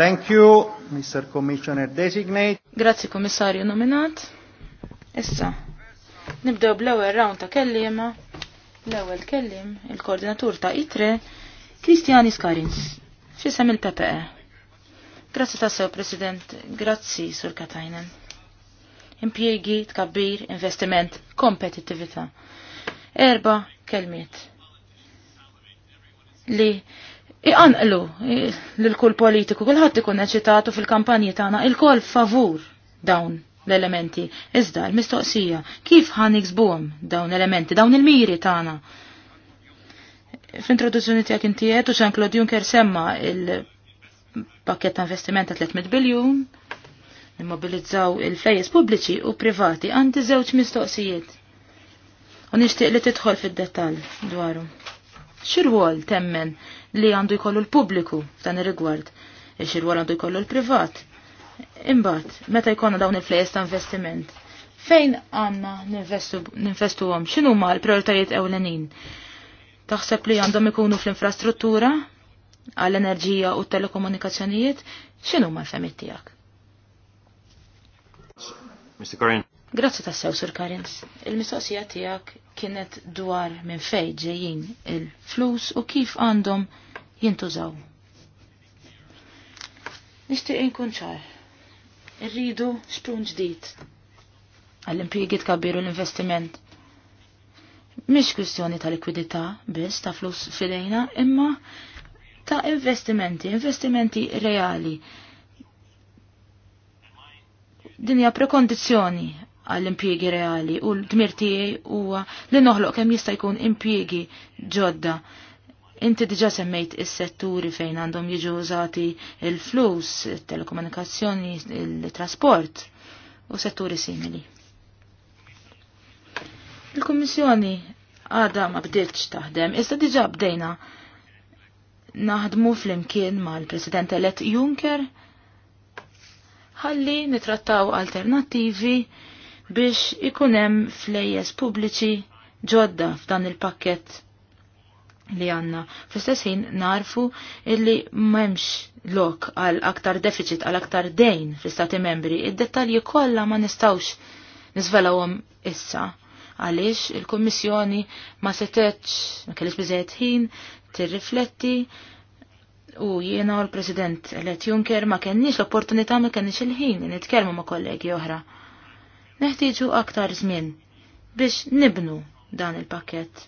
Thank you, Mr. Commissioner Designate. Grazzi Commissario nominat. Issa, nibdew bl-ewwel round ta' kellima. L-ewwel kellim il-koordinatur ta' ITRE, Kristjani Skarins, f'isem il-PPE. Grazzi sew, President. grazie, Sur Katajnen. Impjiegi, tkabbir, investiment, kompetitivita. Erba kelmiet li iqanqlu lil kull politiku, kulħadd ikun eċitatu fil-kampanji tagħna il-kol favur dawn l-elementi. Iżda l-mistoqsija, kif ħan iksbuhom dawn elementi, dawn il-miri tagħna? F'introduzzjoni tiegħek inti u Jean-Claude Juncker semma il-pakket ta' investiment ta' 300 biljun, immobilizzaw il-fejjes pubbliċi u privati għandi żewġ mistoqsijiet. U nixtieq li tidħol fid-dettall dwarhom. Xirwol temmen li għandu jkollu l-pubbliku f'dan ir-rigward, xirwol għandu jkollu l-privat. Imbagħad, meta jkollna dawn il-flejes ta' investiment, fejn għandna ninvestu għom, x'inhu ma l-prioritajiet ewlenin? Taħseb li għandhom ikunu fl-infrastruttura, għall-enerġija u telekomunikazzjonijiet, x'inhu ma l femittijak tiegħek? Mr. Corrin, Grazzi tas-sew Sur Karins. Il-mistoqsija tijak kienet dwar minn fej ġejjin il-flus u kif għandhom jintużaw. Nishtiq inkun ċar. Irridu sprun ġdid għall-impjegi tkabbiru l-investiment. Mhix kwistjoni ta' likwidità biss ta' flus fidejna, imma ta' investimenti, investimenti reali. Dinja prekondizzjoni għall-impjiegi reali u l-tmir tiegħi huwa li noħloq kemm jista' jkun impjiegi ġodda. Inti diġa semmejt is-setturi fejn għandhom jiġu użati il-flus, il-telekomunikazzjoni, il-trasport u setturi simili. Il-Kummissjoni għadha ma bdilx taħdem, iżda diġa bdejna naħdmu fl-imkien mal-President elett Juncker ħalli nitrattaw alternativi biex ikunem flejjes pubbliċi ġodda f'dan il-pakket li għanna. Fl-istess ħin narfu illi memx lok għal aktar deficit, għal aktar dejn fl-istati membri. Id-dettalji kollha ma nistawx nizvelawhom issa. Għaliex il-Kommissjoni ma setetx, ma kellix biżejt ħin, tirrifletti u jiena u l-President Let Juncker ma kenniex l-opportunità ma kenniex il-ħin nitkellmu ma kollegi oħra. Neħtieġu aktar żmien biex nibnu dan il-pakket.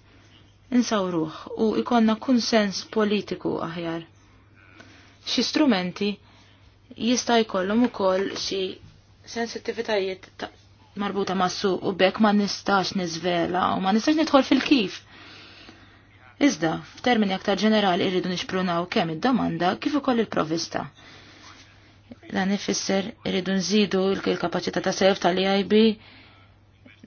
Insawruħ u ikonna kunsens politiku aħjar. Xi strumenti jista' jkollhom ukoll xi sensittivitajiet marbuta massu u bekk ma nistax nizvela u ma nistax nidħol fil-kif. Iżda, f'termini aktar ġenerali irridu nixprunaw kemm id-domanda kif ukoll il-provista. Dan ifisser irridu nżidu l-kapacità ta' self tal-EIB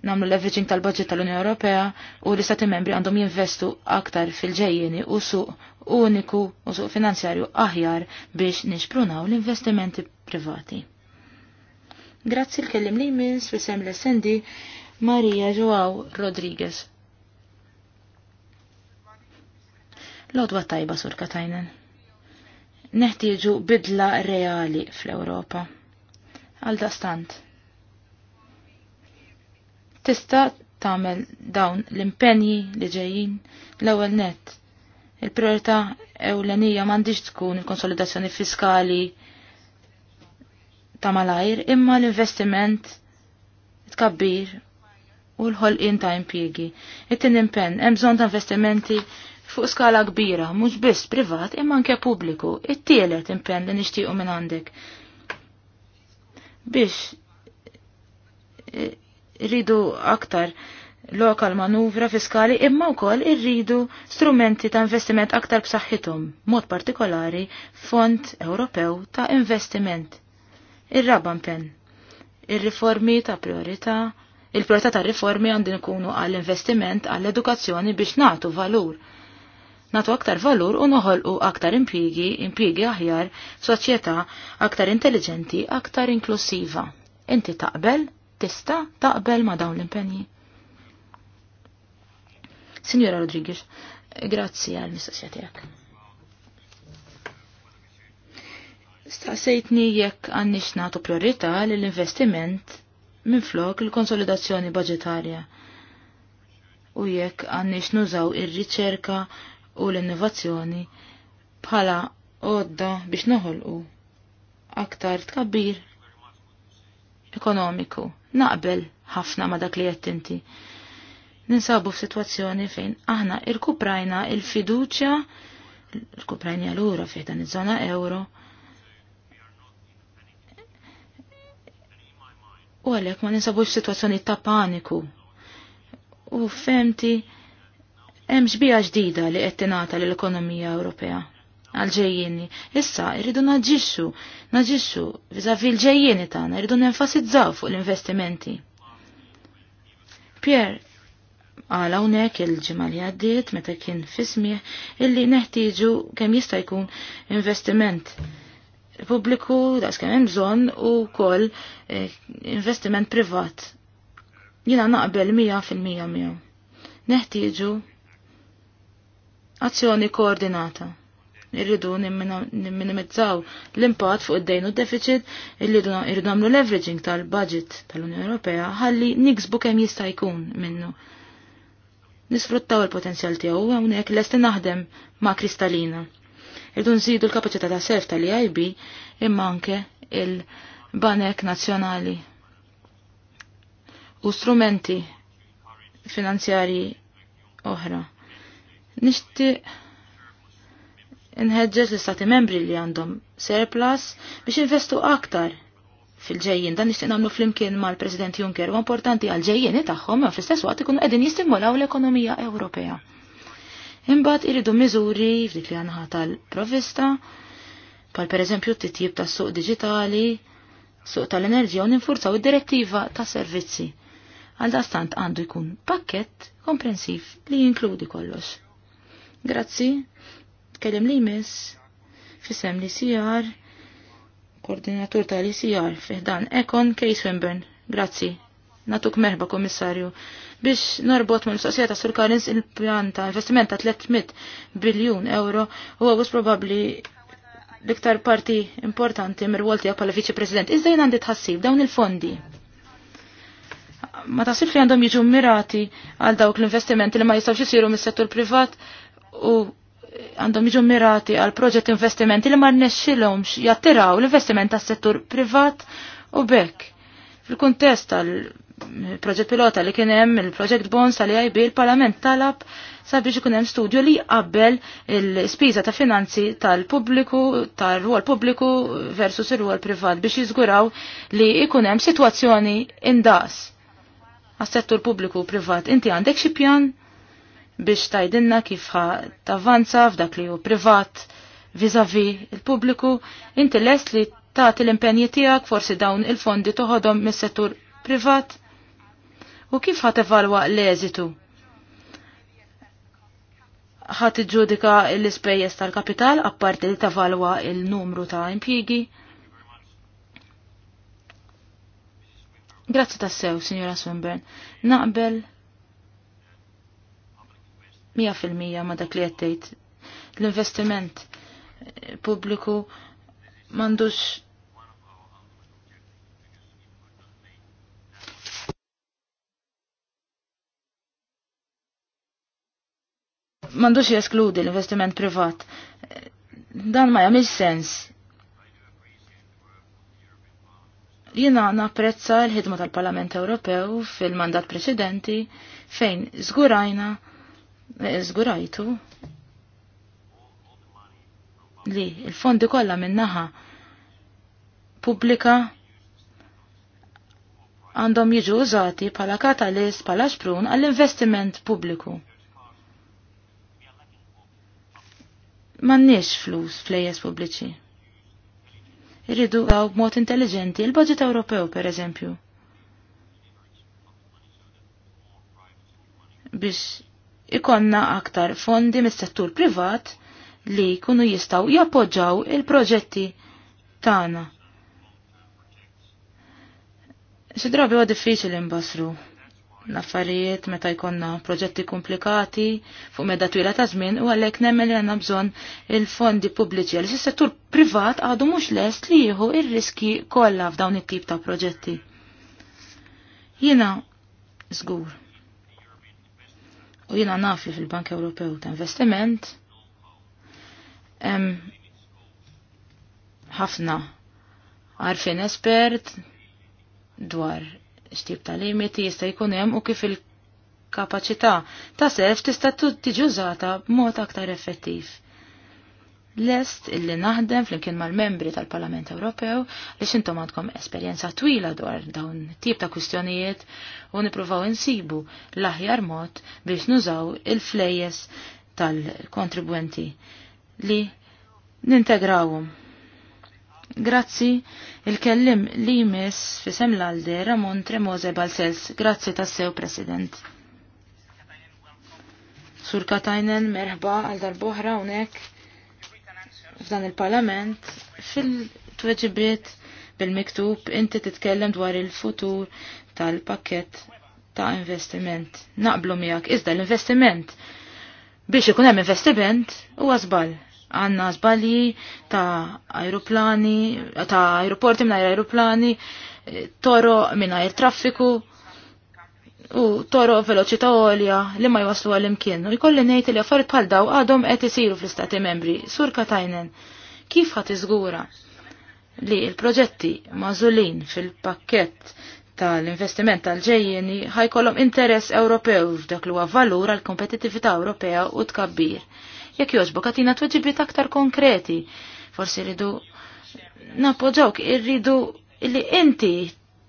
namlu leveraging tal-budget tal-Unjoni Ewropea u l-Istati membri għandhom jinvestu aktar fil-ġejjeni u suq uniku u suq finanzjarju aħjar biex nixprunaw l-investimenti privati. Grazzi l-kellim li minn fissem l-essendi Maria Joao Rodriguez. Lodwa tajba sur Katajnen. Neħtieġu bidla reali fl-Ewropa. Għal dastant. Tista' tagħmel dawn l-impenji li ġejjin l-ewwel net. Il-priorità ewlenija m'għandix tkun il-konsolidazzjoni fiskali ta' malajr imma l-investiment tkabbir u l-ħolqin ta' impjiegi. It-tin impenn hemm bżonn ta' investimenti fuq skala kbira, mhux biss privat imma anke pubbliku, it-tielet impenn li nixtiequ minn għandek. Biex e, rridu aktar lokal manuvra fiskali imma wkoll irridu strumenti ta' investiment aktar b'saħħithom, mod partikolari Fond Ewropew ta' Investiment. Ir-raba impenn. Ir-riformi ta' priorità' Il-priorità ta' riformi għandin ikunu għall-investiment għall-edukazzjoni biex nagħtu valur natu aktar valur u noħolqu aktar impjigi, impjigi aħjar, soċjetà aktar intelligenti, aktar inklusiva. Inti taqbel, tista taqbel ma dawn l-impenji. Signora Rodriguez, grazzi għal mistoqsija tiegħek. Staqsejtni jekk għandix nagħtu priorità lill-investiment minn flok il-konsolidazzjoni budgetarja u jekk għandix nużaw ir-riċerka u l-innovazzjoni bħala għodda biex noħolqu aktar tkabbir ekonomiku. Naqbel ħafna ma dak li qed inti. Ninsabu f'sitwazzjoni fejn aħna irkuprajna il-fiduċja irkuprajna lura fih dan iż-żona euro. U għalhekk ma ninsabux f'sitwazzjoni ta' paniku. U femti Hemm xbija ġdida li qed tingħata lill-ekonomija Ewropea għal-ġejjini. Issa, irridu naġġixxu, naġġixxu viżavi l-ġejjini tagħna, irridu nenfasizzaw fuq l-investimenti. Pier, għal hawnhekk il-ġimgħa li għaddiet meta kien fismih illi neħtieġu kemm jista' jkun investiment pubbliku daqs kemm hemm bżonn u wkoll eh, investiment privat. Jiena naqbel mija fil-mija miegħu. Neħtieġu azzjoni koordinata. Irridu nimminimizzaw l-impatt fuq id-dejn u deficit irridu nagħmlu leveraging tal-budget tal-Unjoni Ewropea ħalli niksbu kemm jista' jkun minnu. Nisfruttaw il-potenzjal tiegħu hawnhekk lest naħdem ma' Kristalina. Irridu nżidu l-kapaċità ta' self tal-EIB imma anke il-banek nazzjonali u strumenti finanzjari oħra Nixtieq inħedġeġ l-istati membri li għandhom surplus biex investu aktar fil-ġejjin. Dan nixtieq nagħmlu flimkien mal-President Juncker u importanti għal ġejjini tagħhom ma fl-istess waqt ikunu qegħdin jistimulaw l-ekonomija Ewropea. Imbagħad iridu miżuri f'dik li għandha tal-provista, pal pereżempju t-titjib tas-suq diġitali, suq tal-enerġija u ninfurzaw id-direttiva ta' servizzi. Għal dastant għandu jkun pakket komprensiv li jinkludi kollox. Grazzi, kellem li mis, Fisem li sijar, koordinatur tal sijar fiħdan Ekon Case Wimburn. Grazzi, natuk merba komissarju. Biex norbot mill mistoqsija ta' Surkarins il-pjanta, investiment ta' 300 biljun euro, huwa għus probabli l-iktar parti importanti mir-wolti viċi president. Iżda jien għandi tħassib dawn il-fondi. Ma ta' sirfi għandhom jiġu mirati għal dawk l-investimenti li ma jistawx jisiru mis-settur privat u għandhom jiġu mirati għal proġett investimenti li ma rnexxilhomx jattiraw l-investiment tas-settur privat u bekk. Fil-kuntest tal proġett pilota li kien hemm il-proġett bonds għal IB il-Parlament talab sabiex ikun hemm studju li jqabbel il-spiża ta' finanzi tal-pubbliku tar-rwol pubbliku versus ir-rwol privat biex jiżguraw li ikun hemm sitwazzjoni indaqs għas-settur pubbliku u privat. Inti għandek xi pjan? biex tajdinna kif ħa tavanza f'dak li hu privat vizavi il-pubbliku, inti lest li tagħti l-impenji tiegħek forsi dawn il-fondi toħodhom mis-settur privat u kif ħat evalwa l-eżitu? ħat iġġudika l-ispejjeż tal-kapital apparti li tavalwa il-numru ta' impjigi? Grazzi tassew, Signora Swinburne. Naqbel 100% ma dak li għattejt. L-investiment eh, pubbliku mandux mandux jeskludi l-investiment privat. Eh, dan ma jamil sens. Jina napprezza l-ħidma tal-Parlament Ewropew fil-mandat preċedenti fejn zgurajna zgurajtu li il-fondi kollha minnaħa pubblika għandhom jiġu użati bħala katalist bħala xprun għall-investiment pubbliku. Mannix flus flejes pubbliċi. Irridu għaw b'mod intelligenti il-budget Ewropew, per eżempju. Biex ikonna aktar fondi mis-settur privat li jkunu jistaw jappoġġaw il-proġetti tagħna. Xi drabi huwa diffiċli nbassru l-affarijiet meta jkonna proġetti komplikati fuq medda twila ta' żmien u għalhekk nemmen li għandna bżonn il-fondi pubbliċi għal settur privat għadu mhux lest li jieħu ir-riski kollha f'dawn it-tip ta' proġetti. Jiena żgur u jina naf li fil-Bank Ewropew ta' investiment ħafna għarfin espert dwar xtib ta' limiti jista' jkun hemm u kif il-kapaċità ta' self tista' tiġi użata b'mod aktar effettiv lest illi naħdem flimkien mal-membri tal-Parlament Ewropew li xintom għandkom esperjenza twila dwar dawn tip ta' kwistjonijiet u nipruvaw insibu l-aħjar mod biex nużaw il-flejjes tal-kontribwenti li nintegrawum. Grazzi il-kellim li jmiss fisem l-alde Ramon Tremose Balsels. Grazzi tassew, President. Sur Katajnen, merħba għal darboħra unek f'dan il-Parlament fil-tweġibiet bil-miktub inti titkellem dwar il-futur tal-pakket ta' investiment. Naqblu miegħek iżda l-investiment biex ikun hemm investiment huwa żball. Għanna żbalji ta' aeroplani, ta' aeroporti mingħajr aeroplani, toro mingħajr traffiku, u toro veloċità għolja li ma jwaslu għal-imkien. U jkolli nejt li affarijiet bħal daw għadhom qed isiru fl-istati membri. Sur Katajnen, kif ħat iżgura li l-proġetti mażulin fil-pakkett tal-investiment tal-ġejjeni ħajkolhom interess Ewropew f'dak li huwa valur għal kompetittività Ewropea u tkabbir. Jekk jogħġbu, katina tweġibiet aktar konkreti, forsi rridu napoġawk irridu li inti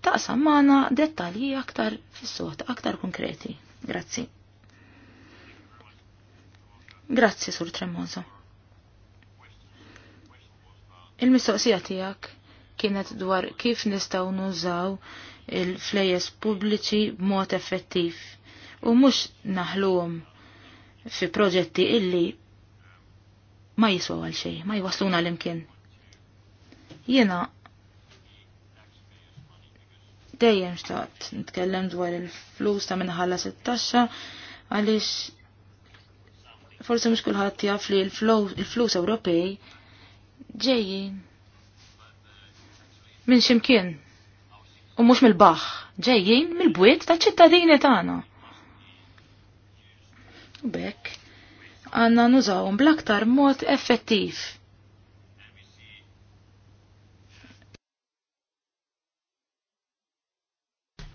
taqsam maħna dettalji aktar fis aktar konkreti. Grazzi. Grazzi, Sur Tremosa. Il-mistoqsija tiegħek kienet dwar kif nistgħu nużaw il-flejes pubbliċi b'mod effettiv u mhux naħluhom fi proġetti illi ma jiswaw għal xejn, ma jwasluna għal imkien Jiena dejjem xtaqt nitkellem dwar il-flus ta' minħalla 16 għaliex forse mhux kulħadd jaf li l-flus Ewropej ġejjin minn ximkien u mhux mill-baħħ, ġejjin mill-bwiet ta' ċittadini tagħna. U bekk għandna nużawhom bl-aktar mod effettiv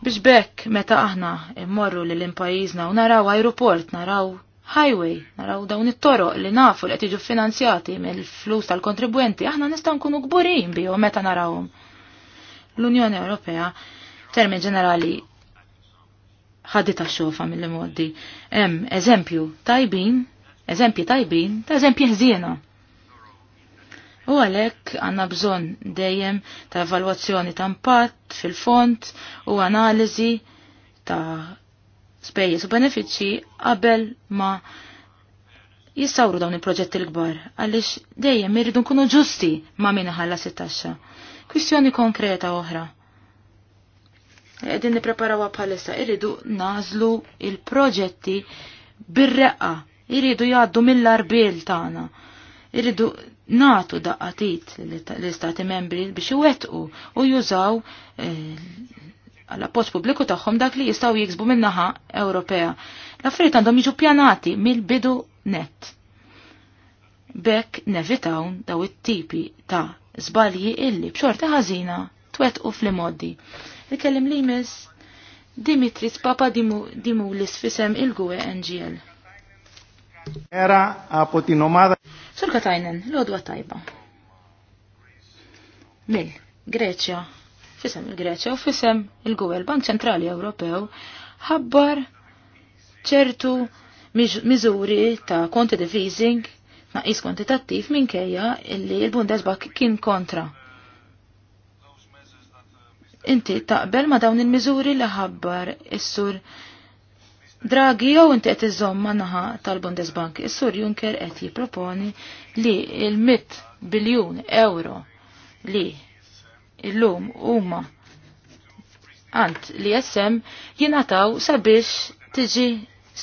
Biex bekk meta aħna immorru li l-impajizna u naraw aeroport, naraw highway, naraw dawn it toro li nafu li qed jiġu finanzjati mill-flus tal-kontribwenti, aħna nistgħu nkunu gburin bihom meta narawhom. L-Unjoni Ewropea, termin ġenerali, ta' xofa mill-modi. Hemm eżempju tajbin, eżempji tajbin, ta' eżempji ħżiena. U għalhekk għandna bżonn dejjem ta' evalwazzjoni ta' impatt fil-font u analiżi ta' spejjeż u benefiċċji qabel ma' jissawru dawn il-proġetti l-kbar, għalix dejjem irridu nkunu ġusti ma' min ħalla sittaxxa. Kwistjoni konkreta oħra. Qegħdin nipreparawa bħalissa irridu nażlu il-proġetti bir-reqqa, irridu jgħaddu mill-arbil tagħna. Irridu natu daqqatit l-istati membri biex iwettqu u jużaw eh, għal post pubbliku tagħhom dak li jistgħu jiksbu min-naħa Ewropea. L-affarijiet għandhom jiġu pjanati mill-bidu net. Bekk nevitaw daw it-tipi ta' żbalji illi b'xorta ħażina twettqu fl-imoddi. Ikellim li Dimitris Papa Dimulis fisem il-Gwe NGL. Era apo την ομάδα... Sur Katajnen, l-odwa tajba. Mill, Greċja, fisem il-Greċja u fisem il-Gwel Bank Centrali Ewropew ħabbar ċertu miżuri ta' konti defeasing naqis kwantitattiv minkejja illi il-Bundesbank kien kontra. Inti taqbel ma dawn il-miżuri li ħabbar is-sur Draghi jew inti qed iżomm naħa tal-Bundesbank, is-Sur Juncker qed jipproponi li il 100 biljun euro li illum huma għant li jessem jingħataw sabiex tiġi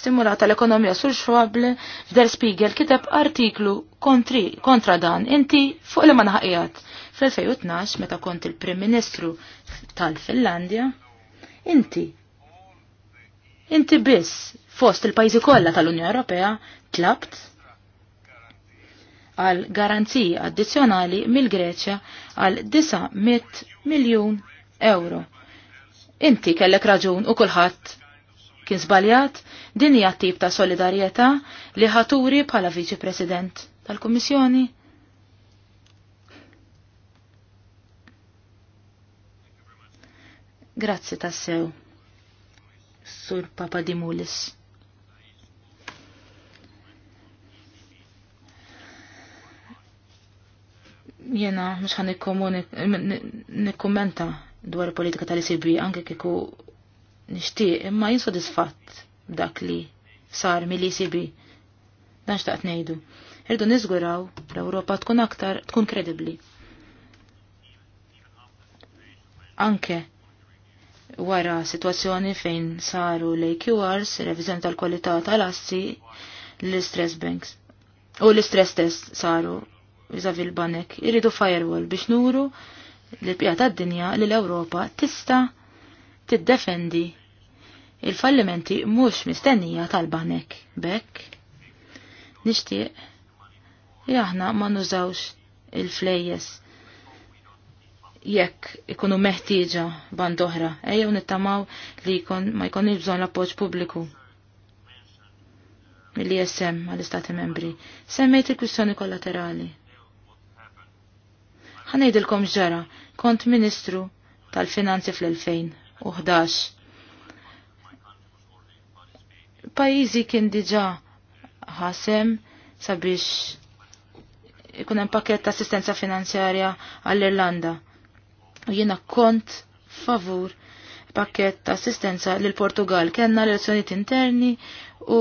stimulata l-ekonomija sur xwable f'der Spiegel kiteb artiklu kontri, kontra dan inti fuq li ma naħqijat fl-2012 meta kont il-Prim Ministru tal-Finlandja inti Inti biss fost il-pajzi kollha tal-Unjoni Ewropea tlabt għal garanziji addizzjonali mill-Greċja għal 900 miljun euro. Inti kellek raġun u kulħadd kien żbaljat din hija tip ta' solidarjetà li ħaturi bħala Viċi President tal-Kummissjoni. Grazzi tassew. Sur Papadimulis. Jena, mux ħan nikkommenta dwar politika tal-ICB anke kiku nishti, imma jinsodisfatt dak li sar mill-ICB. Dan xtaqt nejdu. Irdu nizguraw l-Europa tkun aktar, tkun kredibli. Anke wara situazzjoni fejn saru l-AQRs, revizjoni tal-kwalità tal-assi, l-stress banks. U l-stress test saru vizavi l-banek. Iridu firewall biex nuru l pjata d dinja li l-Ewropa tista tiddefendi il-fallimenti mhux mistennija tal-banek. Bek, nixtieq li aħna ma nużawx il-flejjes jekk ikunu meħtieġa band oħra, ejjew nittamaw li jkun ma jkunx bżonn l-appoġġ pubbliku mill jessem għall-Istati membri. Semmejt il-kwistjoni kollaterali. Ħanejdilkom ġara, kont Ministru tal-Finanzi fl-2011. Pajizi kien diġa ħasem sabiex ikun hemm pakket ta' assistenza finanzjarja għall-Irlanda u jiena kont favur pakket ta' assistenza lil Portugal kellna l-elezzjonijiet interni u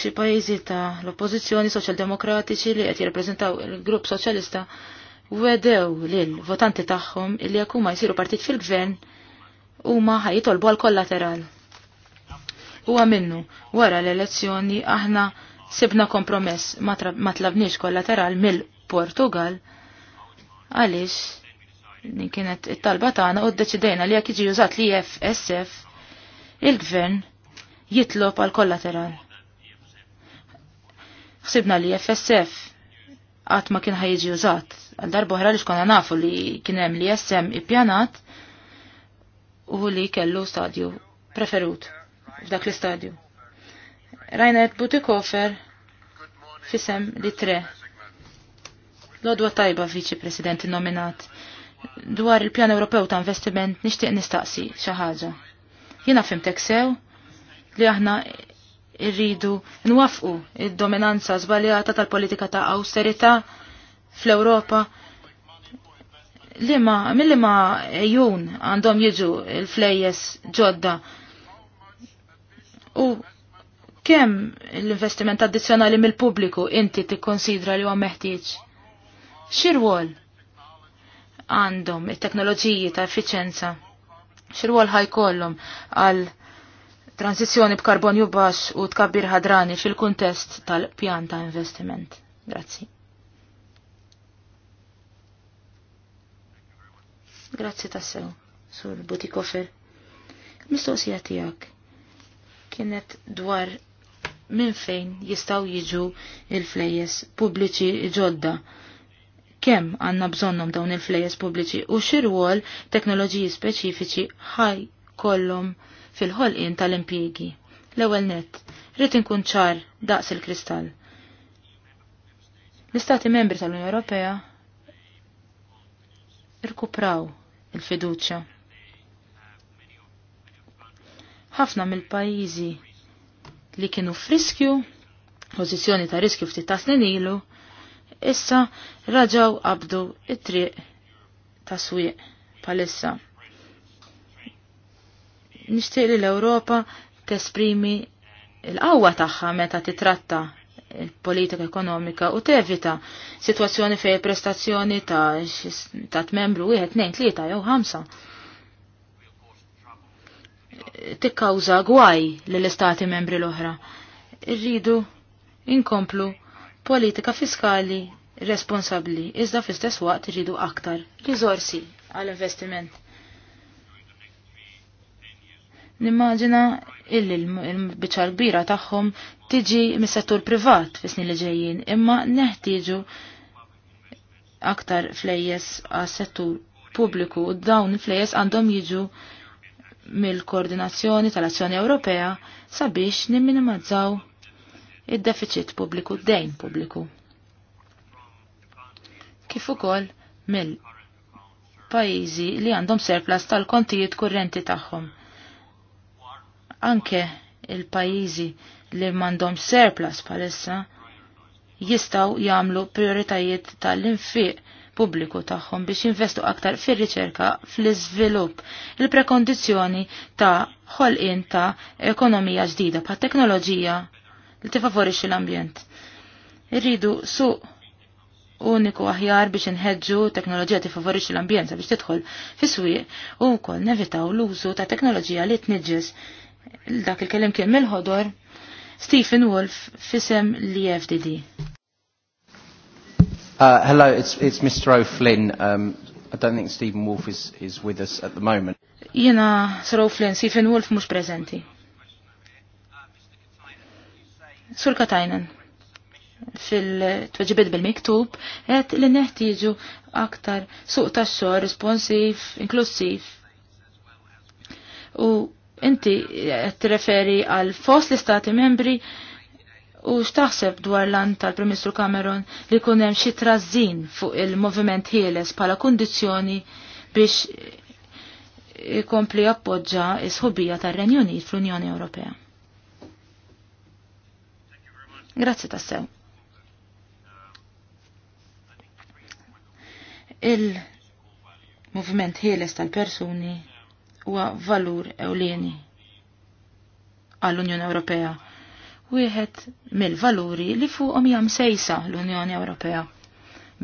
xi pajjiżi ta' l-oppożizzjoni soċjaldemokratiċi li qed jirrappreżentaw il-grupp soċjalista wedew lil votanti tagħhom li jekk huma jsiru partit fil-gvern huma ħajjitolbu għal kollateral. Huwa minnu wara l-elezzjoni aħna sibna kompromess ma tlabniex kollateral mill-Portugal Għaliex kienet it-talba tagħna u ddeċidejna li jekk jiġi użat li FSF il-gvern jitlob għal kollateral. Ħsibna li FSF qatt ma kien ħajġi użat għal darba oħra li xkonna nafu li kien hemm li jessem ippjanat u li kellu stadju preferut f'dak l-istadju. Rajnet Butikofer fisem li tre Lodwa tajba viċi president nominat. Dwar il-pjan Ewropew ta' investiment nixtieq nistaqsi xi ħaġa. Jiena fimtek sew li aħna irridu nwafqu il dominanza żbaljata tal-politika ta' austerita fl-Ewropa Lima, mill ma' ejjun għandhom jiġu il-flejjes ġodda u kemm l-investiment addizzjonali mill-pubbliku inti tikkonsidra li huwa meħtieġ? xirwol għandhom it-teknoloġiji ta' effiċenza, xirwol ħajkollhom għal transizjoni b'karbonju baxx u tkabbir ħadrani fil-kuntest tal-pjan ta' investiment. Grazzi. Grazzi tassew, sur Butikofer. Mistoqsija tiegħek kienet dwar minn fejn jistaw jiġu il flejes pubbliċi ġodda kemm għandna bżonnhom dawn il-flejes pubbliċi u xirwol teknoloġiji speċifiċi ħaj kollhom fil-ħolqien tal-impjiegi. L-ewwel nett, rrid inkun ċar daqs il-kristall. L-Istati membri tal-Unjoni Ewropea irkupraw il-fiduċja. Ħafna mill-pajjiżi li kienu friskju, pożizzjoni ta' riskju ftit ta' snin ilu, issa raġaw qabdu it-triq ta' swieq palissa. Nixtieq li l-Ewropa tesprimi l-qawwa tagħha meta titratta il-politika ekonomika u tevita situazzjoni fej prestazzjoni ta' ta' membru wieħed nejn tlieta jew ħamsa. Tikkawża gwaj lill istati membri l-oħra. Irridu inkomplu politika fiskali responsabbli, iżda fl-istess waqt iridu aktar riżorsi għall-investiment. Nimmaġina illi l-biċar kbira tagħhom tiġi mis-settur privat fis-snin li ġejjin, imma neħtieġu aktar flejjes għas-settur pubbliku u dawn il-flejjes għandhom jiġu mill-koordinazzjoni tal-azzjoni Ewropea sabiex nimminimazzaw id-deficit pubbliku, d-dejn pubbliku. Kif ukoll mill pajjiżi li għandhom surplus tal-kontijiet kurrenti tagħhom. Anke il-pajjiżi li m'għandhom surplus palissa jistaw jagħmlu prioritajiet tal-infiq pubbliku tagħhom biex jinvestu aktar fir-riċerka fl-iżvilupp il-prekondizzjoni ta' ħolqien ta' ekonomija ġdida pa' teknoloġija li tifavorixxi l-ambjent. Irridu suq uniku aħjar biex inħedġu teknoloġija tifavorixxi l-ambjent biex tidħol fis-swieq u wkoll nevitaw l-użu ta' teknoloġija li tniġġes dak il-kellim kien mill-ħodor Stephen Wolf fisem li FDD. Uh, hello, it's, it's Mr. O'Flynn. Um, I don't think Stephen Wolf is, is with us at the moment. Jena, Sir O'Flynn, Stephen Wolf mux prezenti. Sur Katajnen, fil-tweġibet bil-miktub, għet li neħtiġu aktar suq ta' xor, responsiv, inklusiv. U inti għet referi għal fost l-istati membri u xtaħseb dwar lan tal-Premistru Cameron li kunem xi trażin fuq il-moviment ħieles pala kondizjoni biex ikompli appoġġa is ħubija tar-Renju Unit fl-Unjoni Ewropea. Grazzi tassew. Il-movement ħieles tal-persuni huwa valur ewlieni għall-Unjoni Ewropea. Wieħed mill-valuri li fuqhom hija msejsa l-Unjoni Ewropea.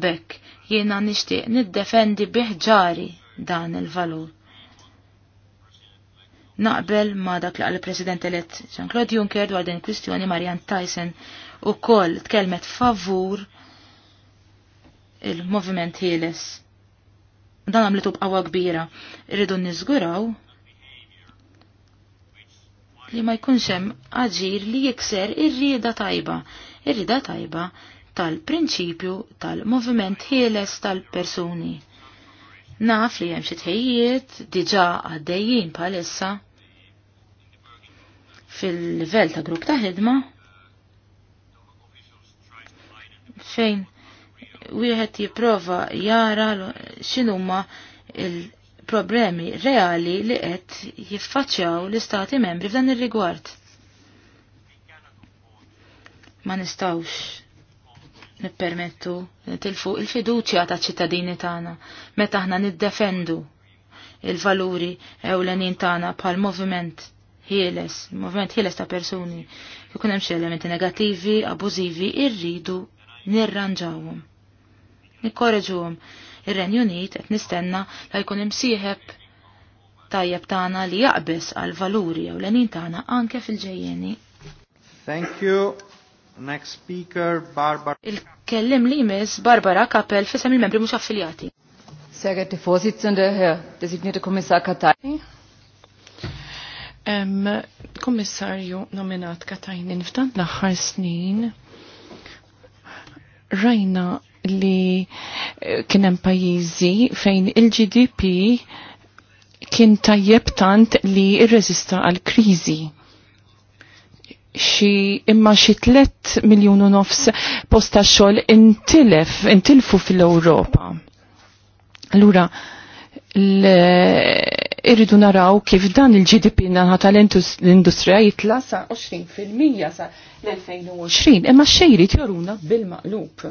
Bekk jiena nixtieq niddefendi biħ ġari dan il-valur naqbel ma dak li għal-President elett Jean-Claude Juncker dwar din kwistjoni Marian Tyson u koll tkelmet favur il-moviment ħieles. Dan għamlitu b'qawa kbira. Irridu nizguraw li ma jkunx hemm aġir li jikser ir-rieda tajba, ir-rieda tajba tal-prinċipju tal-moviment ħieles tal-persuni. Naf li hemm xi diġa diġà għaddejjin bħalissa fil-livell ta' grupp ta' ħidma fejn wieħed jipprova jara x'inhuma il-problemi reali li qed jiffaċċjaw l-istati membri f'dan ir-rigward. Ma nistawx nippermettu tilfu il-fiduċja ta' ċittadini tagħna meta aħna niddefendu il-valuri ewlenin tagħna bħal moviment ħieles, moviment ħieles ta' persuni. Jkun hemm xi elementi negattivi, abużivi, irridu nirranġawhom. Nikkoreġuhom. Ir-Renju Unit qed nistenna li jkun hemm sieħeb tajjeb tagħna li jaqbes għal valuri ewlenin tagħna anke fil-ġejjeni. Thank you. Next speaker, Barbara. Il-kellim li jmiss Barbara Kappel fisem il-membri mux affiljati. Sehr geehrte Vorsitzende, Herr designierte Kommissar Katajni. Um, kommissarju nominat Katajni, niftan l snin rajna li eh, kienem pajizi fejn il-GDP kien tajjeb tant li irreżista għal krizi xi imma xi 3 miljun u nofs posta xogħol intilef, intilfu fil-Ewropa. Allura irridu naraw kif dan il-GDP naħa tal-industrija jitla sa 20% sa l-2020, imma xejrid joruna bil-maqlub.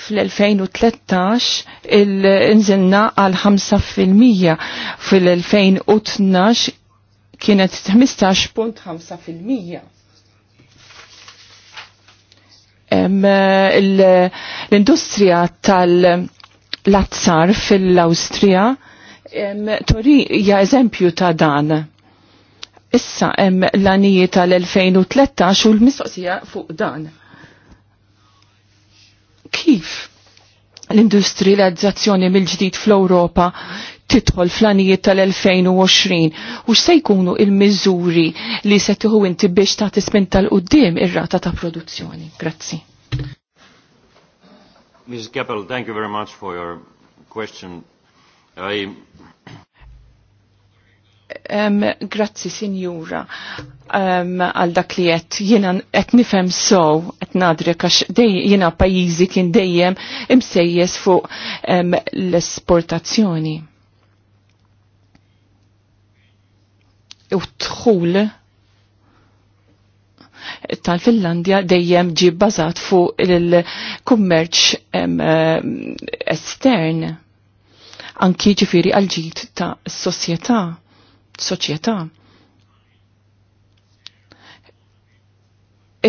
Fl-2013 il-inżilna għal 5% fil-2012 kienet 15.5%. L-industrija tal-azzar fil-Austria torija eżempju ta' dan. Issa hemm l-anijiet tal-2013 u l-mistoqsija fuq dan. Kif l-industrializzazzjoni mill-ġdid fl-Ewropa titħol flanijiet tal-2020 u se jkunu il-miżuri li se tieħu inti biex ta' tismin tal qoddim ir-rata ta' produzzjoni. Grazzi. Mrs. Keppel, thank you very much for your question. I... Um, grazzi, Sinjura, um, għal dak li qed jiena qed nifhem sow qed nadri għax jena pajjiżi kien dejjem imsejjes fuq um, l-esportazzjoni u tħul tal-Finlandja dejjem ġi bazat fuq il-kummerċ eh, estern anki ġifiri għalġit ta' s-soċjetà, soċjetà.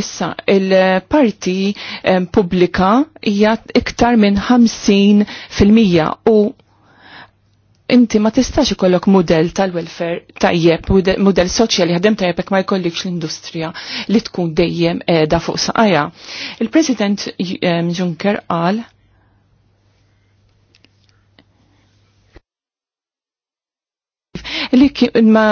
Issa, il-parti pubblika hija iktar minn 50% u inti ma tistax ikollok model tal-welfare tajjeb, model soċjali ħadem tajjeb ma jkollikx l-industrija li tkun dejjem da fuq saqajja. Il-President um, Juncker qal li ma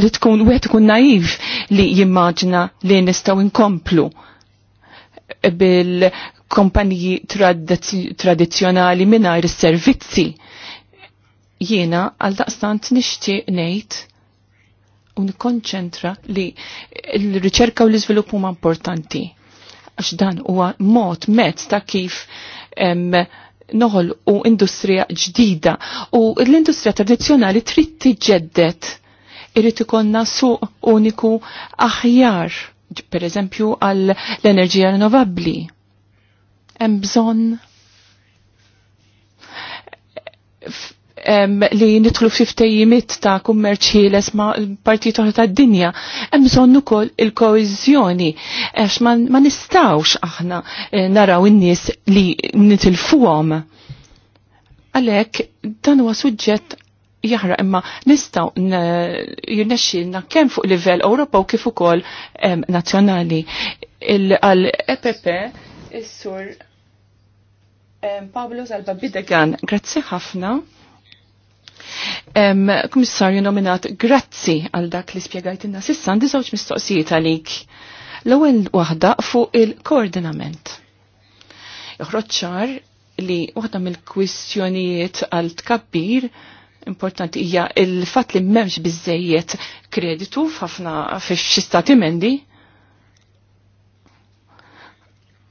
li tkun wieħed ikun naiv li jimmaġna li nistgħu inkomplu bil-kompaniji tradizjonali is servizzi jiena għal daqstant nixtieq ngħid u nkonċentra li l-riċerka u l izvilupu huma importanti. Għax dan huwa mod mezz ta' kif em, noħol u industrija ġdida u l-industrija tradizjonali trid tiġġeddet irrid ikonna suq uniku aħjar, per eżempju għal l-enerġija rinnovabbli. Hemm bżonn li nidħlu f'tiftejjimiet ta' kummerċ l ma' partit oħra tad-dinja, hemm bżonn ukoll il-koeżjoni għax ma nistawx aħna eh, naraw in-nies li nitilfuhom. Għalhekk dan huwa suġġett jahra imma nistaw jirnexxilna kemm fuq livell Ewropa u kif ukoll nazzjonali. Għal EPP is-sur Pablo Zalba Bidegan, grazzi ħafna. Kummissarju nominat, grazzi għal dak li spiegajt inna sissa għandi żewġ mistoqsijiet għalik. L-ewwel waħda fuq il-koordinament. Joħroġ ċar li waħda mill-kwistjonijiet għal tkabbir importanti hija il-fatt li m'hemmx biżejjed kreditu f'ħafna fix-xistati mendi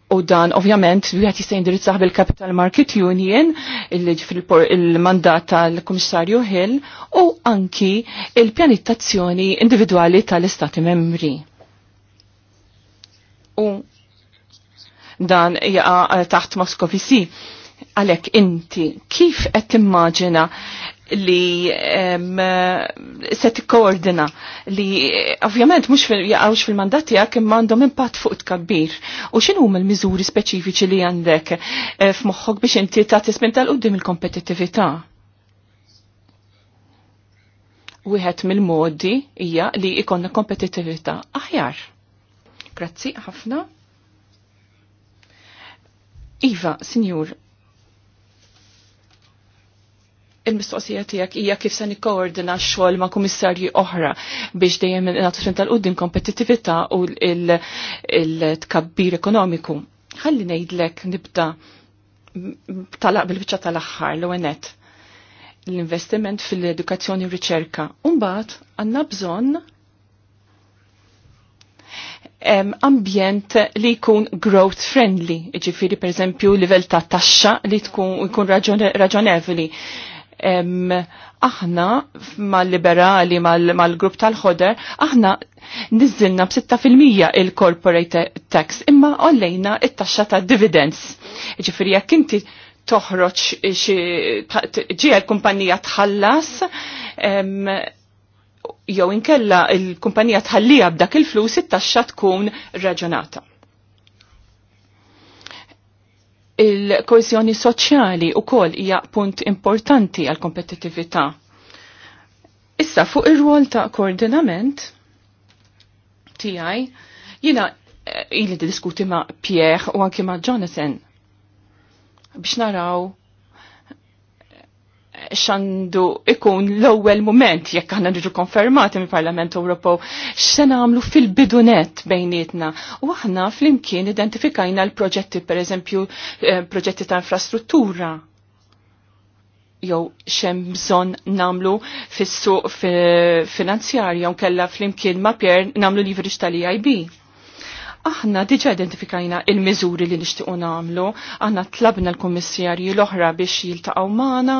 U dan ovvjament wieħed jista' jindirizzaħ bil-Capital Market Union il-mandat tal-Kummissarju Hill u anki il-pjanittazzjoni individwali tal-Istati membri. U dan jaqa taħt Moskovisi. Għalek inti kif qed immaġina li um, se tikkoordina li ovvjament mhux jaqawx fil mandati tiegħek imma għandhom impatt fuq t-kabbir. U xinu għum il miżuri speċifiċi li għandek eh, f'moħħok biex inti ta' t-ismin tal qoddim il-kompetittività? Wieħed mill-modi hija li ikonna kompetittività aħjar. Grazzi ħafna. Iva, Sinjur, il-mistoqsija tiegħek hija kif se nikkoordina x-xogħol ma' kummissarji oħra biex dejjem nagħtu fin tal-qudiem kompetittività u l-tkabbir ekonomiku. Ħalli ngħidlek nibda talaq bil-biċċa tal-aħħar l għenet l-investiment fil-edukazzjoni u riċerka. Umbagħad għandna bżonn ambjent li jkun growth friendly, ġifiri per livell ta' taxxa li tkun jkun raġonevoli aħna mal-liberali, mal-grupp tal-ħoder, aħna nizzilna b-6% il-corporate tax, imma għollejna it-taxxa ta' dividends. Ġifiri, jekk inti toħroċ ġie l-kumpanija tħallas, jew inkella l-kumpanija tħallija b'dak il-flus it-taxxa tkun raġunata. il koesjoni soċjali u kol hija punt importanti għal kompetitività. Issa fuq ir-rwol ta' koordinament tiegħi jiena eh, ili diskuti ma' Pierre u anki ma' Jonathan biex naraw xandu ikun l-ewwel mument jekk aħna niġu konfermati mill-Parlament Ewropew x'se nagħmlu fil-bidunet bejnietna. U aħna flimkien identifikajna l-proġetti pereżempju eh, proġetti ta' infrastruttura jew xem bżon namlu fis-suq finanzjarja u kella flimkien ma' Pier namlu leverage tal-EIB Aħna diġa identifikajna il-miżuri li nixtiequ nagħmlu, aħna tlabna l-kummissjarji l-oħra biex jiltaqgħu magħna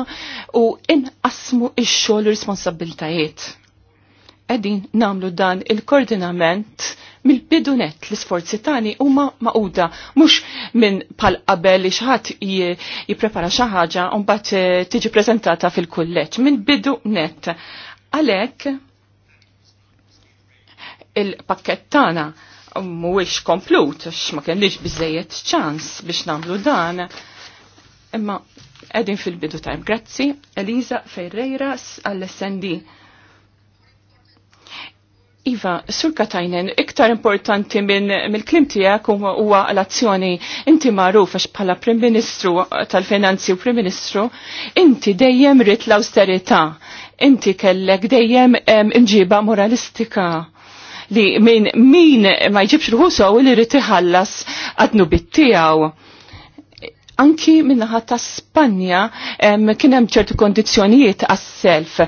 u inqasmu ix xogħol u responsabiltajiet. Qegħdin nagħmlu dan il-koordinament mill-bidunet l-isforzi tani huma maquda mhux minn pal qabel li xaħat jipprepara xi ħaġa u mbagħad tiġi preżentata fil-kulleġġ minn bidu nett. Għalhekk il-pakket tagħna mhuwiex komplut x ma kellix bizzejiet ċans biex nagħmlu dan. Imma qegħdin fil-bidu tajm. Grazzi, Eliza Ferreira għall-SND. Iva, sur Katajnen, iktar importanti minn mill-klim tiegħek huwa l-azzjoni inti magħruf għax bħala Prim Ministru tal-Finanzi u Prim Ministru, inti dejjem rit l-austerità, inti kellek dejjem imġiba moralistika li min, min ma jġibx u li rrit iħallas għadnu bittijaw. Anki minna ta' Spanja kien hemm ċertu kondizzjonijiet għas-self.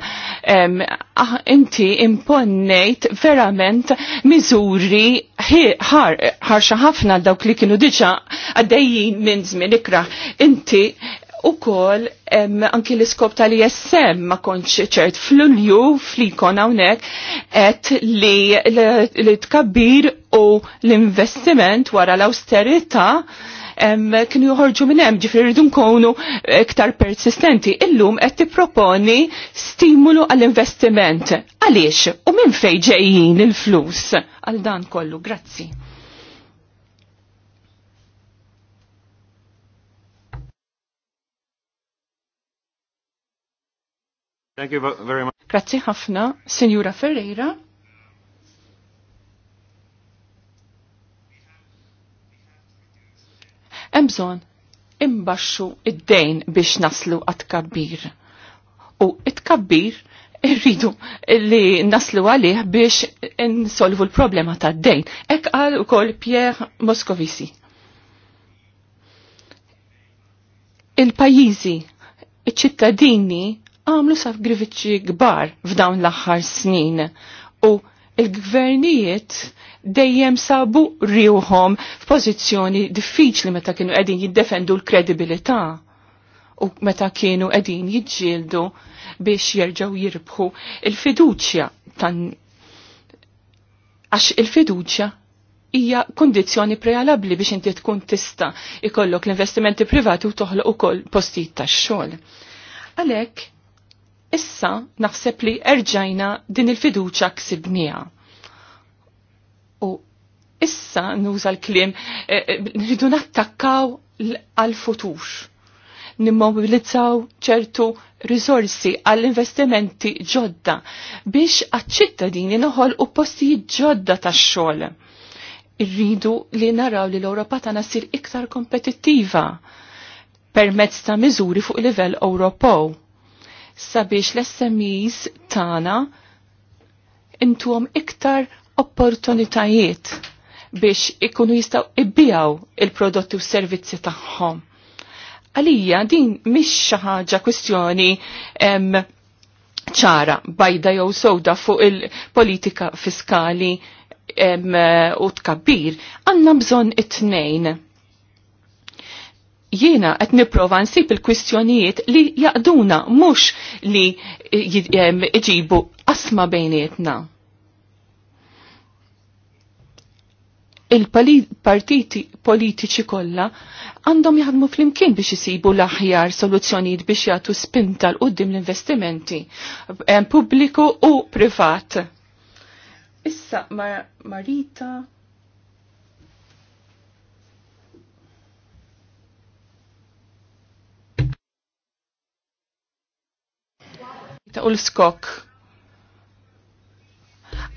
Ah, inti imponnejt verament miżuri ħarxa ħafna dawk li kienu diġà għaddejjin minn żmien ikra. Inti U kol, anki l-iskop tal-ISM ma konċ ċert fl-ulju, fl-ikon għawnek, et li l-tkabbir u l-investiment wara l-austerita kienu joħorġu minn hemm ġifri rridu nkunu iktar persistenti. Illum qed tipproponi stimulu għall-investiment. Għaliex? U minn fejn ġejjin il-flus għal dan kollu? Grazzi. Thank you very much. Grazzi ħafna, Signora Ferreira. Emżon, imbaxxu id-dejn biex naslu għat-kabbir. U id kabbir irridu li naslu għalih biex insolvu l-problema ta' dejn. Ek għal u kol Pierre Moscovici. Il-pajizi, il-ċittadini għamlu sagrifiċi kbar f'dawn l-aħħar snin u il-gvernijiet dejjem sabu riuħom f'pożizzjoni diffiċli meta kienu qegħdin jiddefendu l-kredibilità u meta kienu qegħdin jiġġieldu biex jerġgħu jirbħu il-fiduċja tan għax il-fiduċja hija kondizzjoni prealabli biex inti tkun tista' ikollok l-investimenti privati u toħloq ukoll postijiet tax-xogħol. Għalhekk issa naħseb li erġajna din il-fiduċa ksibnija. U issa nuża l-kliem nridu eh, eh, nattakkaw għal-futur. Nimmobilizzaw ċertu risorsi għall-investimenti ġodda biex għaċ-ċittadini noħol u postijiet ġodda tax-xogħol. Irridu li naraw li l europa tagħna sir iktar kompetittiva permezz ta' miżuri fuq livell Ewropew sabiex l-SMEs tana intuhom iktar opportunitajiet biex ikunu jistaw ibbijaw il-prodotti u servizzi tagħhom. Għalija din mhix xi ħaġa kwistjoni ċara bajda jew sowda fuq il-politika fiskali u tkabbir, għanna bżon it-tnejn jiena qed nipprova nsib il-kwistjonijiet li jaqduna mhux li eh, jġibu qasma bejnietna. Il-partiti politiċi kollha għandhom jaħdmu flimkien biex isibu l-aħjar soluzzjonijiet biex jagħtu spinta l qudiem l-investimenti eh, pubbliku u privat. Issa Marita ta' ul-skok.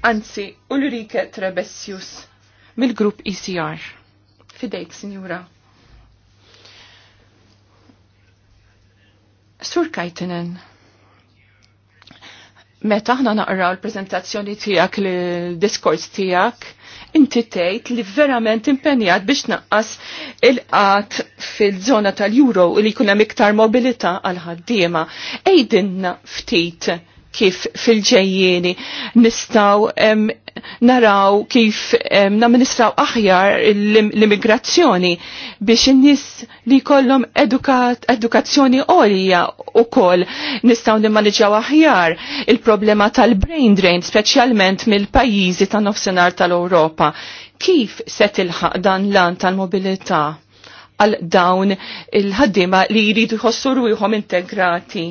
Anzi, Ulrike Trebessius mill-grupp ECR. Fidejk, sinjura. Sur Kajtinen, meta ħna naqraw l-prezentazzjoni tijak, l-diskors tijak, inti tgħid li verament impenjat biex naqqas il-qat fil-żona tal-Euro li jkun hemm iktar mobilità għal ħaddiema. Ejdinna ftit kif fil-ġejjieni nistaw em, naraw kif naministraw aħjar l-immigrazzjoni biex in-nies li kollhom edukazzjoni għolja u koll nistaw nimmaniġaw aħjar il-problema tal-brain drain, speċjalment mill-pajjiżi ta' nofsinhar tal-Ewropa. Kif se tilħaq dan lan tal-mobilità għal dawn il-ħaddima li jridu jħossu ruħom integrati?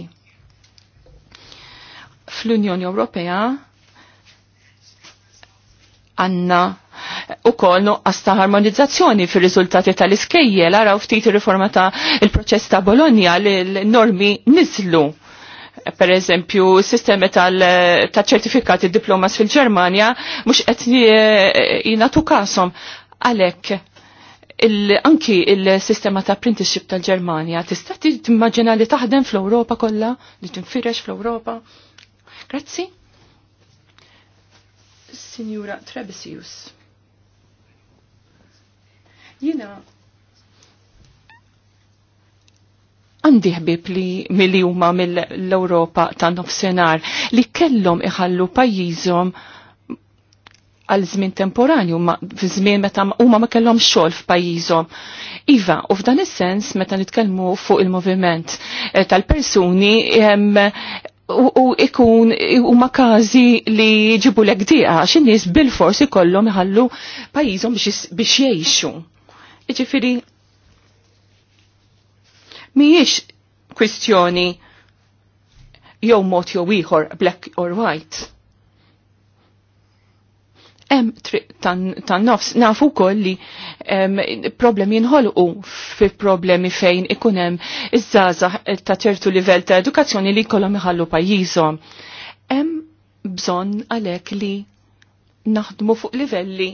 fl-Unjoni Ewropea għanna u kol nuqqas ta' harmonizzazzjoni fir riżultati tal-iskejjel għaraw ftit il riforma ta' il-proċess ta' Bologna li l-normi nizlu. Per eżempju, sistemi tal-ċertifikati diplomas fil-Ġermanja mux qed eh, jinatu kasom għalek anki il-sistema ta' apprenticeship tal-Ġermanja tista' timmaġina li taħdem fl-Ewropa kollha, li tinfirex fl-Ewropa. Grazzi. Signora Trebesius. Jina għandi ħbib li mill huma mill-Ewropa ta' nofsenar li kellhom iħallu pajjiżhom għal żmien temporanju fi żmien meta huma ma kellhom xogħol f'pajjiżhom. Iva, u f'dan is-sens meta nitkellmu fuq il-moviment eh, tal-persuni u ikun u makazi li ġibu l diqa xin nis bil-fors ikollhom iħallu pajizom biex jiexu. Iġifiri, miex kwistjoni jew mod jew ieħor black or white hemm tan-nofs nafu wkoll li problemi jinħolqu fi problemi fejn ikun hemm iż-żgħażagħ eh, ta' ċertu livell ta' edukazzjoni li jkollhom iħallu pajjiżhom. Hemm bżonn għalhekk li naħdmu fuq livelli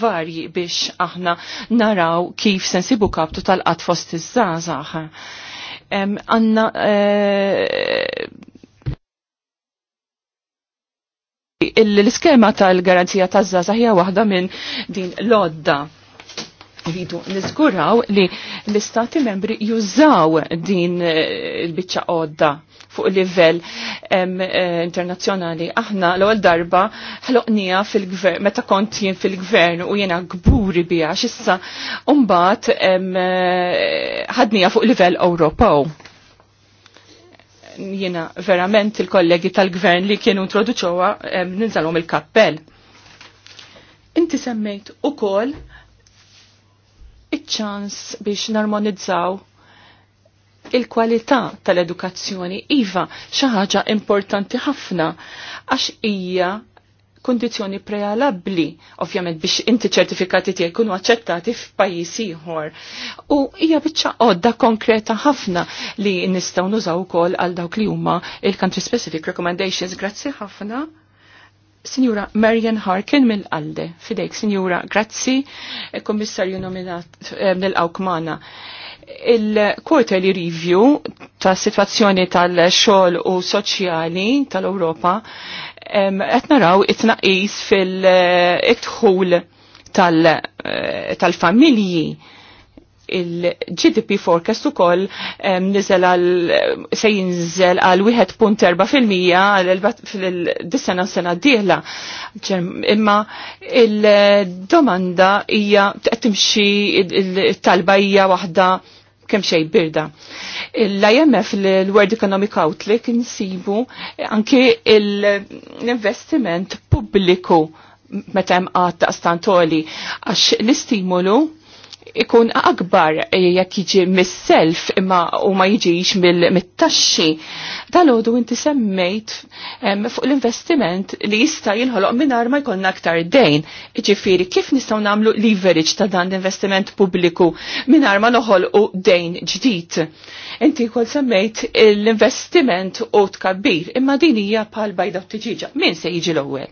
varji biex aħna naraw kif sensibu kaptu tal-qat fost iż-żgħażagħ. Għanna eh, l-iskema tal-garanzija taż-żaza hija waħda minn din l-odda. Ridu niżguraw li l-istati membri jużaw din eh, il-biċċa odda fuq livell eh, internazzjonali. Aħna l-ewwel darba ħloqnija fil-gvern meta kont jien fil-gvern u jiena gburi biha x'issa mbagħad eh, ħadnija fuq livell Ewropew jina verament il-kollegi tal-gvern li kienu introduċowa ninżalhom il-kappell. Inti semmejt ukoll iċ-ċans biex narmonizzaw il-kwalità tal-edukazzjoni iva xi ħaġa importanti ħafna għax hija kondizjoni prealabli, ovvjament biex inti ċertifikati tiegħek kunu aċċettati f'pajjiż ieħor. U hija biċċa għodda konkreta ħafna li nistgħu nużaw ukoll għal dawk li huma il-country specific recommendations. Grazzi ħafna. Signora Marian Harkin mill-Alde, fidejk, Signora, grazzi, e, kommissarju nominat e, mill-Awkmana il-quarterly review ta' situazzjoni tal-xol u soċjali tal-Europa qed naraw it-tnaqqis fil eh, it-dħul eh, tal-familji il-GDP forecast u koll nizel għal se jinżel għal 1.4% fil-dis-sena sena d-dihla. Imma il-domanda hija timxi il-talba hija waħda kem xej birda. L-IMF, l-World Economic Outlook, nsibu anki l-investiment pubbliku meta hemm għad għax l-istimulu ikun akbar eh, jekk jiġi mis-self imma u ma jiġix mit-taxxi. Dalodu inti semmejt fuq l-investiment li jista' jinħoloq mingħajr ma jkollna aktar dejn. Ġifieri kif nistgħu nagħmlu leverage ta' dan l-investiment pubbliku mingħajr ma noħolqu dejn ġdid. Inti jkoll semmejt l-investiment u tkabbir, imma din hija bħal bajda tiġiġa. Min se jiġi l-ewwel?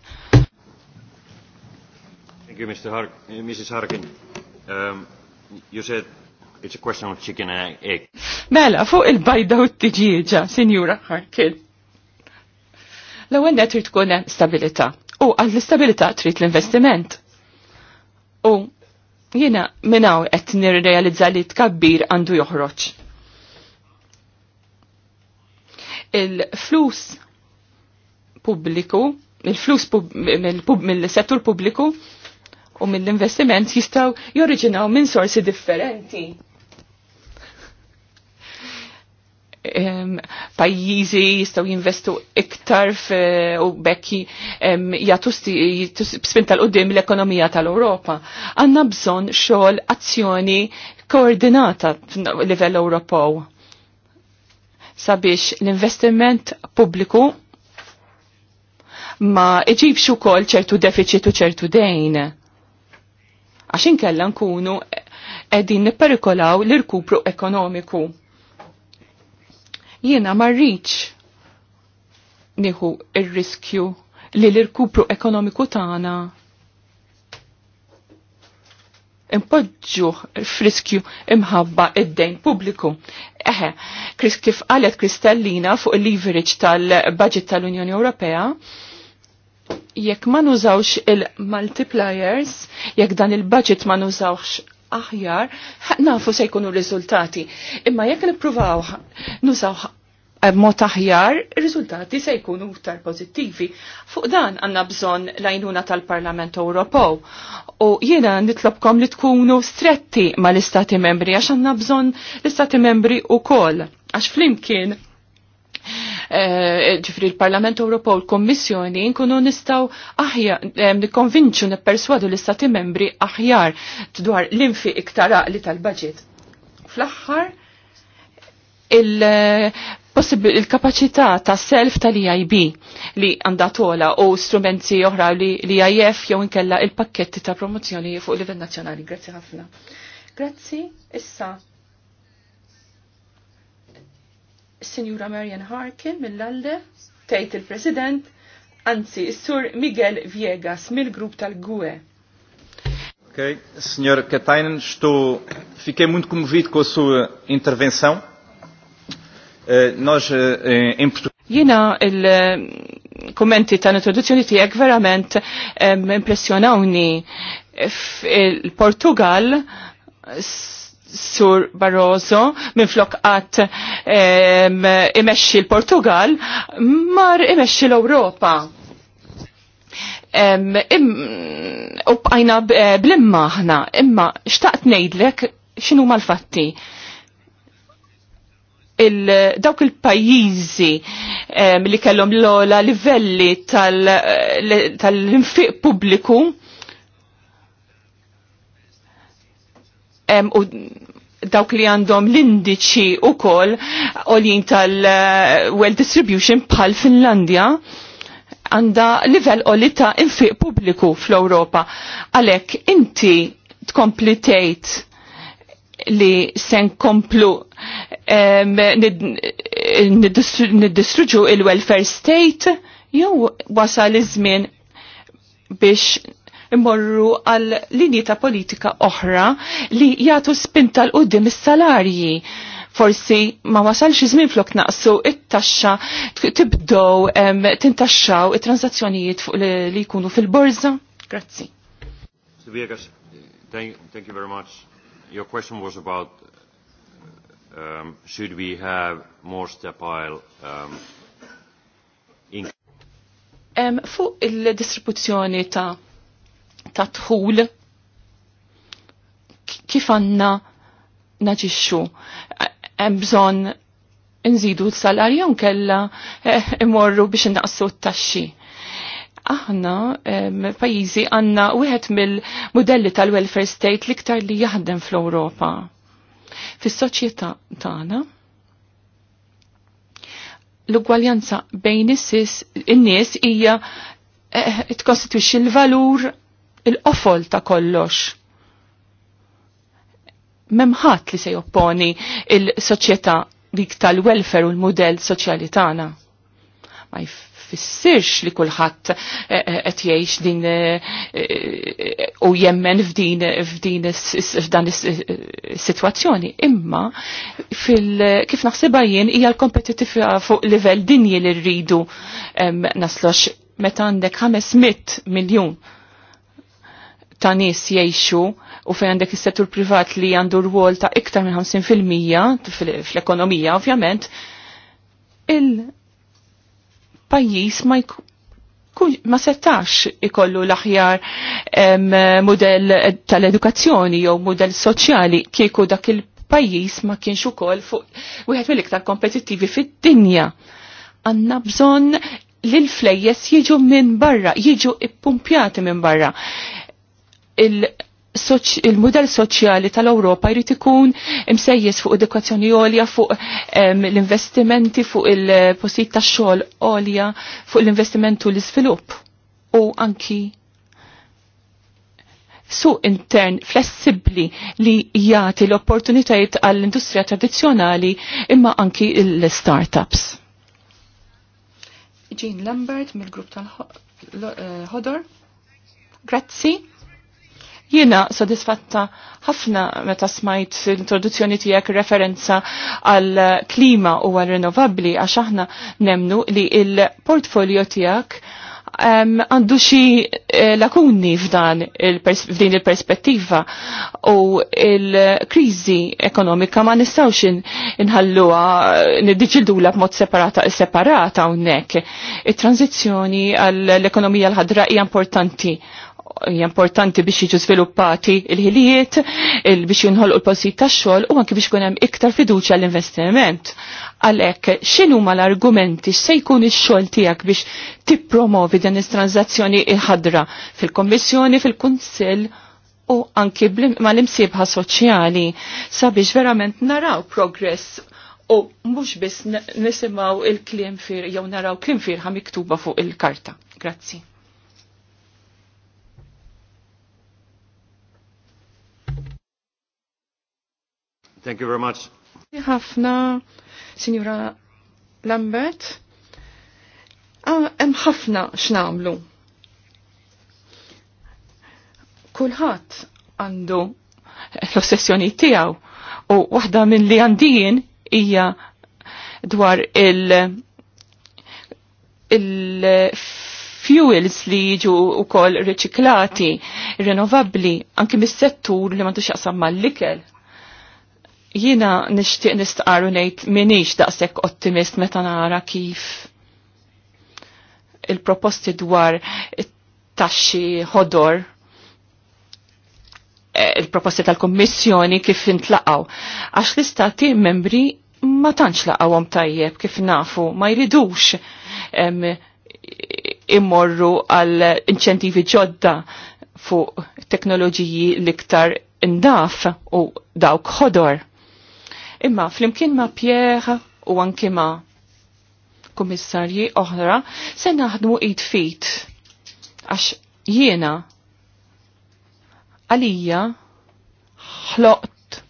Thank you, Mr. Eh, Mrs. Harkin. Um, you said it's a question of chicken and egg. Mela, fuq il-bajda u t-tġieġa, Sinjura Harkin. L-ewwel net trid tkun hemm stabilità. U għall-istabilità trid l-investiment. U jiena minn hawn qed nirrealizza li tkabbir għandu joħroġ. Il-flus pubbliku, il-flus mill-settur pubbliku u mill-investiment jistaw joriġinaw minn sorsi differenti. pajjiżi jistaw jinvestu iktar u bekki jgħatu spin tal-qoddim l-ekonomija tal-Europa. Għanna bżon xogħol azzjoni koordinata livell Ewropew sabiex l-investiment pubbliku ma iġibx ukoll ċertu deficit u ċertu dejn għax inkella nkunu qegħdin nipperikolaw l-irkupru ekonomiku. Jiena ma rridx nieħu riskju li l-irkupru ekonomiku tagħna impoġġu friskju imħabba id-dejn pubbliku. Eħe, kif qalet Kristallina fuq il-leverage tal-budget tal-Unjoni Ewropea, jekk ma nużawx il-multipliers, jekk dan il-budget ma nużawx aħjar, nafu se jkunu riżultati. Imma jekk nippruvaw nużaw mod aħjar, riżultati se jkunu iktar pozittivi. Fuq dan għandna bżonn l-għajnuna tal-Parlament Ewropew. U jiena nitlobkom li tkunu stretti mal istati membri għax għandna bżonn l-Istati membri wkoll għax flimkien Eh, ġifri l-Parlament Ewropew l-Kommissjoni nkunu nistgħu aħjar eh, nikkonvinċu nipperswadu l-istati membri aħjar dwar l-infi iktar li tal-budget. Fl-aħħar il il-kapacità ta' self tal-EIB li għandatola u strumenti oħra li l-EIF jew inkella il-pakketti ta' promozzjoni fuq livell nazzjonali. Grazzi ħafna. Grazzi, issa Sinjura Marian Harkin mill-Alde, tejt il-President, anzi sur Miguel Viegas mill-grupp tal-GUE. Ok, Sr. Katainen, estou... fiquei muito comovido com a sua intervenção. Uh, nós, uh, em eh, Portugal... Jena, il-kommenti ta' introduzzjoni tiegħek verament impressjonawni. Il-Portugal Sur Barroso minn flok għat imexxi l-Portugal mar imexxi l-Europa. U bqajna eh, blimma ħna, imma xtaqt ngħidlek x'inhu mal-fatti. dawk il-pajjiżi li kellhom l-ola livelli eh, tal-infiq pubbliku u dawk li għandhom l-indiċi u kol li tal-well eh, distribution bħal Finlandja għanda livell li ta' infiq publiku fl-Europa. Għalek, inti tkomplitejt li sen komplu um, nid-distruġu il-welfare state jew wasal iż-żmien biex immorru għal linji ta' politika oħra li jagħtu spinta l-qudiem is-salarji forsi ma wasalx iż flok naqsu it-taxxa tibdow tintaxxaw it-transazzjonijiet li jkunu fil-borża. Grazzi. thank, thank you very much. Your question was about um, should we have more stepile um, income? Um, fuq il-distribuzzjoni ta' ta' tħul kif għanna naġixxu. Hemm bżonn nżidu l-salarju nkella eh, imorru biex naqsu t-taxxi. Aħna pajjiżi għandna wieħed mill-modelli tal-welfare state liktar li jaħdem fl-Ewropa. Fis-soċjetà tagħna l-ugwaljanza bejn in-nies hija eh, tkostitwixxi l-valur il-qofol ta' kollox. Memħat li se jopponi il-soċjetà dik tal-welfare u l-modell soċjali tagħna. Ma jfissirx li kulħadd eh, eh, qed jgħix din eh, u jemmen f'din f'din f'dan is-sitwazzjoni, imma fil kif naħsibha jien hija l kompetittiv fuq livell dinji li rridu naslox meta għandek 500 miljun ta' nis jgħixu u fejn għandek is-settur privat li għandu rwol ta' iktar minn 50% fl-ekonomija, ovvjament, il-pajjiż ma ma setax ikollu l-aħjar model tal-edukazzjoni jew model soċjali kieku dak il-pajjiż ma kienx ukoll fuq wieħed mill-iktar kompetittivi fid-dinja. Għandna bżonn li l-flejjes jiġu minn barra, jiġu ippumpjati minn barra il il-model soċjali tal-Ewropa jrid ikun imsejjes fuq edukazzjoni għolja, fuq l-investimenti, fuq il-postijiet tax-xogħol għolja, fuq l-investimentu l-iżvilupp u anki suq intern flessibli li jagħti l-opportunitajiet għall-industrija tradizzjonali imma anki l-startups. Jean Lambert mill-grupp tal eh, hodor Grazzi. Jiena sodisfatta ħafna meta smajt l-introduzzjoni tiegħek referenza għal klima u għal rinnovabbli għax aħna nemnu li il-portfolio tiegħek għandu xi eh, lakuni f'dan f'din il-perspettiva u il-kriżi ekonomika ma nistgħux inħalluha niddiċildula b'mod separata separata hawnhekk. it tranzizzjoni għall-ekonomija l-ħadra hija importanti hija importanti biex jiġu sviluppati il-ħiliet, biex jinħolqu l-postijiet tax-xogħol u anke biex ikun hemm iktar fiduċja l-investiment. Għalhekk x'inhu ma l-argumenti x'se jkun ix-xogħol tiegħek biex tippromovi din is-transazzjoni ħadra fil-Kommissjoni, fil-Kunsill u anke mal-imsiebħa soċjali sabiex verament naraw progress u mhux biss nisimgħu il-kliem fir jew naraw kliem firħa miktuba fuq il-karta. Grazzi. Thank you very much. Ħafna, Signora Lambert. Ah, hemm ħafna x'namlu. Kulħadd għandu l-ossessjoni tiegħu u waħda minn li għandijin hija dwar il- il-fuels li jiġu u kol riċiklati, rinnovabli, anki mis-settur li ma tuxaqsam mal-likel. Jina nishtiq nistqaru nejt minix daqsek ottimist meta nara kif il-proposti dwar taxxi ħodor eh, il-proposti tal-Kommissjoni kif intlaqaw. Għax l-istati membri ma tantx laqawhom tajjeb kif nafu, ma jridux immorru għal inċentivi ġodda fuq teknoloġiji l-iktar indaf u dawk ħodor Imma flimkien ma' Pierre u anki ma' kummissarji oħra se naħdmu id fit għax jiena għalija ħloqt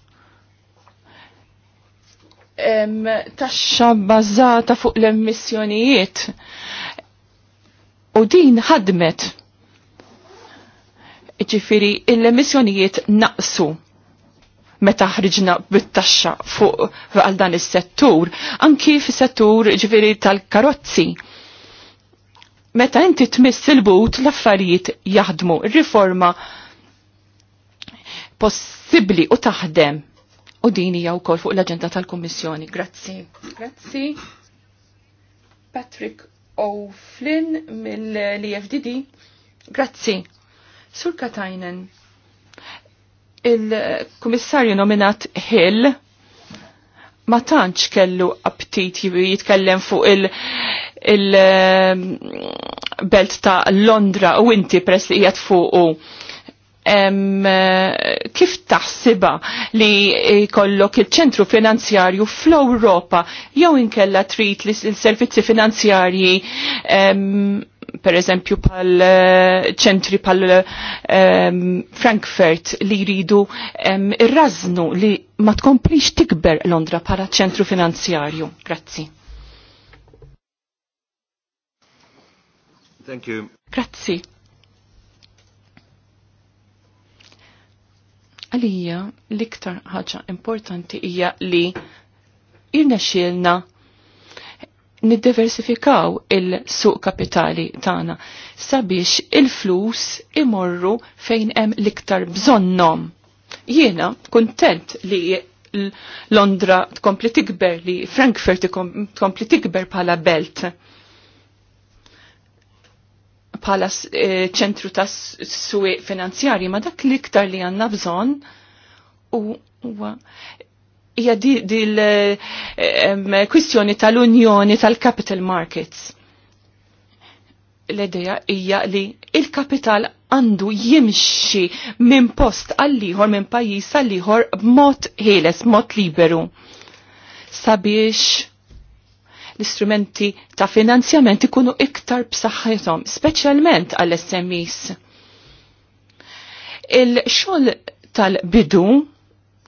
taxxa bazzata fuq l-emissjonijiet u din ħadmet ġifiri l-emissjonijiet naqsu meta ħriġna bit-taxxa fuq għal dan is-settur, anki fis-settur ġifieri tal-karozzi. Meta inti tmiss il-but l-affarijiet jaħdmu, riforma possibbli u taħdem. U din hija wkoll fuq l-aġenda tal-Kummissjoni. Grazzi. Grazzi. Patrick O'Flynn mill-EFDD. Grazzi. Sur Katajnen il-komissarju nominat Hill ma tantx kellu aptit jitkellem fuq il- il-belt um, ta' Londra u inti pres li jgħat fuq kif taħsiba li kollok il-ċentru finanzjarju fl-Europa jew inkella trit li s-servizzi finanzjarji per eżempju pal eh, ċentri pal ehm, Frankfurt li jridu ehm, irraznu li ma tkomplix tikber Londra para ċentru finanzjarju. Grazzi. Thank you. Grazzi. Għalija, l-iktar ħaġa importanti hija li irnexxielna niddiversifikaw il-suq kapitali tagħna sabiex il-flus imorru fejn hemm l-iktar bżonnhom. Jiena kuntent li Londra tkompli tikber, li Frankfurt tkompli tikber bħala belt bħala ċentru ta' suq finanzjarji, ma dak liktar iktar li għandna bżonn u hija di l-kwistjoni tal-Unjoni tal-Capital Markets. L-idea hija li il-kapital għandu jimxi minn post għall-ieħor minn pajjiż għall-ieħor b'mod ħeles, mod liberu. Sabiex l-istrumenti ta' finanzjament ikunu iktar b'saħħithom, speċjalment għall-SMEs. Il-xogħol tal-bidu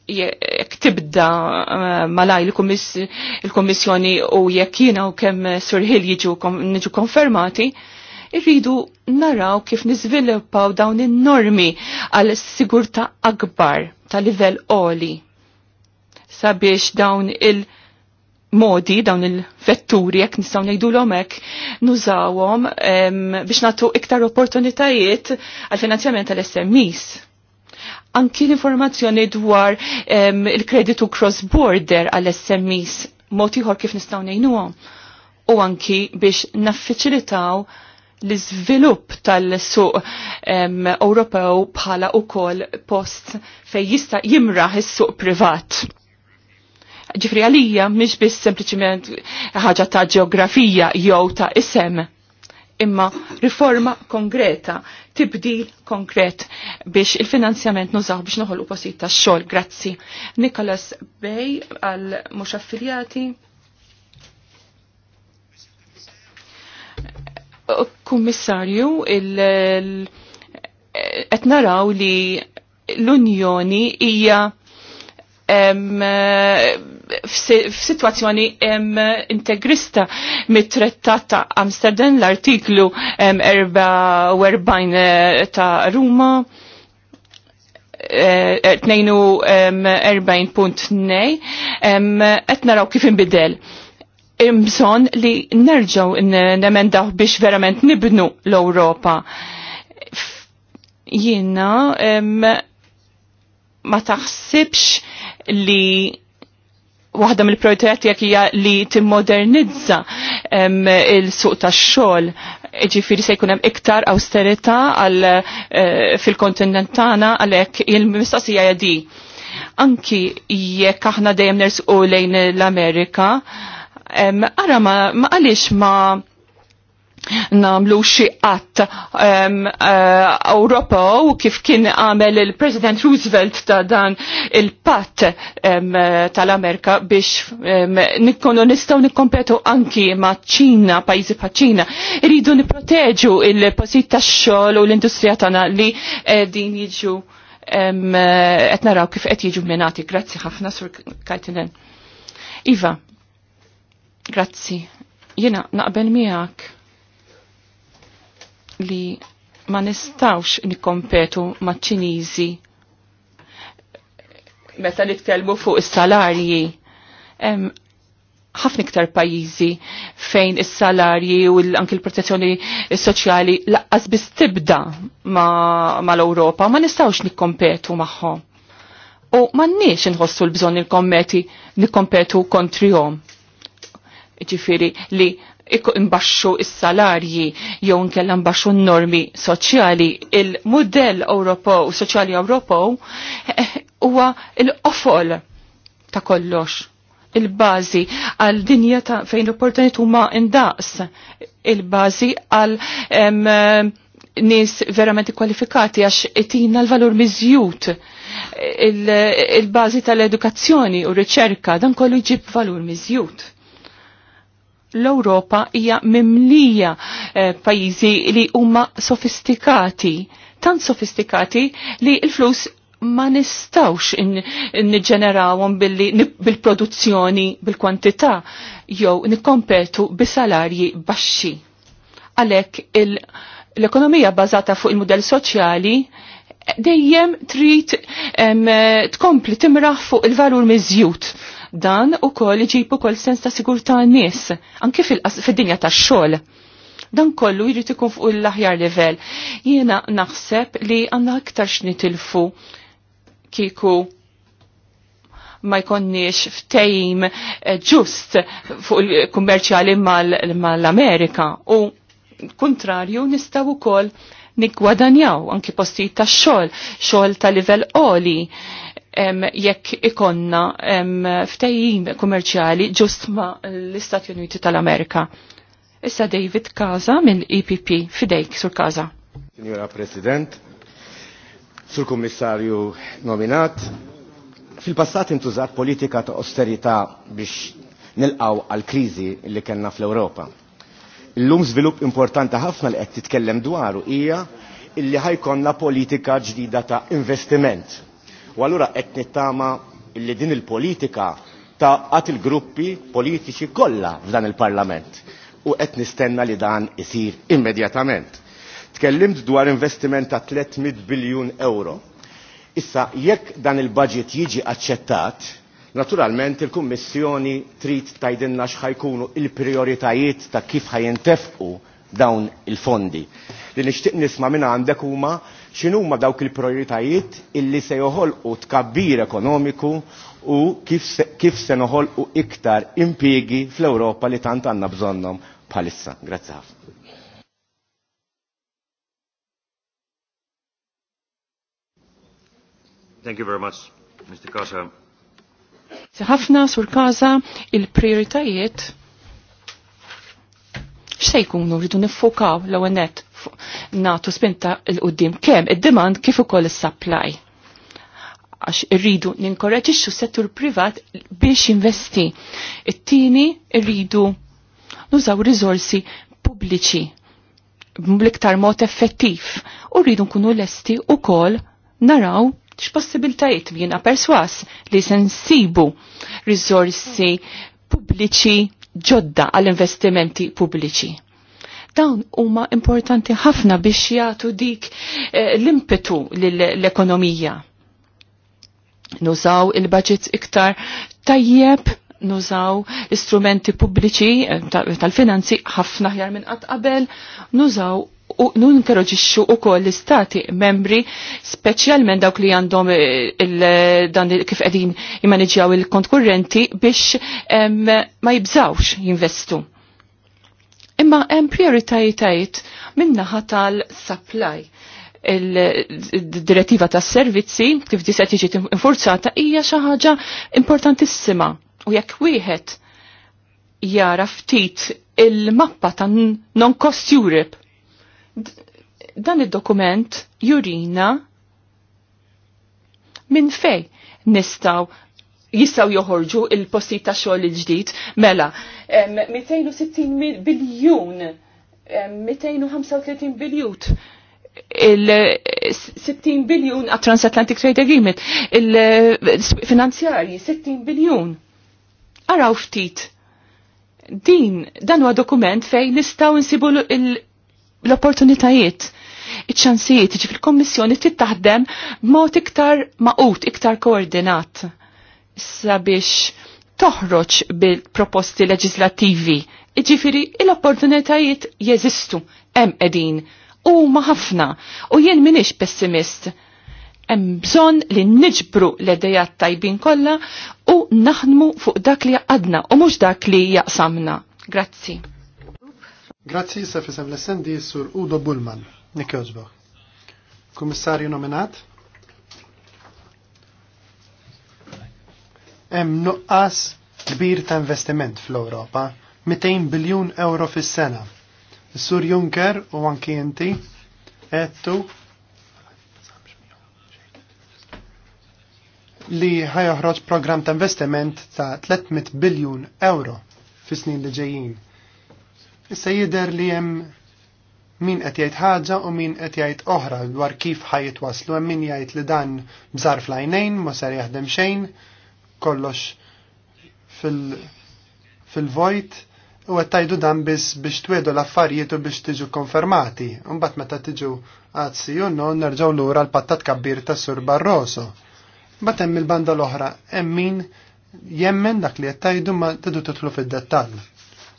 jek tibda eh, malaj il-Kommissjoni u jekk jiena u kemm Sir Hill jiġu konfermati, irridu naraw kif niżviluppaw dawn in-normi għal sigurta akbar ta' livell oli sabiex dawn il- modi dawn il-vetturi, jekk nistaw nejdu l-omek, nużawom biex natu iktar opportunitajiet għal finanzjament tal smis anki l-informazzjoni dwar il-kreditu cross-border għal-SMEs motiħor kif nistaw għom. u anki biex naffiċilitaw l izvilup tal-suq Ewropew bħala ukoll post fej jista' jimraħ is-suq privat. Ġifri għalija mhix biss sempliċiment ħaġa ta' ġeografija jew ta' isem imma riforma konkreta, tibdil konkret biex il-finanzjament nużaw biex noħolqu posit ta' xogħol. Grazzi. Nikolas Bej għal mhux affiljati. Uh, kummissarju, qed naraw li l-Unjoni hija f'sitwazzjoni integrista mit-trettat ta' Amsterdam l-artiklu 44 eh, ta' Ruma 42.2 eh, qed er, naraw kif inbidel imson li nerġaw nemendaw biex verament nibnu l-Europa. Jiena ma taħsibx li waħda mill-prioritet jek hija li timmodernizza il-suq tax-xogħol. Ġifieri se jkun hemm iktar austerità għal eh, fil-kontinent tagħna għalhekk il-mistoqsija hija di. Anki jekk aħna dejjem nersqu lejn l-Amerika, ara ma għaliex ma, ma namlu xi qatt um, uh, kif kien għamel il-President Roosevelt ta' dan il-patt um, tal-Amerika biex um, nikkonu nistgħu nikkompetu anki ma' Ċina, pajjiżi pa' Ċina. Iridu nipproteġu il-posit tax-xogħol u l-industrija tagħna li eh, din jiġu qed naraw kif qed jiġu minati. Grazzi ħafna sur Kajtinen. Iva, grazzi. Jiena naqbel miegħek li ma nistawx nikompetu ma' ċiniżi meta nitkellmu fuq is-salarji. ħafna iktar pajjiżi fejn is-salarji u anke l-protezzjoni soċjali laqqas biss tibda mal-Ewropa ma, nistawx nistgħux nikkompetu magħhom. U m'għandniex inħossu l-bżonn il-kommeti nikkompetu kontrihom. Ġifieri li imbaxxu is-salarji jew nkella mbaxxu n-normi soċjali, il-mudell Ewropew, soċjali Ewropew eh, huwa l-qofol ta' kollox il-bażi għal dinja ta' fejn l-opportunità huma indaqs, il-bażi għal nies verament kwalifikati għax itina l-valur miżjut il-bażi tal-edukazzjoni u riċerka dan kollu jġib valur miżjut l-Europa hija mimlija eh, pajjiżi li huma sofistikati, tan sofistikati li l-flus ma nistawx niġġenerawhom bil-produzzjoni bil-kwantità jew nikkompetu bi-salarji baxxi. Għalhekk l-ekonomija bażata fuq il-mudell soċjali dejjem trid tkompli timraħ fuq il-valur miżjud Dan u koll iġibu kol sens ta' sigurta' nis, anki fil-dinja ta' xol. Dan kollu jrid ikun fuq l-aħjar level. Jiena naħseb li għanna aktar xnitilfu kiku ma jkonniex ftejm eh, ġust fuq il-kummerċjali mal-Amerika u kontrarju nistaw ukoll nikwadanjaw anki postijiet ta' xogħol, xogħol ta' livell qoli, jekk ikonna ftejjim kummerċjali ġust ma' l-Istati Uniti tal-Amerika. Issa David Kaza mill-EPP fidejk sur Kaza. Signora President, sur Kommissarju nominat, fil-passat intużat politika ta' austerità biex nilqaw għal-krizi li kellna fl-Europa. Illum żvilupp importanti ħafna li qed titkellem dwaru hija illi ħajkonna politika ġdida ta' investiment U allura qed nittama li din il-politika ta' għat il-gruppi politiċi kollha f'dan il-Parlament u qed nistenna li dan isir immedjatament. Tkellimt dwar investiment ta' 300 biljun euro. Issa, jekk dan il-budget jiġi aċċettat, naturalment il-Kummissjoni trid tajdinna x'ħajkunu il-prioritajiet ta' kif ħajintefqu dawn il-fondi. Li nixtieq nisma' minn għandek huma x'inhuma dawk il-prioritajiet illi se joħolqu tkabbir ekonomiku u kif se, kif se noħolqu iktar impjiegi fl-Ewropa li tant għandna bżonnhom bħalissa. Grazzi ħafna. Thank you very much, Mr. Kaza. ħafna sur Kaza il-prioritajiet x'se jkunu rridu niffokaw l-ewwel natu spinta l-qoddim kemm id-demand kif ukoll is-supply. Għax irridu ninkoraġixxu settur privat biex investi. It-tieni irridu nużaw riżorsi pubbliċi bl-iktar mod effettiv u rridu nkunu lesti ukoll naraw x'possibiltajiet jiena perswas li se nsibu riżorsi pubbliċi ġodda għall-investimenti pubbliċi dawn huma importanti ħafna biex jagħtu dik eh, l-impetu l-ekonomija. Nużaw il-budgets iktar tajjeb, nużaw istrumenti pubbliċi eh, tal-finanzi ħafna ħjar minn qatt qabel, nużaw u ninkoraġixxu wkoll l-istati membri speċjalment dawk li għandhom eh, dan kif qegħdin jimmaniġjaw il-kont kurrenti biex ma jibżawx jinvestu Imma hemm prioritajiet naħa tal-supply il-direttiva tas servizzi kif di se tiġi infurzata hija xi ħaġa importantissima u jekk wieħed jara ftit il-mappa ta' non-cost Europe dan id-dokument jurina minn fej nistaw jistaw joħorġu il-posti ta' xogħol il-ġdid. Mela, 260 biljun, 235 biljut il-60 biljun għat Transatlantic Trade Agreement, il-finanzjari 60 biljun. Araw ftit. Din, dan huwa dokument fejn nistgħu nsibu l-opportunitajiet iċ-ċansijiet, ġi fil-kommissjoni tittaħdem mod iktar maqut, iktar koordinat sabiex toħroġ bil-proposti leġislativi. Iġifiri, il-opportunitajiet jeżistu, hemm edin, u ħafna, u jien minix pessimist. Hemm bżonn li niġbru l-idejat tajbin kollha u naħdmu fuq dak li jaqadna u mhux dak li jaqsamna. Grazzi. Grazzi sa fisem l sur Udo Bullman, Nikewżbach. Kummissarju nominat? Hemm nuqqas kbir ta' investiment fl-Ewropa, 200 biljun euro fis-sena. Sur Juncker u anki inti għedtu li ħajoħroġ program ta' investiment ta' 300 biljun euro fis snin li ġejjin. Issa jidher li hemm min qed jgħid ħaġa u min qed jgħid oħra dwar kif waslu hemm min jgħid li dan bżar fl-għajnejn ma ser jaħdem xejn kollox fil-vojt u għattajdu dan biss biex twedu l-affarijiet u biex tiġu konfermati. Unbat meta tiġu għazzi u no nerġaw l-ura l-pattat kabbir ta' Sur Barroso. Bat hemm il-banda l-oħra, emmin jemmen dak li għattajdu ma tidu t-tlu fil-dettal.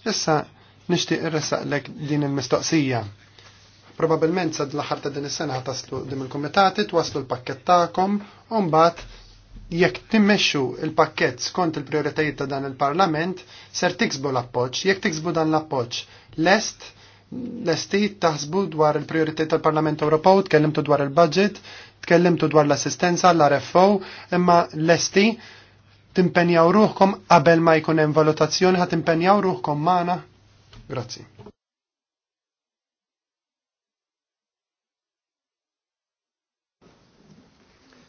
Issa nishtiq irresaqlek din il-mistoqsija. Probabilment sad l ħarta ta' din is-sena ħataslu dim il-kumitati, twaslu l-pakket tagħkom u mbagħad jekk timmexxu il-pakkett skont il-prioritajiet ta' dan il-Parlament, ser tiksbu l-appoġġ, jekk tiksbu dan l-appoġġ. Lest l-estit taħsbu dwar il-prioritajiet tal-Parlament Ewropew, tkellimtu dwar il-budget, tkellimtu dwar l-assistenza, l-RFO, imma lesti timpenjaw ruħkom qabel ma jkun hemm valutazzjoni ħad timpenjaw ruħkom magħna. Grazzi.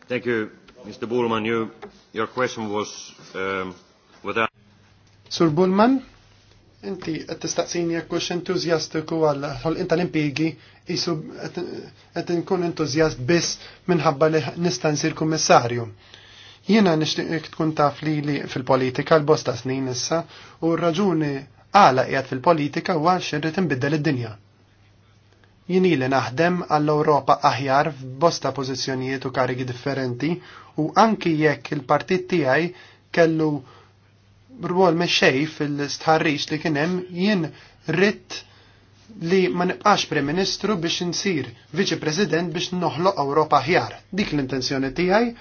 Thank you. Mr. Bullman, you, your question was um, whether... Sur Bullman, inti qed tistaqsini jekk hux entużjastiku għal ħolqien tal impigi isu qed inkun entużjast biss minħabba li nista' nsir kummissarju. Jiena nixtieq tkun taf li li fil-politika l-bosta snin issa u r-raġuni għala qiegħed fil-politika huwa xirrid inbiddel id-dinja li naħdem għall-Europa aħjar f'bosta pożizzjonijiet u karigi differenti u anki jekk il-partit tiegħi kellu rwol mexxej fil-stħarriġ li kien hemm jien ritt li ma nibqax Prim Ministru biex insir Viċi President biex noħloq Ewropa aħjar. Dik l-intenzjoni tiegħi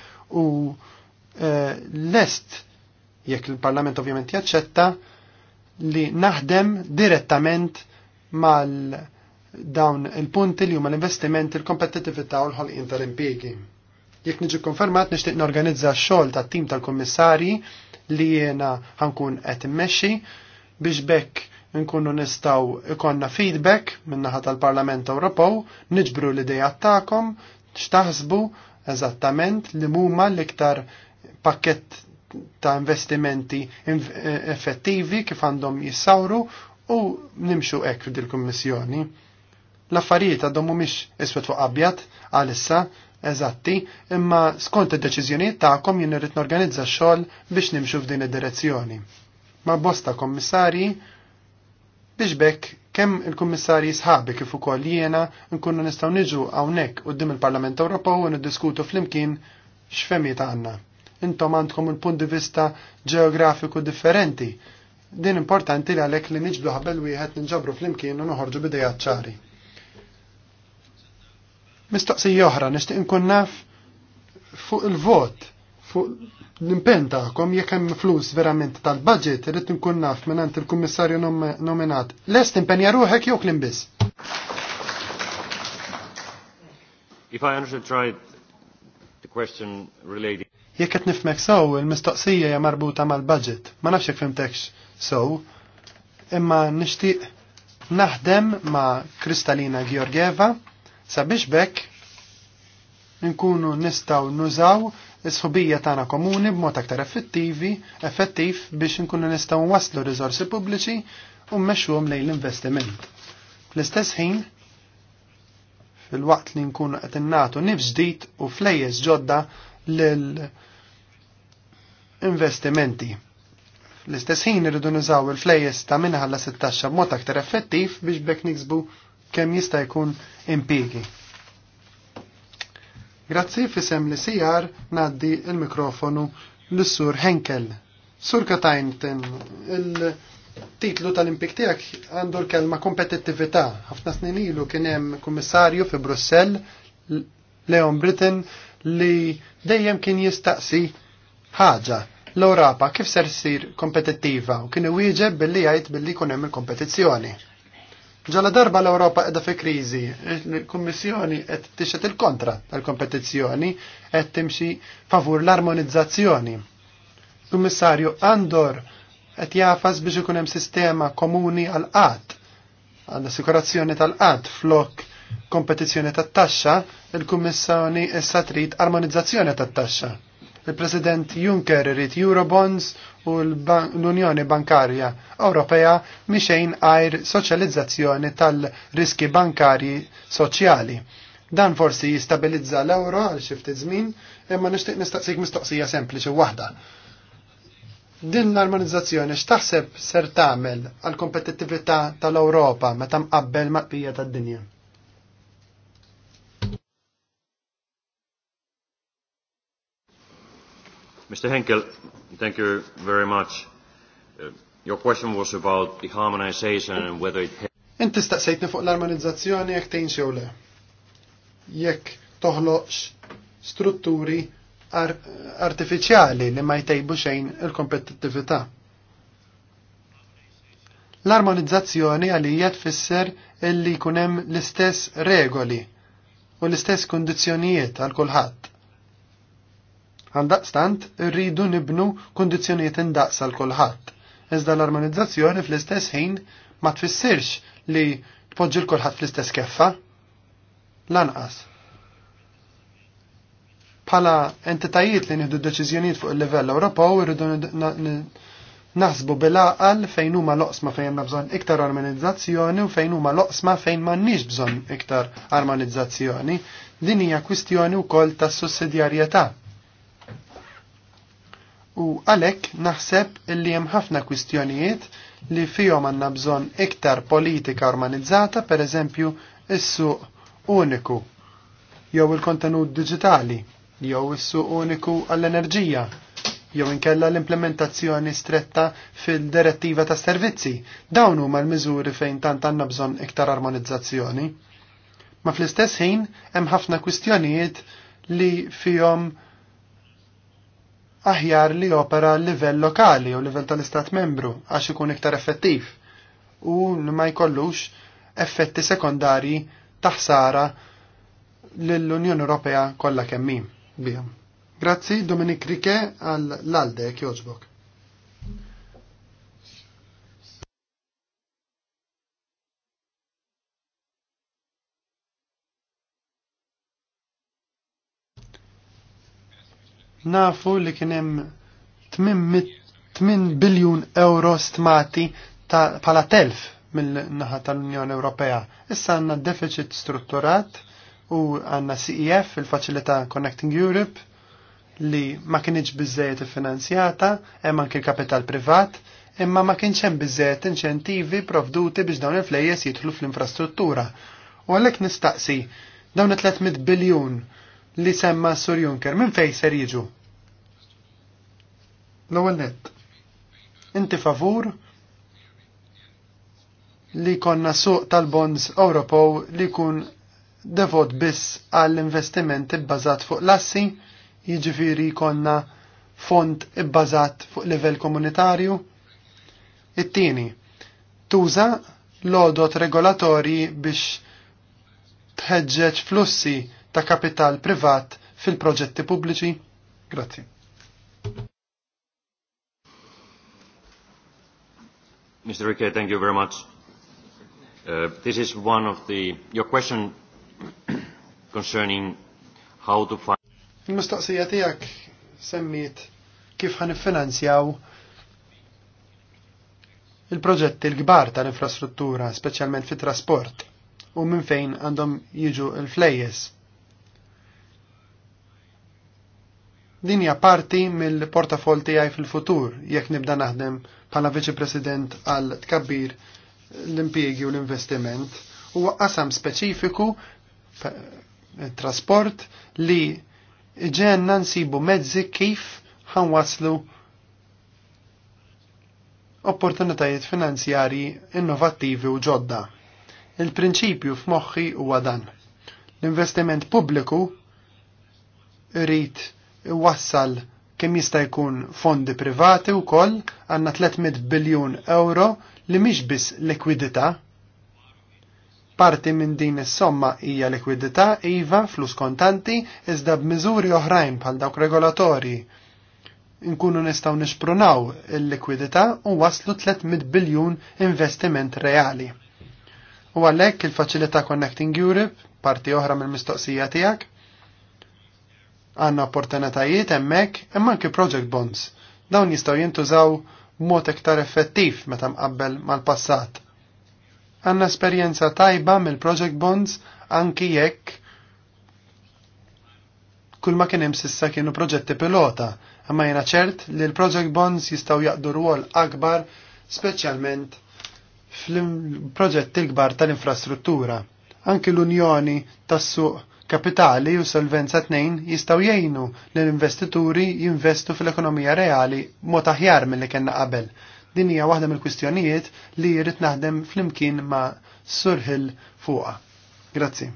u uh, lest jekk il-Parlament ovvjament jaċċetta li naħdem direttament mal- dawn il-punti li huma l-investiment, il-kompetittività u l-ħolqien tal impjiegi Jekk niġi konfermat nixtieq norganizza x-xogħol tat-tim tal-kummissarji li jiena ħankun qed immexxi biex bekk nkunu nistaw ikonna feedback minnaħa tal-Parlament Ewropew, niġbru l-idea tagħkom, x'taħsbu eżattament li huma l-iktar pakket ta' investimenti eh, effettivi kif għandhom jissawru u nimxu hekk dil kummissjoni L-affarijiet għadhom mhumiex iswed fuq abjad għalissa eżatti, imma skont id-deċiżjonijiet tagħkom jien irrid norganizza xogħol biex nimxu f'din id-direzzjoni. Ma' bosta kommissarji biex bekk kemm il-kummissarji sħabi kif ukoll jiena nkunu nistgħu niġu hawnhekk quddiem il-Parlament Ewropew u niddiskutu flimkien x'femijiet għandna. Intom għandkom il-punt di vista ġeografiku differenti. Din importanti li għalhekk li niġbdu ħabel wieħed ninġabru flimkien u noħorġu bidejat ċari. Mistaqsija oħra, nixtieq inkun naf fuq il-vot, fuq l-impenn tagħkom jekk hemm flus verament tal-budget irid inkun naf mingħand il-kummissarju nominat. Lest impenja ruħek jew klim biss. If I understood right, the question related Jekk qed nifmek sew il-mistoqsija hija marbuta mal-budget. Ma nafx jekk fimtekx sow. imma nixtieq naħdem ma' Kristalina Georgieva Sabiex bekk nkunu nistaw nużaw is-sħubija tagħna komuni b'mod aktar effettivi, effettiv biex nkunu nistaw waslu riżorsi pubbliċi u mmexxuhom lejn l-investiment. Fl-istess ħin, fil-waqt li nkunu qed innatu nif ġdid u flejjes ġodda lil investimenti L-istess ħin irridu nużaw il-flejjes ta' minħalla 16 b'mod aktar effettiv biex bekk niksbu kemm jista' jkun impigi. Grazzi fisem li sijar naddi il-mikrofonu l-sur Henkel. Sur Katajnten, il-titlu tal-impik tiegħek għandu l-kelma kompetittività. Ħafna snin ilu kien hemm kummissarju fi Brussell, Leon Britain, li dejjem kien jistaqsi ħaġa l-Europa kif ser sir kompetittiva u kien wieġeb billi jgħid billi kunem hemm il-kompetizzjoni. Ġala darba l-Europa edha fi krizi, il-Kommissjoni qed tixet il-kontra tal-kompetizzjoni qed timxi favur l-armonizzazzjoni. Kummissarju Andor qed jafas biex ikun hemm sistema komuni għal qatt għall-assikurazzjoni tal-qatt flok kompetizzjoni tat-taxxa, il-Kummissjoni issa trid armonizzazzjoni tat-taxxa Il-President Juncker irid Eurobonds u l-Unjoni Bankarja Ewropea miexejn għajr soċjalizzazzjoni tal-riski bankarji soċjali. Dan forsi jistabilizza l-euro għal xi ftit imma nixtieq nistaqsik mistoqsija sempliċi waħda. Din l-armonizzazzjoni x'taħseb ser tagħmel għall kompetittività tal-Ewropa meta mqabbel maqbija tad-dinja? Mr. Henkel, thank you very much. Uh, your question was about the harmonization and whether it... Inti staqsejtni fuq l-armonizzazzjoni jekk tgħin xew le. Jekk toħloqx strutturi ar artifiċjali li ma jtejbu xejn il-kompetittività. L-armonizzazzjoni għalija tfisser illi jkun hemm l-istess regoli u l-istess kundizzjonijiet għal kulħadd Għandaqstant, rridu nibnu kondizjoniet indaqsa l-kolħat. Iżda l-armonizzazzjoni fl-istess ħin ma tfissirx li tpoġġi l-kolħat fl-istess keffa. Lanqas. Pala entitajiet li nieħdu deċiżjonijiet fuq il-livell Ewropew irridu naħsbu bil-aqal fejn huma loqsma fejn għandna bżonn iktar armonizzazzjoni u fejn huma loqsma fejn m'għandniex bżonn iktar armonizzazzjoni. Din hija kwistjoni wkoll tas sussidjarjetà U għalek naħseb li hemm ħafna kwistjonijiet li fihom għandna bżonn iktar politika organizzata, per eżempju is-suq uniku, jew il-kontenut diġitali, jew is-suq uniku għall-enerġija, jew inkella l-implementazzjoni stretta fil-direttiva ta' servizzi. Dawn huma l-miżuri fejn tant għandna bżonn iktar armonizzazzjoni. Ma fl-istess ħin hemm ħafna kwistjonijiet li fihom aħjar li opera livell lokali u livell tal-istat membru għax ikun iktar effettiv u li ma jkollux effetti sekondari taħsara l-Unjoni Ewropea kollha kemm bihom. Grazzi Dominik Rike għall-Alde jogħġbok. nafu li kienem 8 biljun euro stmati pala telf mill-naħa tal-Unjoni Ewropea. Issa għanna deficit strutturat u għanna CEF, il-Facilità Connecting Europe, li ma kienieġ bizzejet finanzjata, hemm anke kapital privat, imma ma kienx hemm biżejjed inċentivi provduti biex dawn il-flejjes jidħlu fl-infrastruttura. U għalhekk nistaqsi dawn it-300 biljun li semma Sur Juncker. Minn fej ser jiġu? L-ewwel nett. Inti favur li konna suq tal-bonds Ewropew li kun devot biss għall-investiment ibbażat fuq lassi, jiġifieri konna fond ibbażat fuq livell komunitarju. It-tieni, tuża l-odot regolatorji biex tħeġġeġ flussi ta' kapital privat fil-proġetti pubbliċi? Grazzi. Mr. Ricke, thank you very much. Uh, this is one of the, your question concerning how to find... Il-mistoqsija tijak semmit kif għan finanzjaw il-proġetti l-gbar tal-infrastruttura, specialment fit trasport u minn fejn għandhom jiġu il-flejjes. Din hija parti mill-portafol tiegħi fil-futur jekk nibda naħdem bħala viċi president għal tkabbir l-impjiegi u l-investiment. Huwa qasam speċifiku trasport li ġenna nsibu mezzi kif ħanwaslu opportunitajiet finanzjarji innovattivi u ġodda. Il-prinċipju f'moħħi huwa dan. L-investiment pubbliku rrit wassal kemm jista' jkun fondi privati wkoll għandna 300 biljun euro li mhix biss likwidità. Parti minn din is-somma hija likwidità iva flus kontanti iżda b'miżuri oħrajn bħal dawk regolatorji nkunu nistgħu nixprunaw il-likwidità u waslu 300 biljun investiment reali. U għalhekk il-faċilità Connecting Europe, parti oħra mill-mistoqsija tiegħek, Għanna opportunitajiet hemmhekk imma anke project bonds. Dawn jistgħu jintużaw mod iktar effettiv meta mqabbel mal-passat. Għanna esperjenza tajba mill-project bonds anki jekk kull ma kien hemm sissa kienu proġetti pilota, imma jena ċert li l-project bonds jistgħu jaqdu rwol akbar speċjalment fil-proġetti l-kbar tal-infrastruttura. Anki l-Unjoni tas-suq kapitali u solvenza tnejn jistaw jgħinu li l-investituri jinvestu fil-ekonomija reali mod aħjar mill-li kena qabel. Din hija waħda mill-kwistjonijiet li jrid naħdem flimkien ma' Surhil fuqa. Grazzi.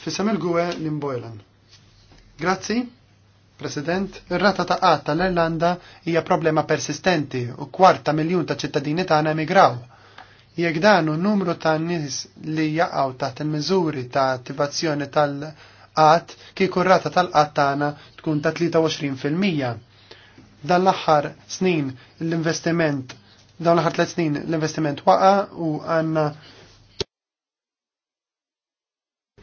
Fissam il-gwe l-imbojlan. Grazzi. President, ir-rata ta' qatt tal-Irlanda hija problema persistenti u kwarta miljun ta' ċittadini tagħna emigraw Jekk dan hu numru ta' nies li jaqgħu taħt il-miżuri ta' attivazzjoni tal-qatt kieku rata tal-qatt tagħna tkun ta' 23%. Dan l-aħħar snin l-investiment dawn l-aħħar tliet snin l-investiment waqa u għandna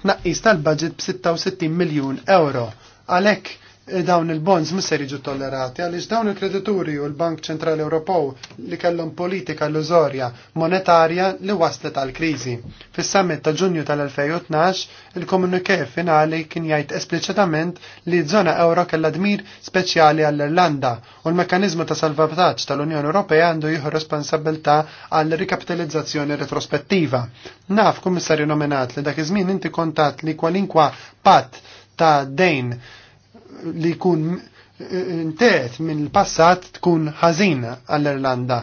tnaqqis tal-budget b'66 miljun euro. Għalhekk Eh, dawn il-bonds mis jiġu tollerati għaliex dawn il-kredituri u l-Bank Ċentrali Ewropew li kellhom politika l-użorja monetarja li waslet għal kriżi. Fis-summit ta' Ġunju tal-2012 il-komunike finali kien jgħid espliċitament li żona euro kellha dmir speċjali għall-Irlanda u l-mekkaniżmu ta' salvataġġ tal-Unjoni Ewropea għandu jieħu responsabilità għall rikapitalizzazzjoni retrospettiva. Naf kummissarju nominat li dak iż-żmien inti kontat li kwalinkwa patt ta' dejn li jkun eh, ntet minn l-passat tkun ħażin għall-Irlanda.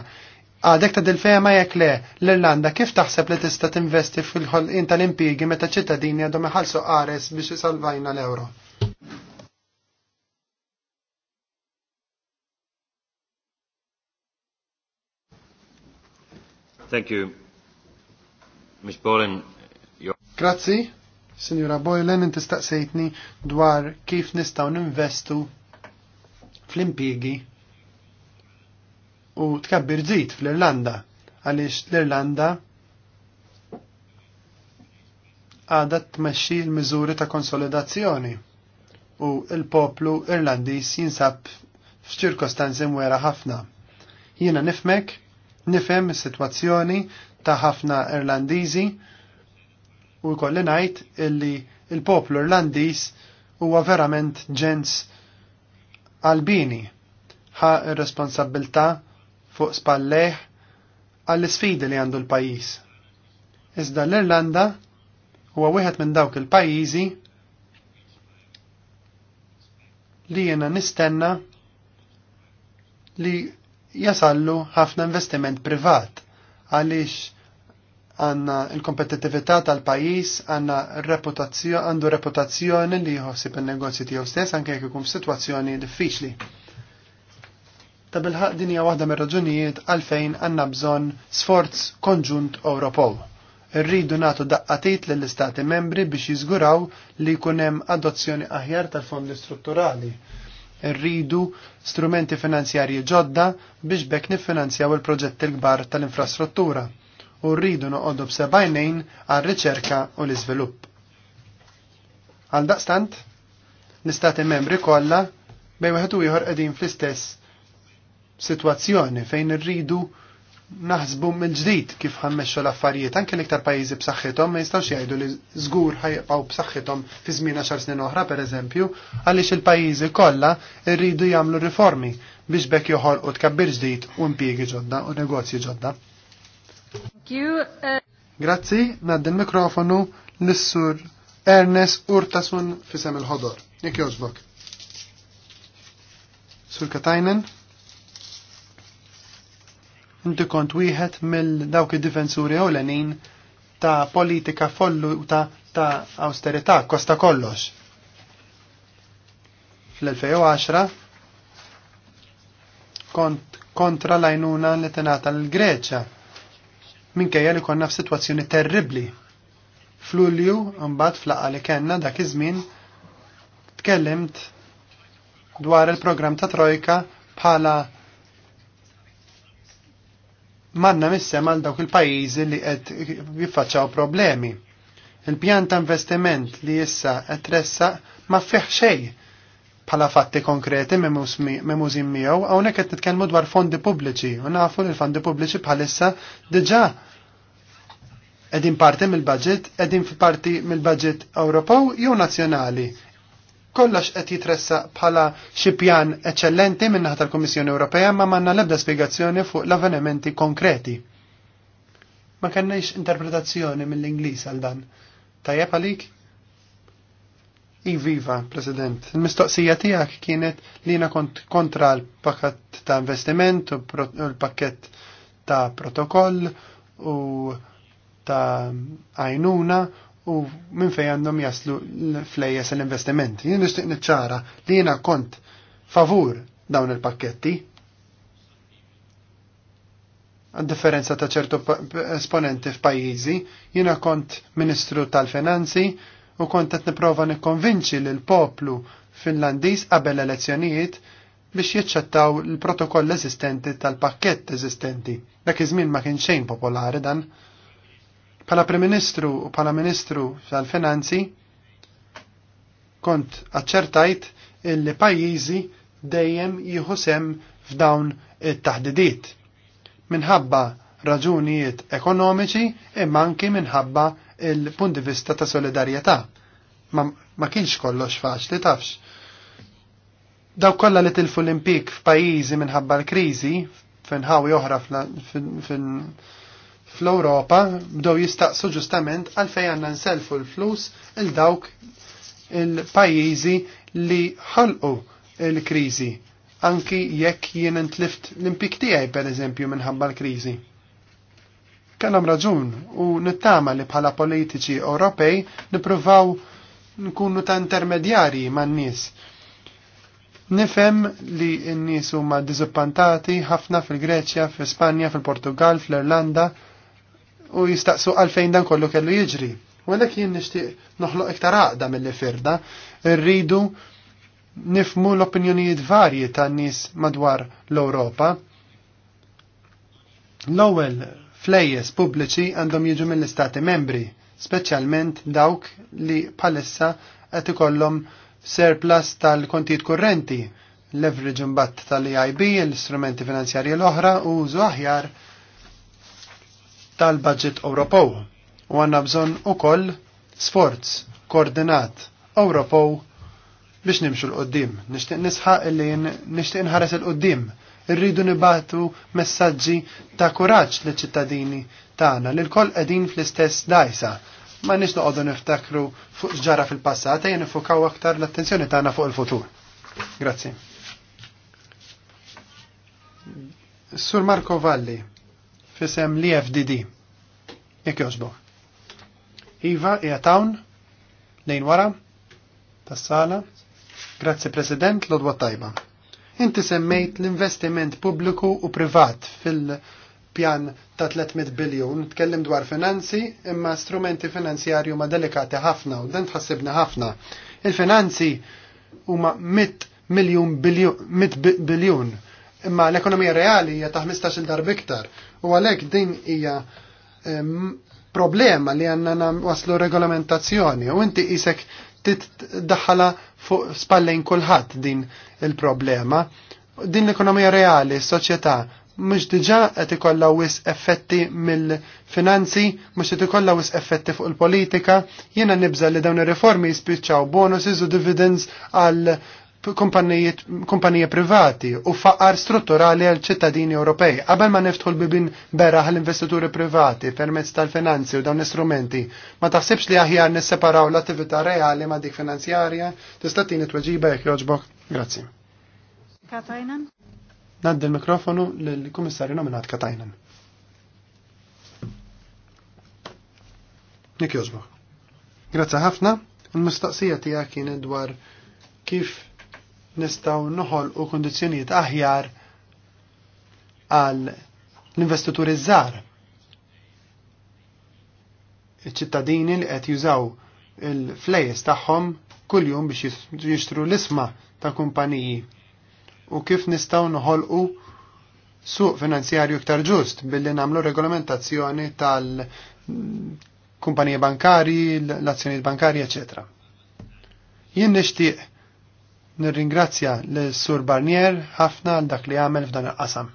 Għadek ta' dil-fema jek le, l-Irlanda kif taħseb li tista' tinvesti fil-ħolqin tal-impjiegi meta ċittadini għadhom iħallsu qares biex isalvajna l-euro? Thank you. Ms. Bolin, Grazzi, Signora Boylan, inti staqsejtni dwar kif nistaw ninvestu fl impiegi u tkabbir żid fl-Irlanda għaliex l-Irlanda għadha tmexxi l-miżuri ta' konsolidazzjoni u l-poplu Irlandiż jinsab f'ċirkostanzi mwera ħafna. Jiena nifmek, nifhem is-sitwazzjoni ta' ħafna Irlandiżi u jkolli ngħid illi il-poplu Irlandiż huwa verament ġens Albini ħa ir-responsabilità fuq spalleħ għall-isfidi li għandu l-pajjiż. Iżda l-Irlanda huwa wieħed minn dawk il-pajjiżi li jena nistenna li jasallu ħafna investiment privat għaliex għanna il-kompetitività tal-pajis, għanna reputazzjoni, għandu reputazzjoni li jħossib il negozji tiegħu stess anke jekk ikun f'sitwazzjoni diffiċli. Ta' bil-ħaq din hija waħda mir-raġunijiet għalfejn għandna bżonn sforz konġunt Ewropew. Irridu nagħtu daqqatit lill istati membri biex jiżguraw li jkun hemm adozzjoni aħjar tal-fondi strutturali rridu strumenti finanzjarji ġodda biex bekk niffinanzjaw il-proġetti l-kbar tal-infrastruttura u rridu noqogħdu b'sebajnejn għar-riċerka u l-iżvilupp. Għal daqstant, l-istati membri kollha bej wieħed u ieħor qegħdin fl-istess sitwazzjoni fejn irridu naħsbu mill-ġdid kif ħammexxu l-affarijiet anke l-iktar pajjiżi b'saħħithom ma jistgħux jgħidu li żgur ħajqgħu b'saħħithom fi żmien għaxar snin oħra pereżempju għaliex il-pajjiżi kollha rridu jagħmlu riformi biex bekk joħolqu tkabbir ġdid u impjiegi ġodda u negozji ġodda. Uh, Grazzi, nad l-mikrofonu l-sur Ernest Urtasun fisem il-ħodor. Jek jozbok. Sur Katajnen, inti kont wieħed mill-dawk id-difensuri ewlenin ta' politika follu ta', ta austerità kosta kollox. Fl-2010 kont kontra lajnuna li tenata l greċja minkejja li konna f'sitwazzjoni terribli. F'Lulju mbagħad flaqa li kellna dak iż-żmien tkellimt dwar il-programm ta' Trojka bħala manna missem għal dawk il-pajjiżi li qed jiffaċċaw problemi. Il-pjan ta' investiment li issa qed tressaq ma fih xejn bħala fatti konkreti memużin miegħu hawnhekk qed nitkellmu dwar fondi pubbliċi u nafu li l-fondi pubbliċi bħalissa diġà Edin parti mill-budget, edin parti mill-budget Ewropew jew nazzjonali. Kollox qed jitressa bħala xi pjan eċċellenti minn naħa tal-Kummissjoni Ewropea ma manna l-ebda spjegazzjoni fuq l-avvenimenti konkreti. Ma kennex interpretazzjoni mill-Ingliż għal dan. Tajjeb għalik? Iviva, President, il-mistoqsija tijak kienet li jina kont kontra l-pakket ta' investiment u l-pakket ta' protokoll u ta' għajnuna u minn fej għandhom jaslu flejjes l-investimenti. Jien nixtieq niċċara li jiena kont favur dawn il-pakketti. A differenza ta' ċertu esponenti f'pajjiżi, jiena kont Ministru tal-Finanzi u kont qed nipprova nikkonvinċi lil poplu Finlandiż qabel elezzjonijiet biex jiċċettaw il-protokoll eżistenti tal-pakkett eżistenti. Dak iż-żmien ma kien xejn popolari dan. Pala Prim-Ministru u pala Ministru tal-Finanzi kont aċċertajt li pajjiżi dejjem jieħu sem f'dawn it-taħdidiet minħabba raġunijiet ekonomiċi imma anki minħabba il-punt di vista ta' solidarjetà. Ma, ma kienx kollox faċli tafx. Daw kollha li tilfu l-impik f'pajjiżi minħabba l-kriżi finħawi oħra fl-Europa bdew jistaqsu ġustament għalfej għandna nselfu l-flus il dawk il-pajjiżi li ħolqu il kriżi anki jekk jien intlift l-impik tiegħi pereżempju minħabba l-kriżi. Kellhom raġun u nittama li bħala politiċi Ewropej nippruvaw nkunu ta' intermedjarji man-nies. Nifem li n-nies huma diżappantati ħafna fil-Greċja, fl-Ispanja, fil-Portugal, fl-Irlanda, fil greċja fl ispanja fil portugal fl irlanda u jistaqsu għalfejn dan kollu kellu jiġri. U għalek jien nishtiq noħloq iktar għaqda mill-li firda, rridu nifmu l-opinjonijiet varji ta' nis madwar l-Europa. L-ewwel flejjes pubbliċi għandhom jiġu mill-istati membri, speċjalment dawk li palissa qed ikollhom surplus tal-kontijiet kurrenti, leverage imbatt tal-EIB, l-istrumenti finanzjarji l-oħra u użu aħjar tal-budget Ewropew u għanna bżonn ukoll sforz koordinat Ewropew biex nimxu l-qoddim. Nixtieq nisħaq li nixtieq nħares l qoddim Irridu nibatu messaġġi ta' kuraġġ liċ ċittadini tagħna li l-koll qegħdin fl-istess dajsa. Ma nix noqogħdu niftakru fuq ġara fil-passat ejja nifukaw aktar l-attenzjoni tagħna fuq il-futur. Grazzi. Sur Marco Valli, fisem li FDD. Jek jozbu. Iva, ija tawn, lejn wara, tas-sala. Grazzi President, l-odwa tajba. Inti semmejt l-investiment pubbliku u privat fil-pjan ta' 300 biljon, tkellim dwar finanzi, imma strumenti finanzjarju ma' delikati ħafna u dan tħassibna ħafna. Il-finanzi huma 100 miljon biljun, imma l-ekonomija reali hija ta' 15 darb iktar U għalhekk din hija problema li għandna waslu regolamentazzjoni u inti isek daħala fuq spallejn kulħadd din il-problema. Din l-ekonomija reali, s-soċjetà, mux diġa għet ikolla wis effetti mill-finanzi, mux għet ikolla wis effetti fuq il-politika, jena nibżal li dawn il-reformi jispiċċaw bonuses u dividends għal kumpanija privati u faqar strutturali għal ċittadini Ewropej. Qabel ma neftħu l-bibin bera għal investituri privati permezz tal-finanzi u dawn l-istrumenti, ma taħsibx li aħjar nisseparaw l-attività reali ma dik finanzjarja, tista' tieni tweġiba jekk joġbok. Grazzi. Katajnan? Naddi l-mikrofonu lill-Kummissarju nominat Katajnan. Nik joġbok. Grazzi ħafna. Il-mistaqsija tiegħek kien dwar kif nistaw nħol u kondizjoniet aħjar għal l-investituri żgħar. Iċ-ċittadini li qed jużaw il-flejes tagħhom kuljum biex jixtru l-isma ta' kumpaniji u kif nistaw noħolqu suq finanzjarju iktar ġust billi namlu regolamentazzjoni tal-kumpaniji bankari, l-azzjonijiet bankari, eccetera. Jien nixtieq Nirringrazzja l sur Barnier ħafna għal dak li għamel f'dan il-qasam.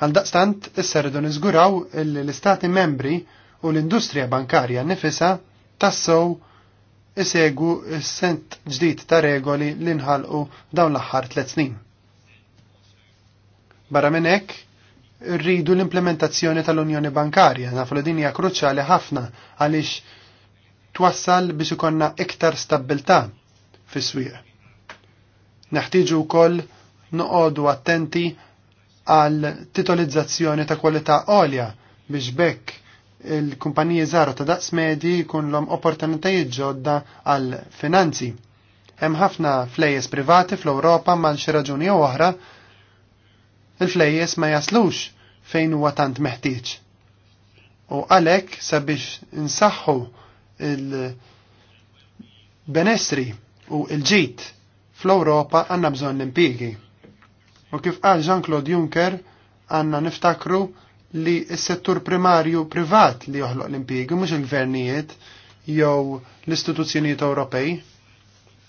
Għal daqstant, issa rridu niżguraw l-istati membri u l-industrija bankarja nifisa tassow isegu s-sent ġdid ta' regoli li nħalqu dawn l-aħħar tliet snin. Barra minn hekk, rridu l-implementazzjoni tal-Unjoni Bankarja, nafu li din hija kruċjali ħafna għaliex twassal biex ikonna iktar stabilta fis-swieq. Neħtieġu wkoll noqogħdu attenti għal titolizzazzjoni ta' kwalità għolja biex bekk il-kumpaniji żgħar ta' daqs medji jkunlhom opportunitajiet ġodda għal finanzi. Hemm ħafna flejjes privati fl-Ewropa mal xi raġuni oħra il-flejjes ma jaslux fejn huwa tant meħtieġ. U għalhekk sabiex insaħħu il-benestri u il-ġit fl-Europa għanna bżon l-impiegi. U kif qal Jean-Claude Juncker għanna niftakru li s-settur primarju privat li joħloq l-impiegi, mux il-vernijiet jew l-istituzzjonijiet Ewropej.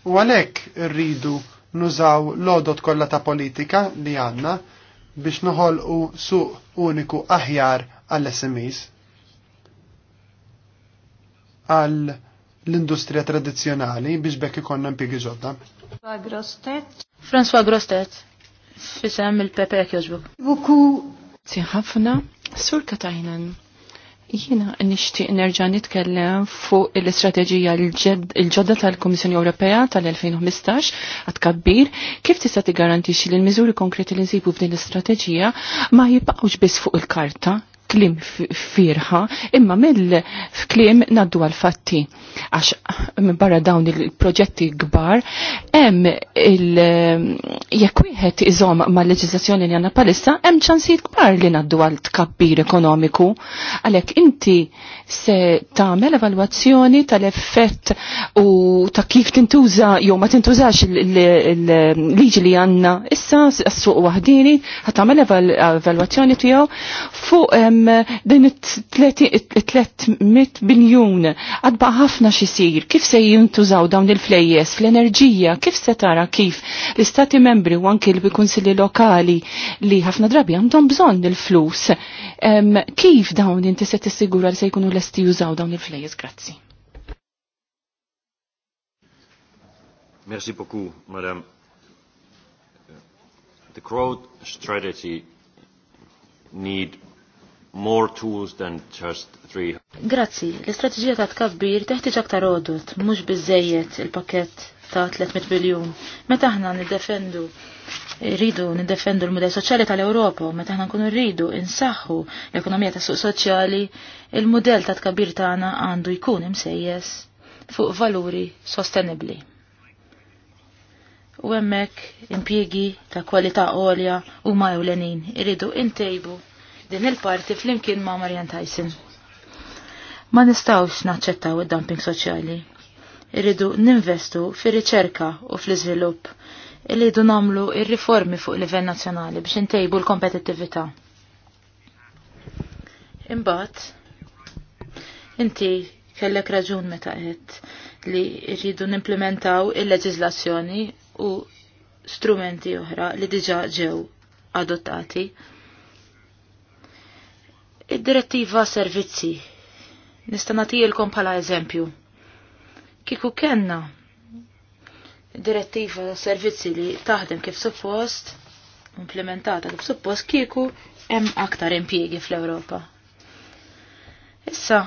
U għalek rridu nużaw l-odot kollha ta' politika li għanna biex noħolqu suq uniku aħjar għall-SMEs għal l-industrija tradizjonali biex bekk ikonna mpigi ġodda. François Grostet, fisem il-Pepe Kjosbu. Buku. Ħafna, Sur Katajnan, Jina nishtiq nerġa' nitkellem fuq l-istrateġija l-ġodda tal-Kummissjoni Ewropea tal-2015 għad kabbir kif tista' tigarantixxi li l-miżuri konkreti li nsibu f'din l-istrateġija ma jibqgħux biss fuq il-karta kliem firħa, imma mill-klim naddu għal-fatti. Għax minn barra dawn il-proġetti gbar, hemm il-jekk wieħed iżom ma' leġiżlazzjoni li għandna palissa, hemm ċansijiet gbar li naddu għal tkabbir ekonomiku. Għalhekk inti se tagħmel evalwazzjoni tal-effett u ta' kif tintuża jew ma tintużax il-liġi li għandna issa s-suq waħdini, tagħmel evalwazzjoni tiegħu fuq din it-300 biljun għadba ħafna xisir, kif se jintużaw dawn il-flejjes fl-enerġija, kif se tara kif l-istati membri u anki l-bikunsilli lokali li ħafna drabi għandhom bżonn il-flus. Kif dawn inti se t-sigura li se jkunu lesti jużaw dawn il-flejjes? Grazzi. Merci beaucoup, madame. The growth strategy need more tools than just three. Grazzi, l-istrateġija ta' tkabbir teħtieġ aktar għodut, mhux biżejjed il-pakett ta' 300 biljun. Meta aħna niddefendu rridu niddefendu l-mudell soċjali tal-Ewropa, meta aħna nkunu rridu insaħħu l-ekonomija tas suq soċjali, il-mudell ta' tkabbir tagħna għandu jkun imsejjes fuq valuri sostenibbli. U hemmhekk impjiegi ta' kwalità għolja huma ewlenin irridu intejbu din il-parti flimkien ma' Marian Tyson. Ma nistawx naċċettaw id-dumping soċjali. Irridu ninvestu fi riċerka u fl-iżvilupp illi jdu namlu ir-riformi fuq livell nazzjonali biex intejbu l-kompetittività. Imbagħad, inti kellek raġun meta qed li rridu nimplementaw il-leġiżlazzjoni u strumenti oħra li diġa ġew adottati. Id-direttiva servizzi. Nista' nagħtilkom bħala eżempju. Kieku kenna direttiva servizzi li taħdem kif suppost, implementata kif suppost kieku hemm aktar impjiegi fl-Ewropa. Issa,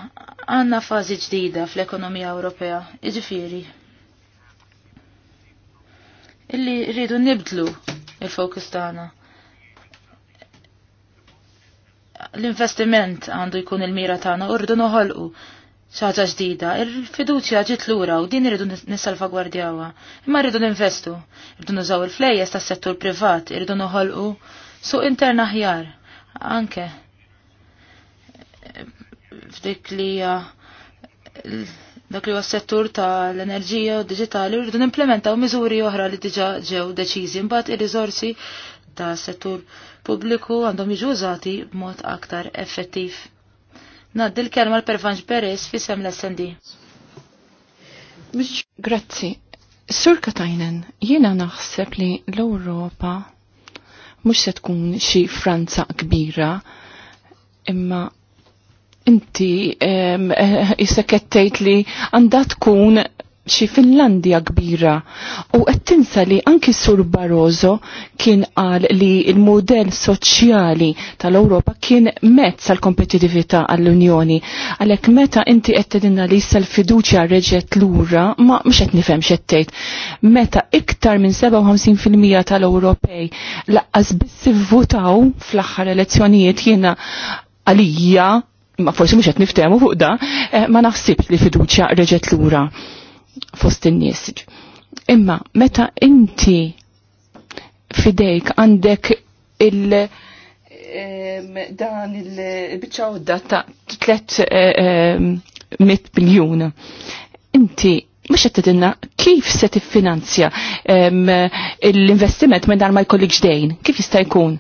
għanna fażi ġdida fl-ekonomija Ewropea, iġifiri. Illi rridu nibdlu il-fokus tagħna. l-investiment għandu jkun il-mira tagħna u rridu noħolqu ħaġa ġdida. Il-fiduċja ġiet lura u din irridu nissalvagwardjawha. Imma rridu ninvestu, rridu nużaw il-flejjes tas-settur privat, irridu noħolqu suq interna aħjar. Anke f'dik li dak li huwa settur tal-enerġija u diġitali rridu nimplementaw miżuri oħra li diġa' ġew deċiżi mbagħad ir-riżorsi ta' settur pubbliku għandhom jiġu użati b'mod aktar effettiv. Naddi l-kelma l-Pervanġ Beres fisem l-SND. Grazzi. Sur Katajnen, jiena naħseb li l-Europa mux se tkun xi Franza kbira, imma inti jisekettejt li għandha tkun xi Finlandja kbira u qed tinsa li anki Sur Barroso kien qal li l-mudell soċjali tal-Ewropa kien mezz għal kompetitività għall-Unjoni. Għalhekk meta inti qed tedinna li issa l-fiduċja reġgħet lura ma mhux qed nifhem tgħid: Meta iktar minn 57% tal-Ewropej laqqas biss ivvutaw fl-aħħar elezzjonijiet jiena għalija ma forsi mhux qed niftehmu fuq da, eh, ma naħsibx li fiduċja reġgħet lura fost in-nies. Imma meta inti fidejk għandek il- dan il-bicċaw ta' 300 biljun. Inti, mux għattedinna, kif se tiffinanzja l-investiment minn dar ma jkollik ġdejn? Kif jista' jkun?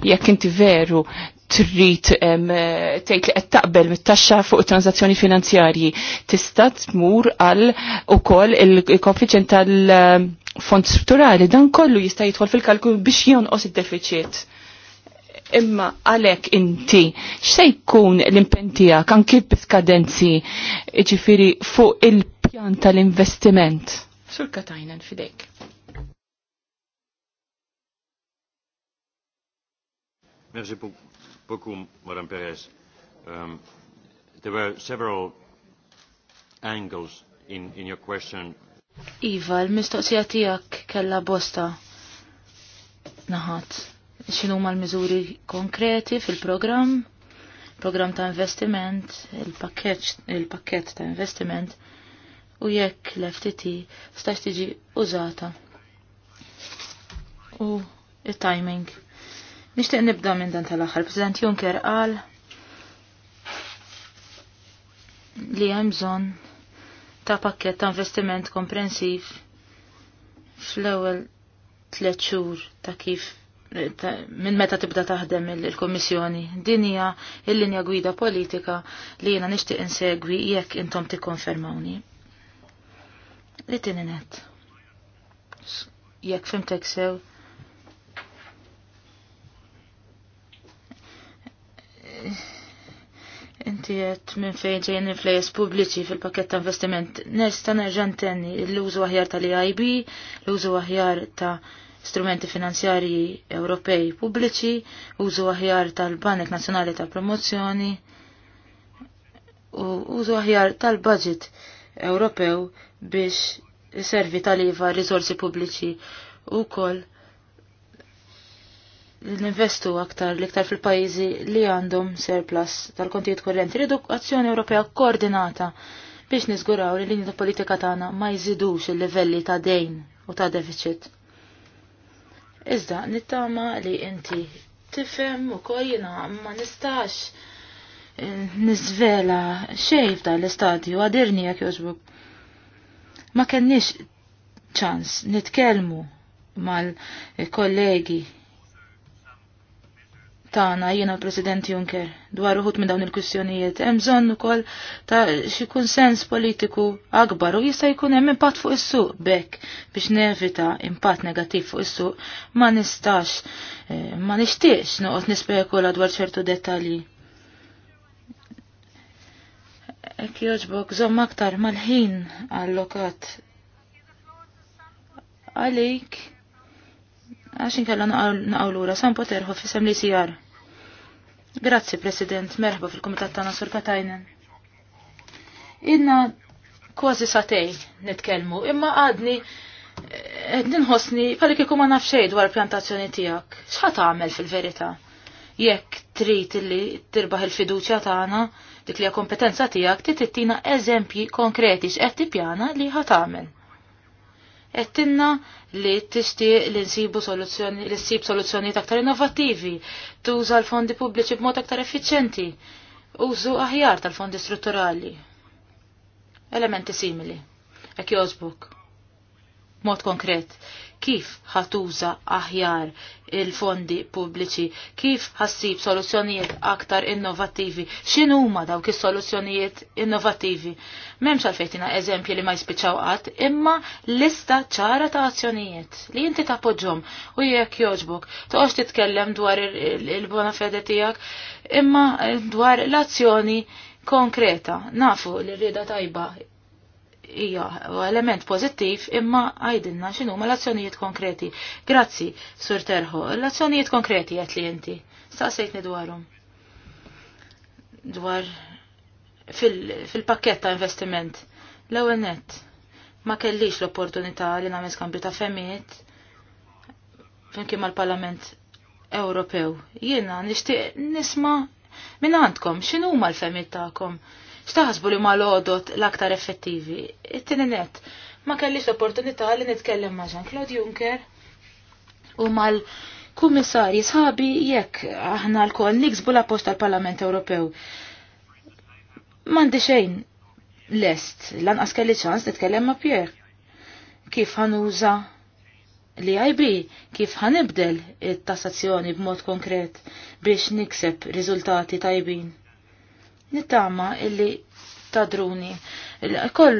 jekk inti veru trid tgħid li qed taqbel mit-taxxa fuq transazzjoni finanzjarji tista' tmur għal ukoll il-koeffiċjent tal-fond strutturali dan kollu jista' jidħol fil-kalkul biex jonqos id-deficit. Imma għalek inti, x'se jkun l-impentija kan kif skadenzi, ġifiri fuq il-pjan tal-investiment? Sur katajna fidejk. Merci beaucoup, Madame Perez. Um, there were several angles in, in your question. Iva, l-mistoqsija tijak kella bosta naħat. Xinu ma l-mizuri konkreti fil-program, program ta' investiment, il-pakket ta' investiment, u jekk l-FTT stax tiġi użata. U il-timing Nishtiq nibda minn dan tal-aħħar. President Juncker qal li hemm bżonn ta' pakket ta' investiment komprensiv fl-ewwel tliet xhur ta' kif minn meta tibda taħdem il kummissjoni Din hija l-linja gwida politika li jiena nixtieq insegwi jekk intom tikkonfermawni. Li tieni net. Jekk fimtek sew tiet minn fejn ġejn il-flejes pubbliċi fil-pakket ta' investiment. Nesta nerġa' ntenni l-użu aħjar tal-EIB, l-użu aħjar ta' strumenti finanzjarji Ewropej pubbliċi, użu aħjar tal-Banek Nazzjonali ta' Promozzjoni u użu aħjar tal-Budget Ewropew biex servi tal-iva risorsi pubbliċi u koll ninvestu aktar l-iktar fil-pajizi li għandhom surplus tal-kontijiet korrenti. Ridu azzjoni Ewropea koordinata biex nizguraw li l-linja ta' politika tagħna ma jżidux il-livelli ta' dejn u ta' deficit. Iżda, nittama li inti tifhem u kojina ma nistax eh, nizvela xejf ta' l-istadju għadirni jekk jogħġbok. Ma kenniex ċans nitkellmu mal-kollegi tagħna jiena President Juncker dwar uħut minn dawn il-kwistjonijiet. Hemm bżonn ukoll ta' xi kunsens politiku akbar u jista' jkun hemm impatt fuq is-suq bekk biex nevita impatt negattiv fuq is-suq ma nistax eh, ma nixtiex noqgħod nispekula dwar ċertu dettalji. Ek joġbok żomm aktar mal-ħin allokat għalik Għax kalla naqawlura, lura, San Poterħu fissam li sijar. Grazzi, President, merħba fil-Komitat tagħna Sur Katajnen. Inna kważi satej nitkellmu, imma għadni eh, ninħosni pali kieku ma nafxej dwar pjantazzjoni tijak. Xħat għamel fil-verita? Jekk trid li tirbaħ il-fiduċja tagħna dik li kompetenza tijak titittina eżempji konkreti x'qed tippjana li ħat għamel ettinna li tixtieq li nsibu soluzzjoni li ssib soluzzjoni aktar innovattivi, tuża l-fondi pubbliċi b'mod aktar effiċjenti, użu aħjar tal-fondi strutturali. Elementi simili. Ek jożbuk. Mod konkret kif ħatuża aħjar il-fondi pubbliċi, kif ħassib soluzzjonijiet aktar innovativi, x'in huma dawk is-soluzzjonijiet innovativi. M'hemmx għalfejtina eżempji li ma jispiċċaw qatt, imma lista ċara ta' azzjonijiet li inti tappoġġhom u jekk jogħġbok toqgħodx titkellem dwar il-bona fede tiegħek, imma dwar l-azzjoni konkreta. Nafu li rrieda tajba hija element pożittiv imma għajdinna x'inhu ma l-azzjonijiet konkreti. Grazzi, Sur Terħo, l-azzjonijiet konkreti qed li inti. Staqsejtni dwarhom. Dwar fil pakketta ta' investiment. L-ewwel nett ma kellix l-opportunità li nagħmel skambju ta' femmijiet flimkien mal-Parlament Ewropew. Jiena nixtieq nisma' minn għandkom x'inhuma l-femmijiet tagħkom staħsbu li ma l l-aktar effettivi? It-tini ma kellix l-opportunità li nitkellem ma' Jean-Claude Juncker u mal kummissarji sħabi jekk aħna l-kol niksbu la post tal-Parlament Ewropew. Mandi xejn lest, lanqas kelli ċans nitkellem ma' Pierre. Kif ħanuża li IB kif ħanibdel it-tassazzjoni b'mod konkret biex nikseb riżultati tajbin. Nittama illi tadruni. Koll,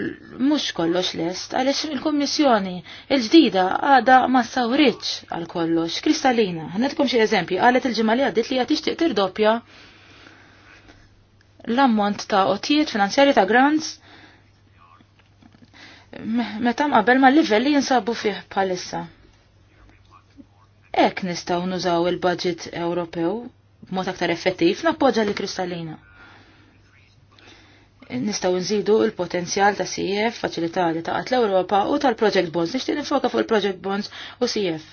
mux kollox lest, għalix il-kommissjoni, il-ġdida għada ma sawriċ għal kollox, kristallina. Għanetkom xie eżempji, għalet il-ġimma li għaddit li għatixtiq tirdoppja l-ammont ta' otijiet finanzjari ta' grants meta qabel ma' livelli jinsabu fih bħalissa. Ek nistaw nużaw il-budget Ewropew b'mod aktar effettiv nappoġġa li kristallina nistaw nżidu il-potenzjal ta' CF, faċilità li ta' l-Europa u tal-Project Bonds. Nishtin nifoka fuq il-Project Bonds u CF.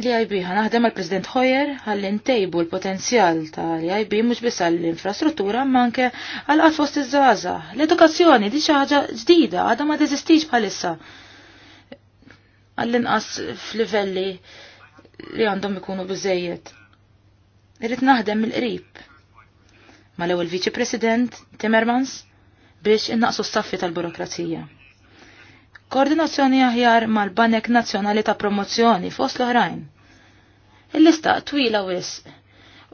L-IB ħanaħdem għal President Hoyer ħalli ntejbu l-potenzjal ta' l-IB mhux biss għall-infrastruttura manke għal qatt fost iż żaza L-edukazzjoni di xi ħaġa ġdida għadha ma deżistix bħalissa. Għall-inqas f'livelli li għandhom ikunu biżejjed Irrid naħdem mill-qrib mal-ewwel Viċi President Timmermans biex innaqsu s-saffi tal-burokrazija. Koordinazzjoni aħjar mal-Banek Nazzjonali ta' Promozzjoni fost l-oħrajn. Il-lista twila wisq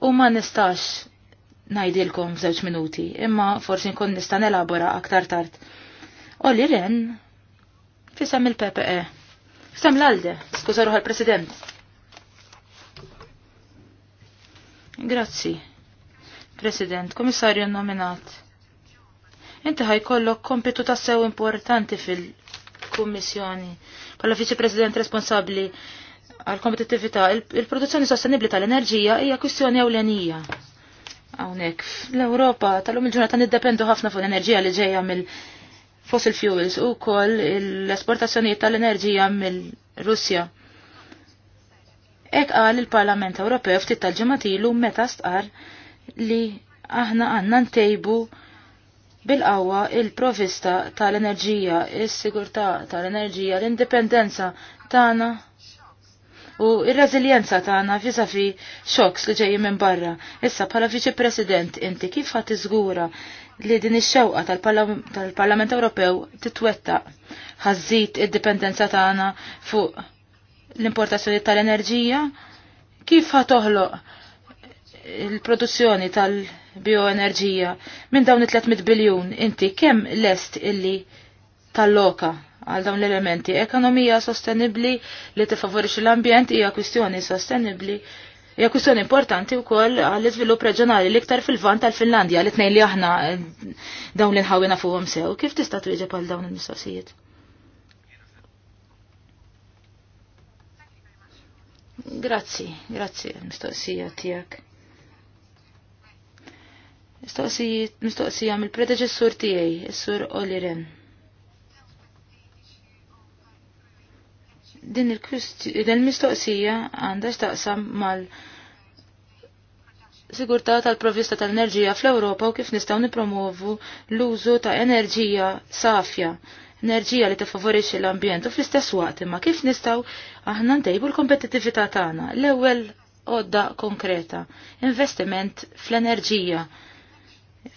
u ma nistax najdilkom f'żewġ minuti, imma forsi nkun nista' nelabora aktar tard. Oli Ren fisem il-PPE. Fisem l-Alde, skuża ruħal President. Grazzi. President, komissarju nominat. Inti ħajkollok kompitu ta' sew importanti fil-Kummissjoni. Kolla Fiċi President responsabli għal kompetitività il-produzzjoni sostenibli tal-enerġija hija kwistjoni ewlenija. Hawnhekk l-Ewropa tal-lum il-ġurnata niddependu ħafna fuq l-enerġija li ġejja mill fossil fuels u koll l-esportazzjonijiet tal-enerġija mill-Russja. Ek għal il-Parlament Ewropew ftit tal-ġematilu meta stqar li aħna għanna ntejbu bil-qawwa il-provista tal-enerġija, is-sigurtà tal-enerġija, l-indipendenza tagħna u ir-reżiljenza tagħna viżavi xoks li ġejjin minn barra. Issa bħala viċi President inti kif ħadd iżgura li din ix-xewqa tal-Parlament Ewropew titwettaq ħażid id-dipendenza tagħna fuq l-importazzjoni tal-enerġija? Kif ħatoħloq il-produzzjoni tal-bioenerġija minn dawn it-300 biljun inti kemm lest illi tal-loka għal dawn l-elementi. Ekonomija sostenibli li tifavorixxi l-ambjent hija kwistjoni sostenibli. Hija kwistjoni importanti wkoll għall iżvilupp reġjonali l-iktar fil-vant tal-Finlandja li tnejn li aħna eh, dawn li nħawina fuqhom sew. Kif tista' twieġeb għal dawn il-mistoqsijiet? Grazzi, grazzi mistoqsija tiegħek mistoqsija mill-predeċessur tiegħi, is-sur Oliren. Din il-mistoqsija għandha x'taqsam mal- sigurtà tal-provista tal-enerġija fl-Ewropa u kif nistgħu nipromuovu l-użu ta' enerġija safja, enerġija li tiffavorixxi l-ambjent u fl-istess waqt imma kif nistgħu aħna ntejbu l-kompetittività tagħna. L-ewwel għodda konkreta, investiment fl-enerġija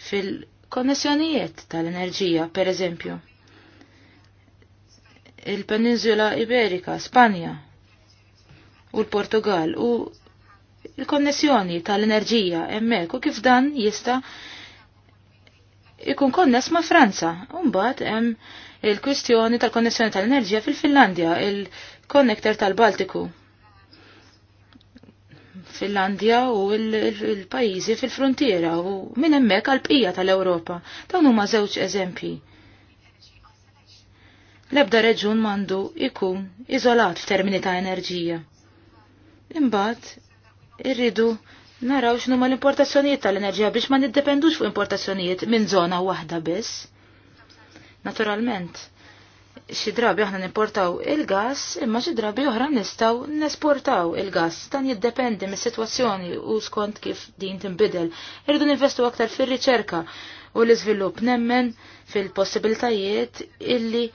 fil-konnessjonijiet tal-enerġija, per eżempju. Il-Peninsula Iberika, Spanja u l-Portugal u il-konnessjoni tal-enerġija emmek u kif dan jista' ikun konness ma' Franza. Umbat hemm il-kwistjoni tal-konnessjoni tal-enerġija fil-Finlandja, il-konnekter tal-Baltiku. Finlandja u l-pajjiżi fil-frontiera u minn hemmhekk għal bqija tal-Ewropa. Dawn huma żewġ eżempji. L-ebda reġun mandu ikun iżolat f'termini ta' enerġija. Imbagħad irridu Naraw x'numa l-importazzjonijiet tal-enerġija biex ma niddependux fuq importazzjonijiet minn żona waħda biss. Naturalment, xi drabi aħna nimportaw il-gas, imma xi drabi oħra nistgħu nesportaw il-gas. Dan jiddependi mis-sitwazzjoni u skont kif din tinbidel. Irridu ninvestu aktar fir-riċerka u l-iżvilupp nemmen fil-possibilitajiet illi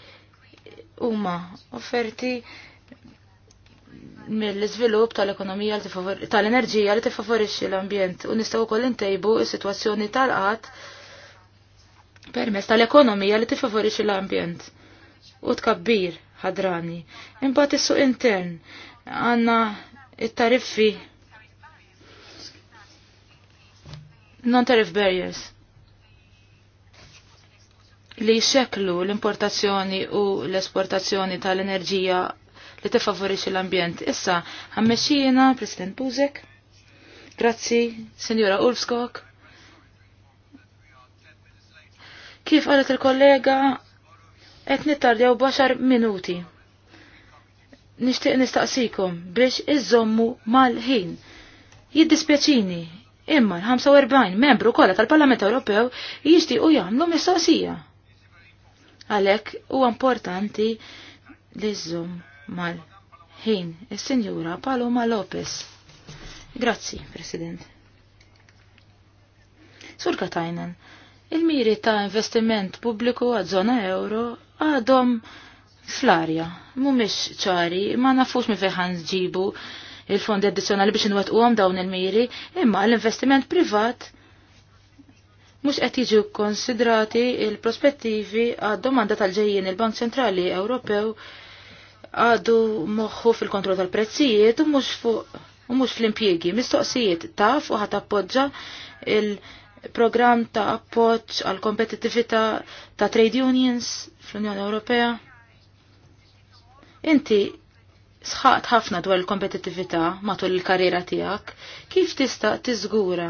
huma offerti mill-iżvilupp tal-ekonomija tal-enerġija li tiffavorixxi l-ambjent u nistgħu wkoll intejbu s-sitwazzjoni tal-qatt permezz tal-ekonomija li tiffavorixxi l-ambjent u tkabbir ħadrani. Imbagħad is-suq intern għandna it-tariffi non-tariff barriers li xeklu l-importazzjoni u l-esportazzjoni tal-enerġija li tifavorixxi l-ambjent. Issa, ħammexxina President Buzek. Grazzi, Sinjora Ulfskog. Kif qalet il-kollega, qed nittardjaw baxar minuti. Nixtieq nistaqsikom biex iżommu mal-ħin. Jiddispjaċini, imma l-45 membru kollha tal-Parlament Ewropew jixtiequ jagħmlu mistoqsija. Għalhekk huwa importanti li żżomm mal-ħin. Is-Sinjura Paloma Lopez. Grazzi, President. Sur Katajnen, Il-miri ta' investiment pubbliku għad-żona euro għadhom fl-arja, mumiex ċari, ma nafux mi feħan ġibu il-fondi addizjonali biex nwet u dawn il-miri, imma l-investiment privat mux qed jiġu konsidrati il-prospettivi għad-domanda tal-ġejjien il-Bank Centrali Ewropew għadu moħħu fil-kontroll tal-prezzijiet u mux fuq u mux fl-impjegi. Mistoqsijiet taf u ħat appoġġa il- program ta' appoġġ għal kompetittività ta' trade unions fl-Unjoni Ewropea. Inti sħaqt ħafna dwar il-kompetittività matul il-karriera tiegħek, kif tista' tiżgura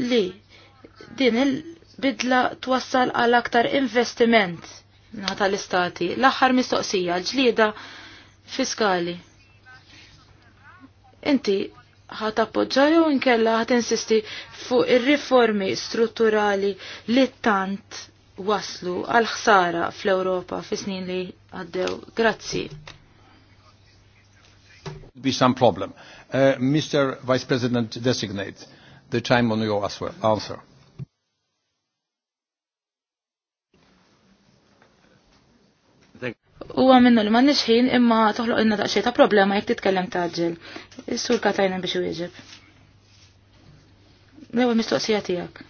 li din il-bidla twassal għal aktar investiment nata l-istati, l-aħħar mistoqsija, ġlieda fiskali. Inti ħat appoġġaju jew inkella ħat insisti fuq ir-riformi strutturali li tant waslu għal ħsara fl-Ewropa fi snin li għaddew. Grazzi. Be some problem. Uh, Mr. Vice President designate the time on your answer. Huwa minnu li ma ħin imma toħloq inna daqsxejn ta' problema jekk titkellem ġil. Is-sur katajna biex jieġeb. L-ewwel mistoqsija tiegħek.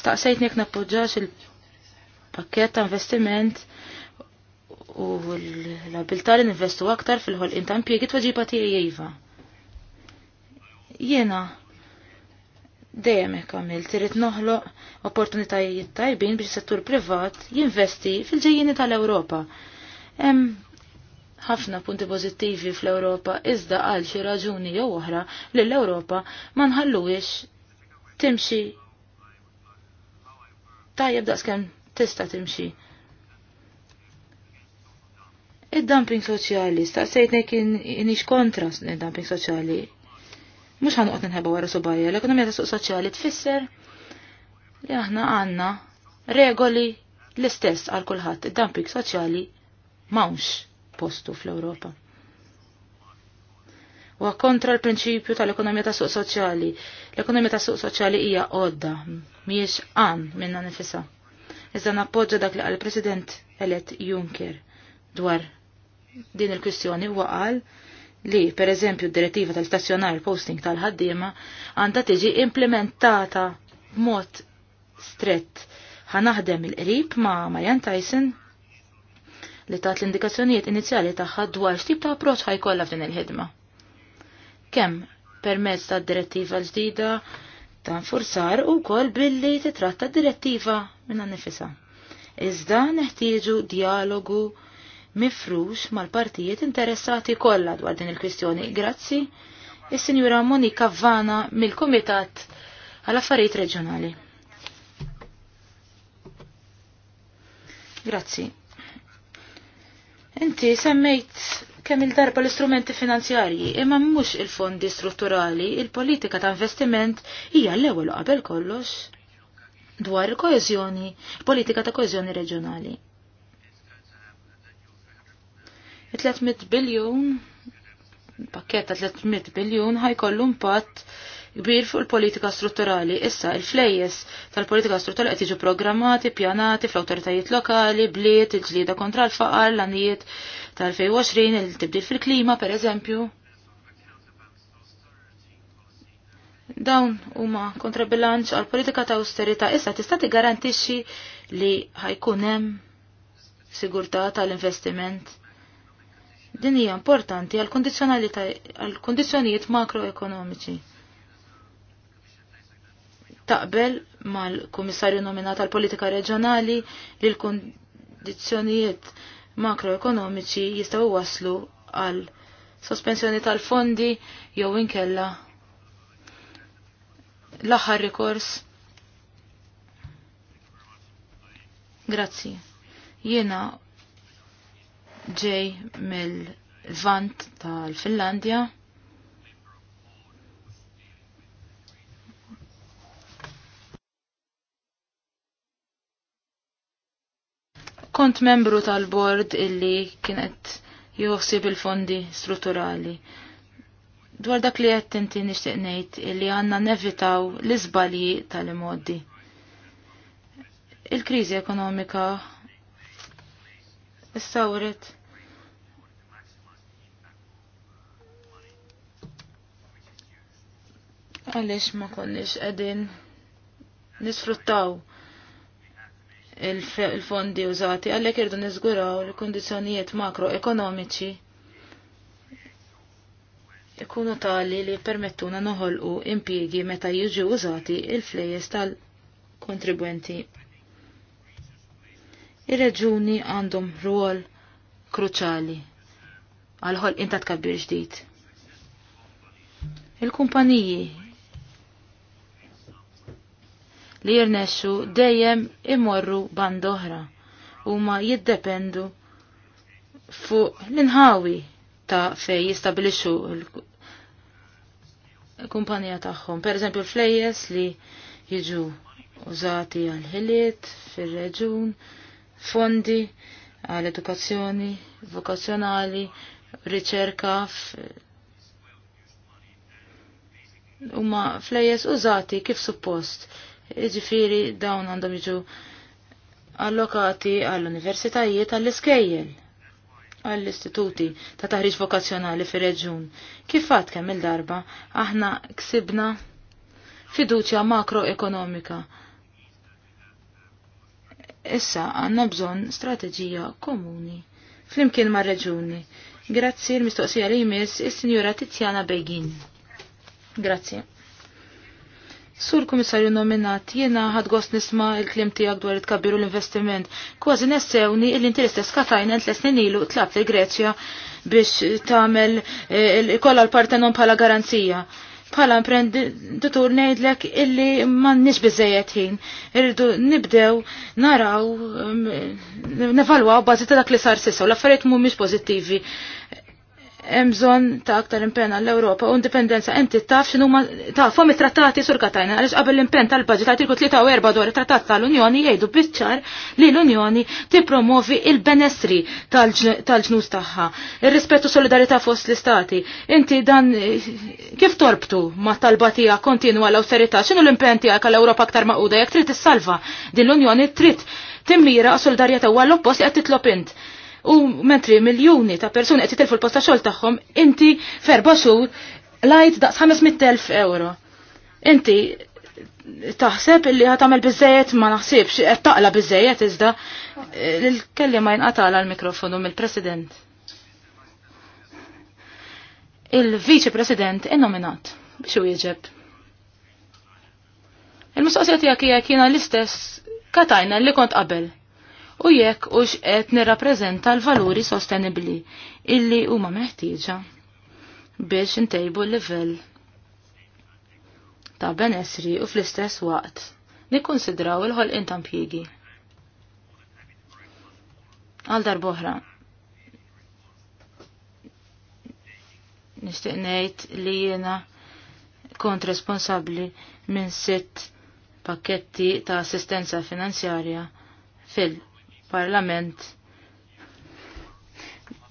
Staqsejtni jekk nappoġġax il-pakkett ta' investiment u l abilta li ninvestu aktar fil-ħolqien ta' impjiegi tweġiba tiegħi iva. Jiena dejjem hekk għamil trid noħloq opportunitajiet tajbin biex settur privat jinvesti fil-ġejjini tal-Ewropa. Hemm ħafna punti pożittivi fl-Ewropa iżda għal xi raġuni jew oħra li l-Ewropa ma nħalluwiex timxi tajjeb daqskemm tista' timxi. Id-dumping soċjali, staqsejtni kien kontra id-dumping soċjali, Mux uqt nħebu għara subajja, l-ekonomija ta' suq soċjali tfisser li aħna għanna regoli l-istess għal kulħadd id-dumping soċjali mawx postu fl-Ewropa. U kontra l-prinċipju tal-ekonomija ta' suq soċjali. L-ekonomija ta' suq soċjali hija għodda, mhijiex għan minna nifisa. Iżda nappoġġa dak li għal-President elet Juncker dwar din il-kwistjoni u qal li per eżempju d-direttiva tal-stazzjonar posting tal-ħaddiema għandha tiġi implementata b'mod strett. Ħanaħdem il-qrib ma' Marian Tyson li tat l-indikazzjonijiet inizjali tagħha dwar x'tip ta' approċċ ħajkollha f'din il-ħidma. Kemm permezz tad-direttiva l-ġdida ta' nfursar u kol billi titratta d direttiva minna nifisa. Iżda neħtieġu dialogu mifrux mal-partijiet interessati kollha dwar din il-kwistjoni. Grazzi, is-Sinjura Monika Vana mill-Kumitat għall-Affarijiet Reġjonali. Grazzi. Inti semmejt kemm il-darba l-istrumenti finanzjarji imma mhux il-fondi strutturali, il-politika ta' investiment hija l-ewwel qabel kollox dwar il-koeżjoni, politika ta' koeżjoni reġjonali. 300 biljun pakket ta' 300 biljun ħajkollu impatt kbir fuq il-politika strutturali. Issa il-flejjes tal-politika strutturali qed jiġu programmati, pjanati fl-awtoritajiet lokali, bliet, il-ġlieda kontra l-faqar, l-anijiet tal-2020, il-tibdil fil-klima, per eżempju. Dawn huma kontrabilanċ għal politika ta' austerità. Issa tista' tigarantixxi li ħajkun hemm sigurtà tal-investiment Din hija importanti għal kondizzjonijiet makroekonomiċi. Taqbel mal-Kummissarju nominat għal politika reġjonali li l kondizjonijiet makroekonomiċi jistgħu waslu għal sospensjoni tal-fondi jew inkella l-aħħar rikors. Grazzi. Jiena ġej mill-vant tal-Finlandja. Kont membru tal-bord illi kienet joħsib il-fondi strutturali. Dwar dak li qed inti nixtieq ngħid illi għandna nevitaw l-iżbalji tal-imoddi. Il-kriżi ekonomika Istawret Għalix ma konniex għedin nisfruttaw il-fondi użati, għalek irdu nizguraw l-kondizjonijiet makroekonomiċi ikunu tali li permettuna noħolqu impjiegi meta jiġu użati il-flejes tal-kontribwenti. Ir-reġuni għandhom rwol kruċali għal ħolqien ta' tkabbir ġdid. Il-kumpaniji li jirnexxu dejjem imorru band oħra huma jiddependu fuq l-inħawi ta' fej jistabilixxu l-kumpanija tagħhom. Pereżempju l-flejjes li jiġu użati għal ħiliet fir-reġun, fondi għal edukazzjoni vokazzjonali, riċerka huma flejjes użati kif suppost iġifiri dawn għandhom jiġu allokati għall-universitajiet għall-iskejjel għall-istituti ta' taħriġ vokazzjonali fir reġjun Kif fatt kemm il-darba aħna ksibna fiduċja makroekonomika. Issa għanna bżon strateġija komuni flimkien ma' reġuni. Grazzi l-mistoqsija li jmiss is-Sinjura Tizjana Begin. Grazie. Sur komissarju nominat, jena ħad gost nisma il-klim tijak dwar it-kabbiru l-investiment. Kważi nessewni il interess teskatajna t-lesnin ilu tlab fil-Greċja biex tamel eh, kolla l-partenon pala garanzija. Pala imprenditur nejdlek illi man nix bizzejet ħin. Irridu nibdew, naraw, mm, nevalwaw bazi ta' dak li sar sissa u l-affarijiet mu pozittivi hemm bżonn ta' aktar impenn għall-Ewropa u indipendenza inti taf x'inhuma tafhom it-trattati sur katajna għaliex qabel l-impenn tal-baġit għatilku u erba' dwar it-trattat tal-Unjoni jgħidu biċ-ċar li l-Unjoni tippromovi il-benessri tal-ġnus tagħha, ir-rispett u solidarità fost l-istati. Inti dan kif torbtu ma' talba batija kontinwa l austerita x'inhu l-impenn tijak għall europa aktar maquda jekk trid salva din l-Unjoni trid timmira solidarjetà u għall-oppost qed titlopint u mentri miljoni ta' persuni qed jitilfu l-posta xogħol tagħhom, inti ferba xur lajt daqs 500,000 euro. Inti taħseb illi ħatamel bizzejet ma naħsibx, qed taqla bizzejet iżda l kelli ma jinqatala l-mikrofonu mill-President. il vice President innominat biex u jieġeb. Il-mistoqsija tiegħek hija kiena l-istess katajna li kont qabel u jekk ux qed nirrappreżenta l-valuri sostenibbli illi huma meħtieġa biex intejbu l-livell ta' benessri u fl-istess waqt nikkonsidraw il-ħolqien ta' impjiegi. Għal darboħra. Nixtieq ngħid li jiena kont responsabbli minn sitt pakketti ta' assistenza finanzjarja fil parlament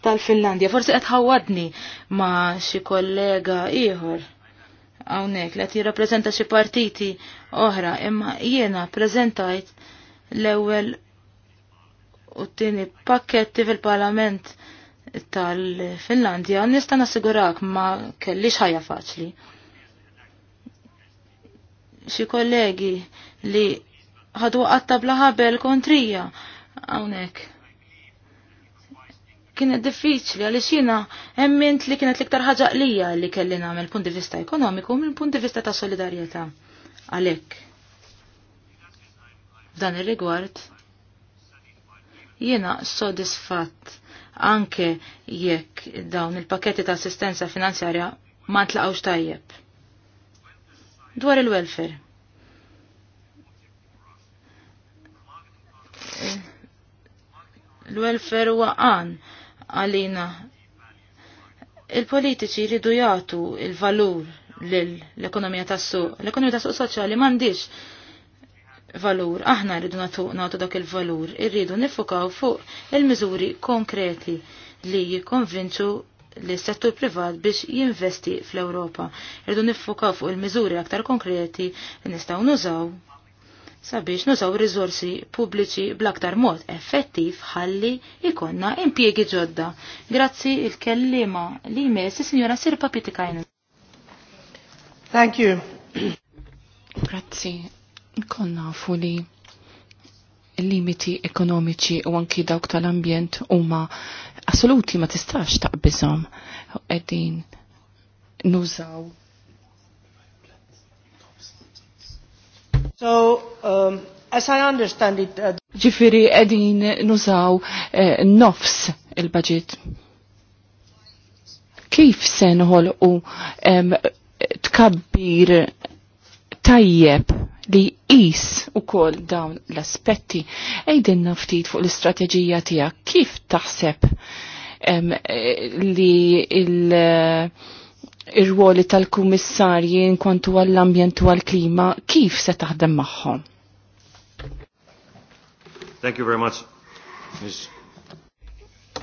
tal-Finlandja. Forsi qed ħawadni ma' xi kollega ieħor hawnhekk li qed jirrappreżenta xi partiti oħra, imma jiena prezentajt l-ewwel u t tini pakketti fil-Parlament tal-Finlandja nista' nassigurak ma kellix ħajja faċli. Xi kollegi li ħadu qatta bla ħabel kontrija hawnhekk kienet diffiċli għaliex jiena emmint li kienet l-iktar ħaġa qlija li kelli nagħmel punt di vista ekonomiku minn punt di vista ta' solidarjetà. Għalhekk. F'dan ir-rigward jiena sodisfatt anke jekk dawn il-paketti ta' assistenza finanzjarja ma ntlaqgħux tajjeb. Dwar il-welfare. l welfare waqan għalina. Il-politiċi jridu jagħtu il-valur l-ekonomija tas-suq. L-ekonomija tas-suq soċjali m'għandix valur, aħna rridu natu dak il-valur, irridu nifukaw fuq il-miżuri konkreti li jikonvinċu li settur privat biex jinvesti fl-Europa. Irridu nifukaw fuq il-miżuri aktar konkreti li nistaw nużaw sabiex nużaw rizorsi pubbliċi bl-aktar mod effettiv ħalli ikonna impjiegi ġodda. Grazzi il-kellima li jmessi signora Sirpa Pitikajn. Thank you. Grazzi. ikonna fuli limiti ekonomiċi u anki dawk tal-ambjent huma assoluti ma tistax taqbiżhom qegħdin nużaw So, um, as I understand it... Uh... Ġifiri edin nużaw uh, nofs il-budget. Kif sen u um, tkabbir tajjeb li jis u kol dawn l-aspetti ejden naftit fuq l-istrateġija tija kif taħseb um, li il- uh, ir-ruoli tal-kummissarji inkontu għall-ambjent u għall-klima kif se taħdem magħhom? Thank you very much. Ms.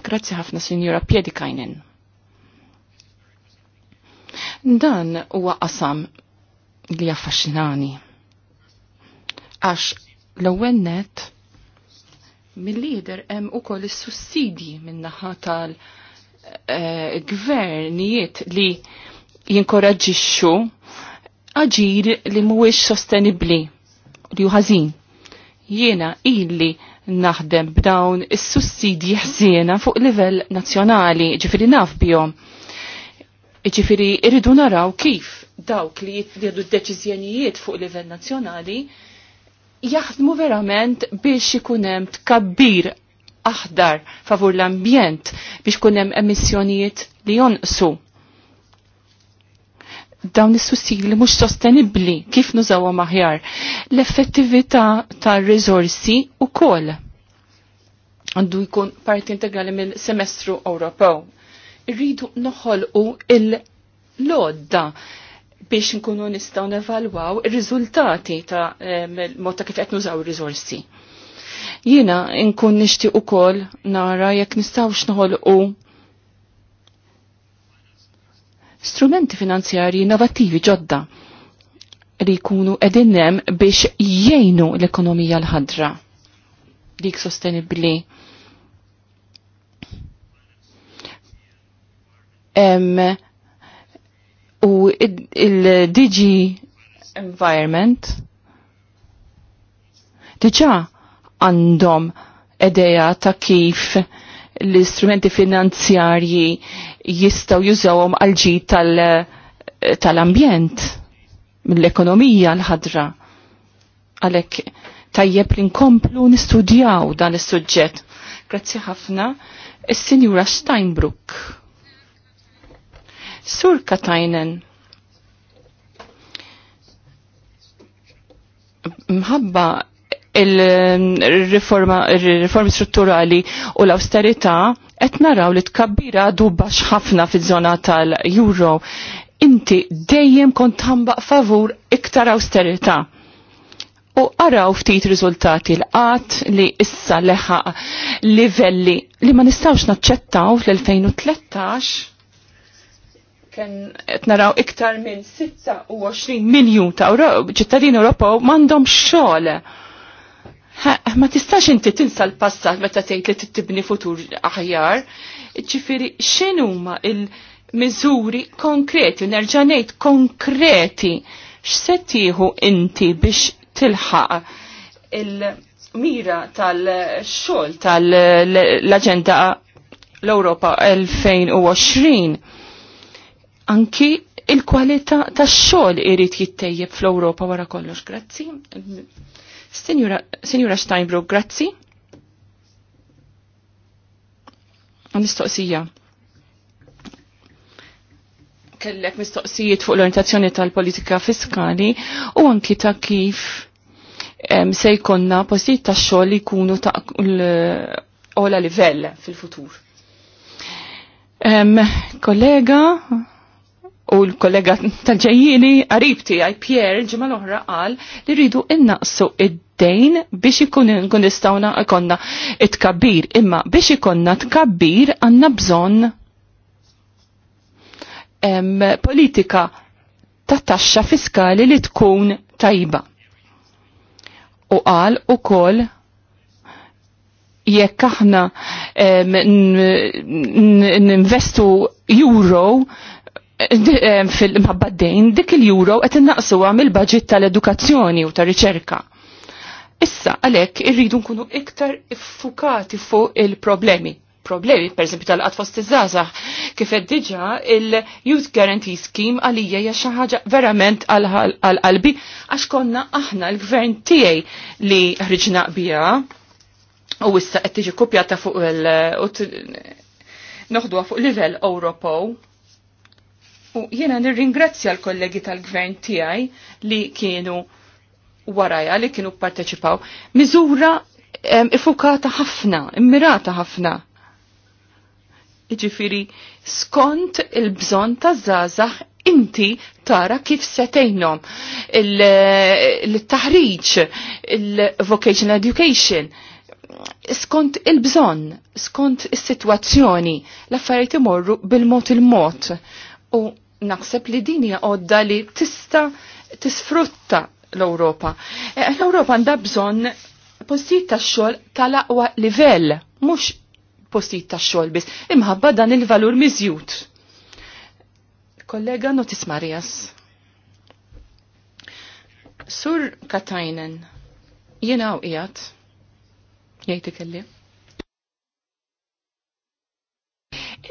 Grazzi ħafna, Sinjora Piedikajnen. Dan huwa qasam li affaxxinani. Għax l-ewwel net mill-lider hemm ukoll is-sussidji min-naħa tal-gvernijiet eh, li jinkoraġġixxu aġir li mhuwiex sostenibbli li ħażin. Jiena illi naħdem b'dawn is-sussidji ħsiena fuq livell nazzjonali, ġifieri naf bihom. Ġifieri irridu naraw kif dawk li jieħdu d-deċiżjonijiet fuq livell nazzjonali jaħdmu verament biex ikun hemm tkabbir aħdar favur l-ambjent biex kunem hemm emissjonijiet li jonqsu dawn is-sussili mhux sostenibbli kif nużawhom aħjar. L-effettività tar-riżorsi wkoll għandu jkun parti integrali mill-semestru Ewropew. Irridu noħolqu il-lodda biex nkunu nistgħu nevalwaw ir-riżultati ta' eh, mod ta' kif qed nużaw ir-riżorsi. Jiena nkun nixtieq ukoll nara jekk nistgħux noħolqu strumenti finanzjari innovativi ġodda li jkunu edinnem biex jgħinu l-ekonomija l-ħadra dik sostenibli. u il-DG environment diġa għandhom edeja ta' kif l-istrumenti finanzjarji jistaw jużawhom għalġi tal-ambjent, tal mill-ekonomija l-ħadra. Għalek tajjeb li nkomplu nistudjaw dan is-suġġett. Grazzi ħafna, il sinjura Steinbrook. Sur Katajnen. Mħabba il-riformi strutturali u l-austerità qed naraw li tkabbira bax ħafna fiż-żona tal-Euro. Inti dejjem kont tambaq favur iktar austerità. U araw ftit riżultati l-qat li issa leħa livelli li ma nistawx naċċettaw fl-2013 kien qed naraw iktar minn 26 miljun ta' ċittadini Ewropew m'għandhom xogħol Ma tistax inti tinsa l-passat meta tgħid li tittibni futur aħjar. Ġifieri x'inhuma il-miżuri konkreti, nerġa' ngħid konkreti x'se tieħu inti biex tilħaq il-mira tal-xogħol tal-Aġenda l-Ewropa 2020. Anki il-kwalità tax-xogħol irid jittejjeb fl-Ewropa wara kollox. Grazzi. Sinjura Steinbrook, grazzi. Mistoqsija. Kellek mistoqsijiet fuq l-orientazzjoni tal-politika fiskali u anki ta' kif se jkonna postijiet ta' xogħol li jkunu ta' ola livell fil-futur. Kollega, u l-kollega tal għaribti għaj Pierre ġimgħa l-oħra qal li rridu innaqsu id-dejn biex ikun nistgħu ikonna it-kabbir, imma biex ikonna tkabbir għandna bżonn politika ta' taxxa fiskali li tkun tajba. U qal ukoll jekk aħna ninvestu euro fil-mħabbaddejn dik il għet qed innaqsuha mill-budget tal-edukazzjoni u tar-riċerka. Issa għalhekk irridu nkunu iktar iffukati fuq il-problemi problemi, per esempio tal-qat fost iż kif diġa il-Youth Guarantee Scheme għalija hija xi ħaġa verament għal-qalbi għax konna aħna l-gvern tiegħi li ħriġna bija u issa qed tiġi kopjata fuq il- noħduha fuq livell Europow. U jiena nirringrazzja l-kollegi tal-gvern tiegħi li kienu waraja li kienu parteċipaw. Miżura ifukata ħafna, immirata ħafna. Iġifiri, skont il-bżon ta' zazax inti tara kif setejnom il-taħriċ, il-vocational education, skont il-bżon, skont il-situazzjoni, l-affarijiet imorru bil-mot il-mot. U naħseb li din hija għodda li tista tisfrutta l-Ewropa. E, L-Ewropa għandha bżonn postijiet tax-xogħol tal-aqwa livell, mhux postijiet tax-xogħol biss, imħabba dan il-valur miżjud. Kollega Notis Marias. Sur Katajnen, jena u jgħat, jajti kelli.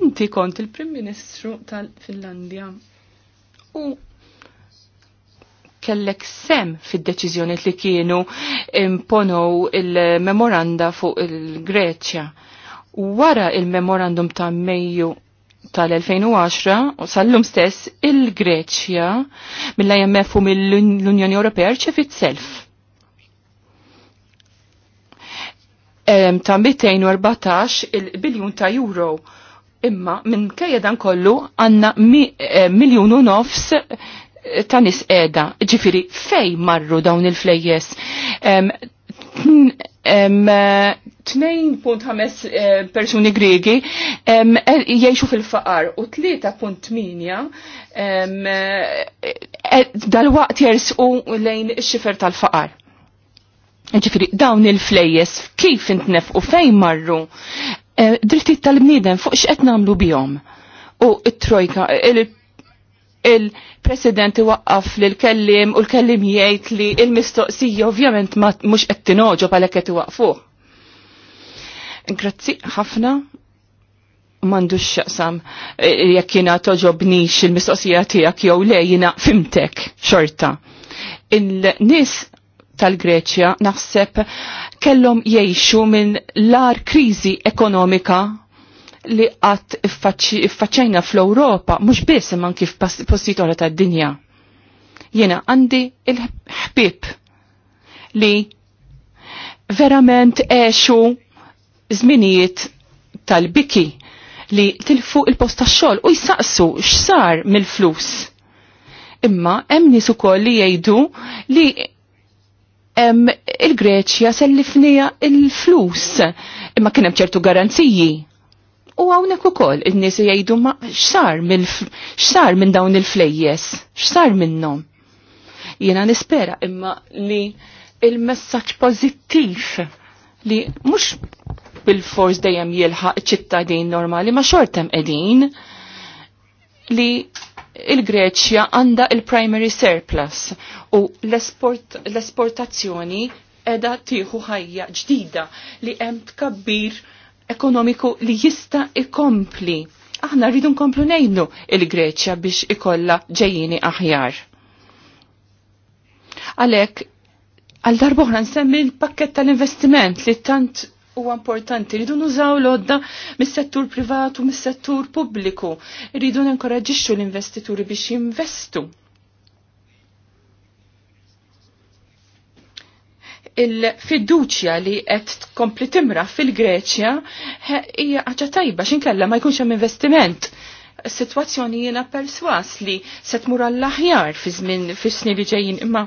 Inti kont il-Prim Ministru tal-Finlandja u kellek sem fid-deċiżjoni li kienu imponow il-memoranda fuq il-Greċja. Wara il-memorandum ta' Mejju tal-2010 u sal-lum stess il-Greċja mill-IMF u mill-Unjoni Ewropea ċefit self. Ta' 214 il-biljun ta' euro Imma minn dan kollu għanna eh, miljonu nofs eh, ta' nis edha. Ġifiri, fej marru dawn il-flejjes? 2.5 eh, persuni gregi jiexu fil-faqar u 3.8 dal-waqt jersqu lejn xifer tal-faqar ġifiri dawn il-flejjes kif intnef u fejn marru Eh, drittijiet tal-bniedem fuq x'qed nagħmlu bihom. U t-trojka, il-president iwaqqaf li l-kellim u l-kellim jgħid li l-mistoqsija ovvjament ma mhux qed tinoġob għalhekk qed iwaqfuh. Grazzi ħafna m'għandux xaqsam eh, jekk jiena toġobnix il-mistoqsija tiegħek jew le fimtek xorta. Il-nies tal-Greċja naħseb kellhom jgħixu minn lar kriżi ekonomika li qatt iffaċċejna fl-Ewropa, mhux biss imman kif postijiet oħra tad-dinja. Jiena għandi il-ħbib li verament għexu żminijiet tal-biki li tilfu il-post tax-xogħol u jsaqsu x'sar mill-flus imma hemm nies ukoll li jgħidu li il-Greċja sellifnija il-flus imma kien hemm ċertu garanziji. U hawnhekk ukoll in-nies jgħidu ma x'sar x'sar minn dawn il-flejjes, x'sar minnhom. Jiena nispera imma li il-messaġġ pożittiv li mhux bil-fors dejjem jilħaq ċittadin normali ma xortem qegħdin li il-Greċja għanda il-primary surplus u l-esportazzjoni edha tieħu ħajja ġdida li hemm tkabbir ekonomiku li jista' ikompli. Aħna rridu nkomplu ngħidlu il-Greċja biex ikollha ġejjini aħjar. Għalhekk għal darbohra nsemmi l-pakket tal-investiment li tant u importanti. Ridu nużaw l-odda mis-settur privatu, mis-settur pubbliku. Ridu nenkoraġixxu l-investituri biex jinvestu il-fiduċja li qed tkompli timra fil-Greċja hija ħaġa tajba x'inkella ma jkunx hemm investiment. Sitwazzjoni jiena perswas li se tmur għall-aħjar fi żmien fis-snin li ġejjin imma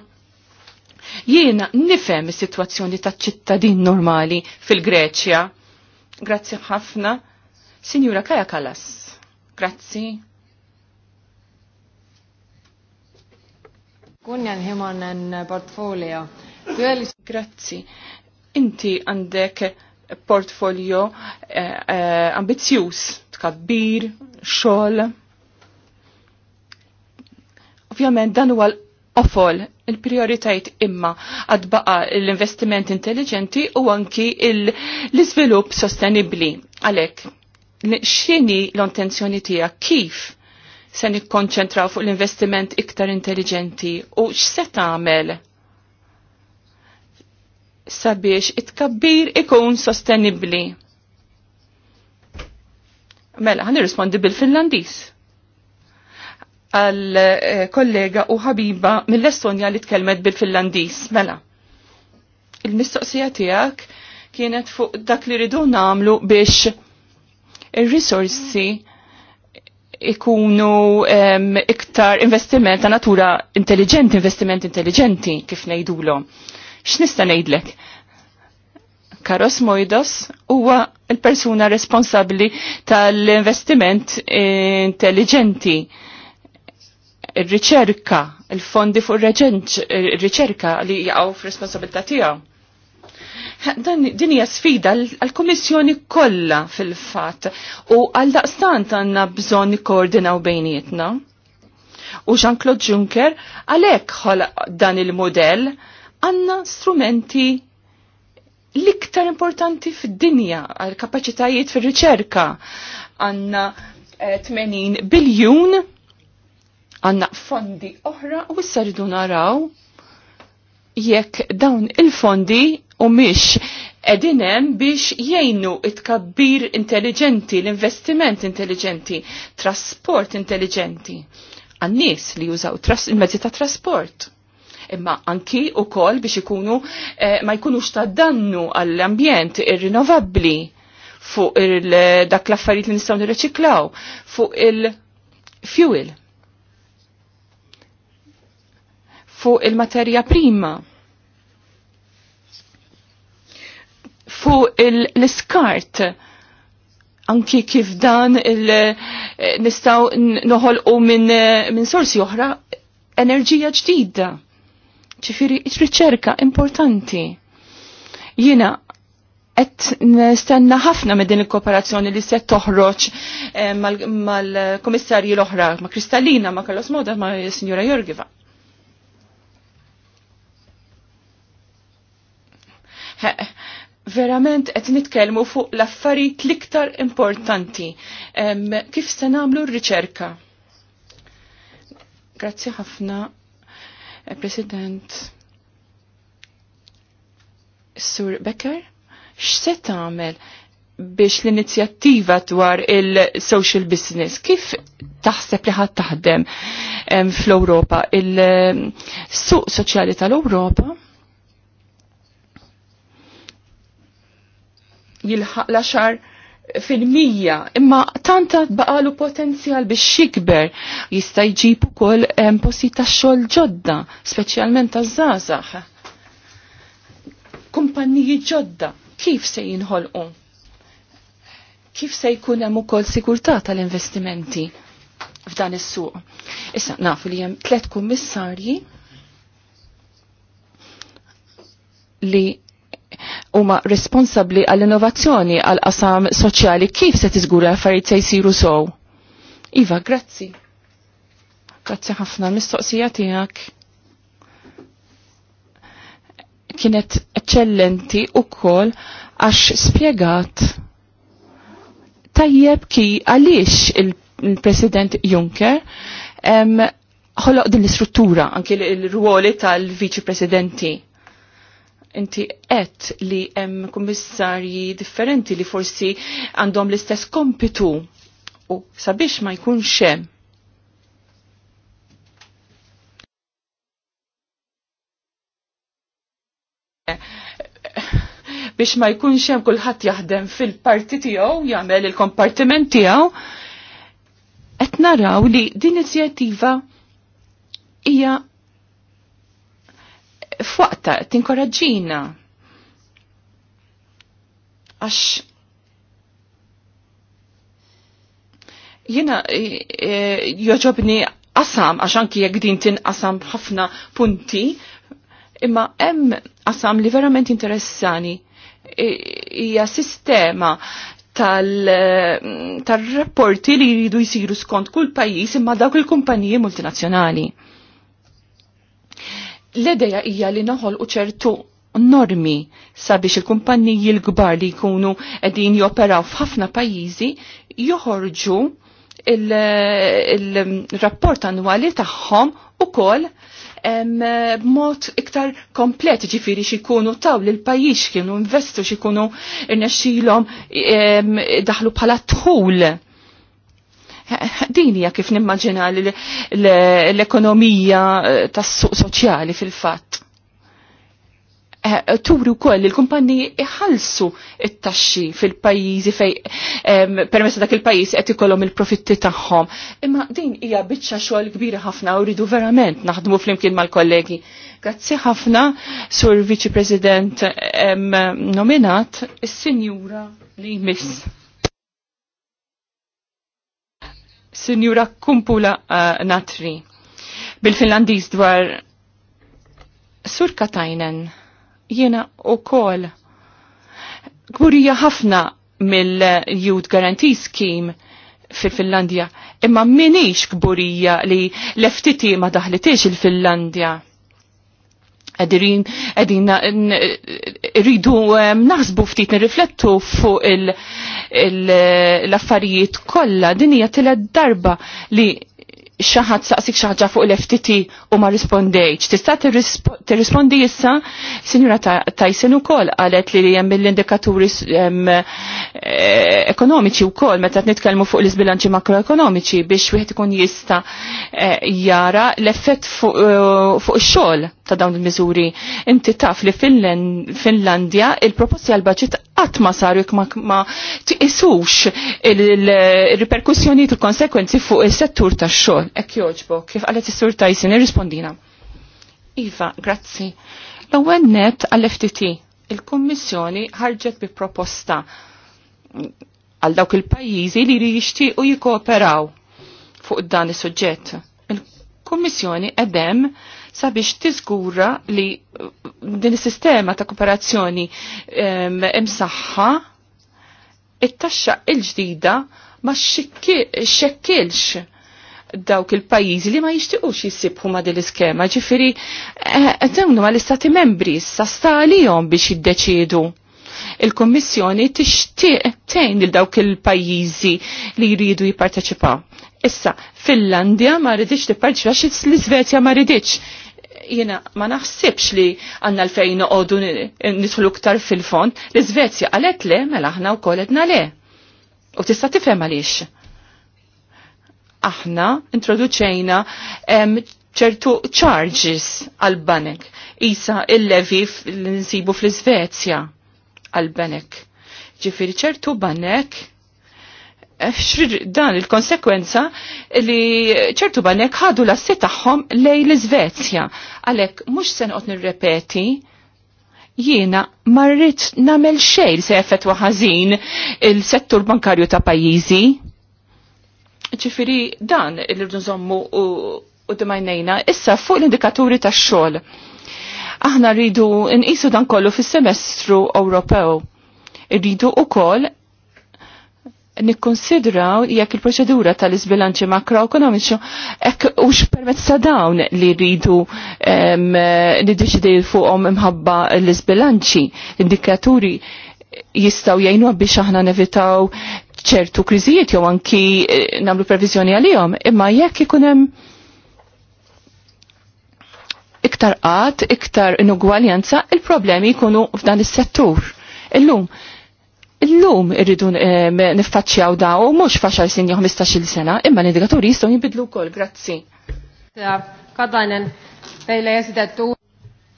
jiena nifhem is-sitwazzjoni taċ-ċittadin normali fil-Greċja. Grazzi ħafna. Sinjura Kaja Kalas. Grazzi. Kunjan en portfolio. Grazzi. Inti għandek portfolio eh, eh, ambizzjuż, tkabbir, xogħol. Ovvjament dan huwa l-ofol il-prioritajt imma għadbaqa l-investiment intelligenti u anki l-izvilup sostenibli. Għalek, xini l-intenzjoni tija kif se nikkonċentraw fuq l-investiment iktar intelligenti u x'se tagħmel sabiex it-kabbir ikun sostenibli. Mela, għan irrispondi bil-Finlandis. Għal eh, kollega u ħabiba mill-Estonja li tkellmet bil-Finlandis. Mela, il-mistoqsija tijak kienet fuq dak li ridu namlu biex il-risorsi ikunu um, iktar investiment ta' natura intelligenti, investiment intelligenti kif l-om. X'nista' ngħidlek? Karos Mojdos huwa il-persuna responsabbli tal-investiment intelligenti il-riċerka, il-fondi fuq il-riċerka li jgħaw f responsabilta tiegħu. Din hija sfida għall-Kummissjoni kollha fil-fatt u għal daqstant għandna bżonn koordinaw bejnietna. U Jean-Claude Juncker għalhekk ħolq dan il-modell għanna strumenti l-iktar importanti fid-dinja għal kapaċitajiet fir-riċerka. Għanna 80 eh, biljun għanna fondi oħra u issa rridu naraw jekk dawn il-fondi u mish edinem biex jgħinu it-kabbir intelligenti, l-investiment intelligenti, trasport intelligenti. Għannis li jużaw il-mezzi ta' trasport imma anki u kol biex ikunu eh, ma jkunux ta' dannu għall-ambjent irrinovabli fuq fuq dak l-affarijiet li nistgħu nirreċiklaw fuq il-fuel fuq il-materja prima fuq l-iskart anki kif dan eh, nistaw noħolqu minn eh, min sorsi oħra enerġija ġdida ċifiri riċerka importanti. Jina qed nistenna ħafna minn din il-kooperazzjoni li se toħroġ eh, mal komissarji l oħra ma' Kristallina, ma' Carlos Moda, ma' Signora Jorgiva. Verament qed nitkellmu fuq l-affarijiet l-iktar importanti. kif se nagħmlu r-riċerka? Grazzi ħafna President Sur Becker, x'se tagħmel biex l-inizjattiva dwar il-social business, kif taħseb li ħad taħdem fl-Europa? Il-suq soċjali tal-Europa jilħaq la xar fil-mija, imma tanta baqalu potenzjal biex xikber jista' jġib ukoll posti ta' xogħol ġodda, speċjalment ta' żgħażagħ. Kumpanniji ġodda, kif se jinħolqu? Kif se jkun hemm ukoll sigurtà tal-investimenti f'dan is-suq? Issa nafu li hemm tliet kummissarji li huma responsabbli għall-innovazzjoni għall-qasam soċjali kif se tiżgura affarijiet se jsiru sew. Iva, grazzi. Grazzi ħafna mistoqsija tiegħek. Kienet eċċellenti wkoll għax spjegat tajjeb ki għaliex il-President Juncker ħoloq din l-istruttura anki l-ruoli tal-Viċi Presidenti inti qed li hemm kummissarji differenti li forsi għandhom l-istess kompitu u sabiex ma jkunx hemm biex ma jkunx hemm kulħadd jaħdem fil-parti tiegħu jagħmel il-kompartiment tiegħu qed naraw li din inizjattiva hija fwaqta tinkoraġġina. Għax jena e, e, joġobni qasam għax anki jekk din tinqasam ħafna punti, imma hemm qasam li verament interessani e, hija sistema tal-rapporti li jridu jisiru skont kull pajjiż imma dawk il-kumpaniji multinazzjonali. L-ideja hija li u ċertu normi sabiex il-kumpanniji l-kbar li jkunu qegħdin joperaw f'ħafna pajjiżi joħorġu il-rapport il annwali tagħhom ukoll b'mod iktar komplet ġifiri xikunu taw li l-pajix kienu investu xikunu irnexxilhom daħlu bħala tħul Din hija kif nimmaġina l-ekonomija eh, tas-suq soċjali fil-fatt. Eh, Turu koll il-kumpanni iħalsu it-taxxi fil-pajjiżi fej permessa dak il-pajjiż qed ikollhom il-profitti tagħhom. Imma din hija biċċa xogħol kbira ħafna u rridu verament naħdmu flimkien mal-kollegi. Grazzi ħafna sur Viċi President nominat is-Sinjura li miss. Sinjura Kumpula uh, Natri. Bil-Finlandiż dwar Sur Katajnen jiena u kol gburija ħafna mill-Youth Guarantee Scheme fil-Finlandja imma minix gburija li leftiti ma daħlitiex il-Finlandja. Edirin, edin, rridu um, naħsbu ftit nirriflettu fuq il- l-affarijiet kollha din hija tielet darba li xaħat saqsik xaħġa fuq l-FTT u ma rispondejċ. Tista t-rispondi jissa, sinjura Tyson u kol, għalet li li jem mill-indikaturi eh, ekonomiċi u kol, meta t-nitkelmu fuq l-izbilanċi makroekonomiċi biex wieħed ikun jista eh, jara l-effett fuq eh, xol ta' dawn il-mizuri. Inti taf li Finlandja il-proposti għal baċit qatt ma saru ma tqisux il reperkussjoniet il konsekwenzi fuq is-settur tax-xogħol. Ek joġbo, kif qalet is-sur Tyson irrispondina. Iva, grazzi. L-ewwel net għall-FTT, il-Kummissjoni ħarġet bi proposta għal dawk il-pajjiżi li u jikkooperaw fuq dan is-suġġett. Il-Kummissjoni qedem sabiex tiżgura li uh, din is-sistema ta' kooperazzjoni um, imsaħħa it-taxxa il-ġdida ma xekkilx dawk il pajjiżi li ma jixtiequx jissibħu ma l iskema ġifieri eh, dawn ma l-istati membri, stalihom biex jiddeċiedu. Il-Kommissjoni tixtieq tgħin il dawk il-pajjiżi li jridu jipparteċipaw. Issa, Finlandja ma rridx tipparteċipa l iżvezja ma rridx jena ma naħsibx li għanna l-fejn noqodu nidħlu ktar fil-fond, l svezja għalet le, mela aħna u koletna le. U tista' tifhem għaliex. Aħna introduċejna ċertu charges għal-banek. Isa il-levi l-insibu fl-Svezja għal-banek. Ġifiri ċertu banek Eh, dan il-konsekwenza li ċertu banek ħadu l sit tagħhom lej l-Svezja. Għalek, mux sen qot nirrepeti, jiena marrit namel xejn se effettwa ħażin il-settur bankarju ta' pajjiżi. Ċifiri dan il-rdu nżommu u, d-majnejna issa fuq l-indikaturi ta' xogħol. Aħna rridu nqisu dan kollu fis-semestru Ewropew. u koll nikkonsidraw jekk il-proċedura tal-izbilanċi makroekonomiċi hekk hux permezz ta' dawn li rridu niddeċidi fuqhom imħabba l-izbilanċi. Indikaturi jistgħu jajnu biex aħna nevitaw ċertu kriżijiet jew anki eh, nagħmlu previżjoni għalihom, imma jekk ikun hemm iktar qatt, iktar inugwaljanza, il-problemi jkunu f'dan is-settur. Illum, Illum irridu eh, niffaċċjaw da u mhux faċar sin jew 15-il sena, imma l-indikaturi jistgħu jinbidlu wkoll, grazzi. Kadanen, teile esitettu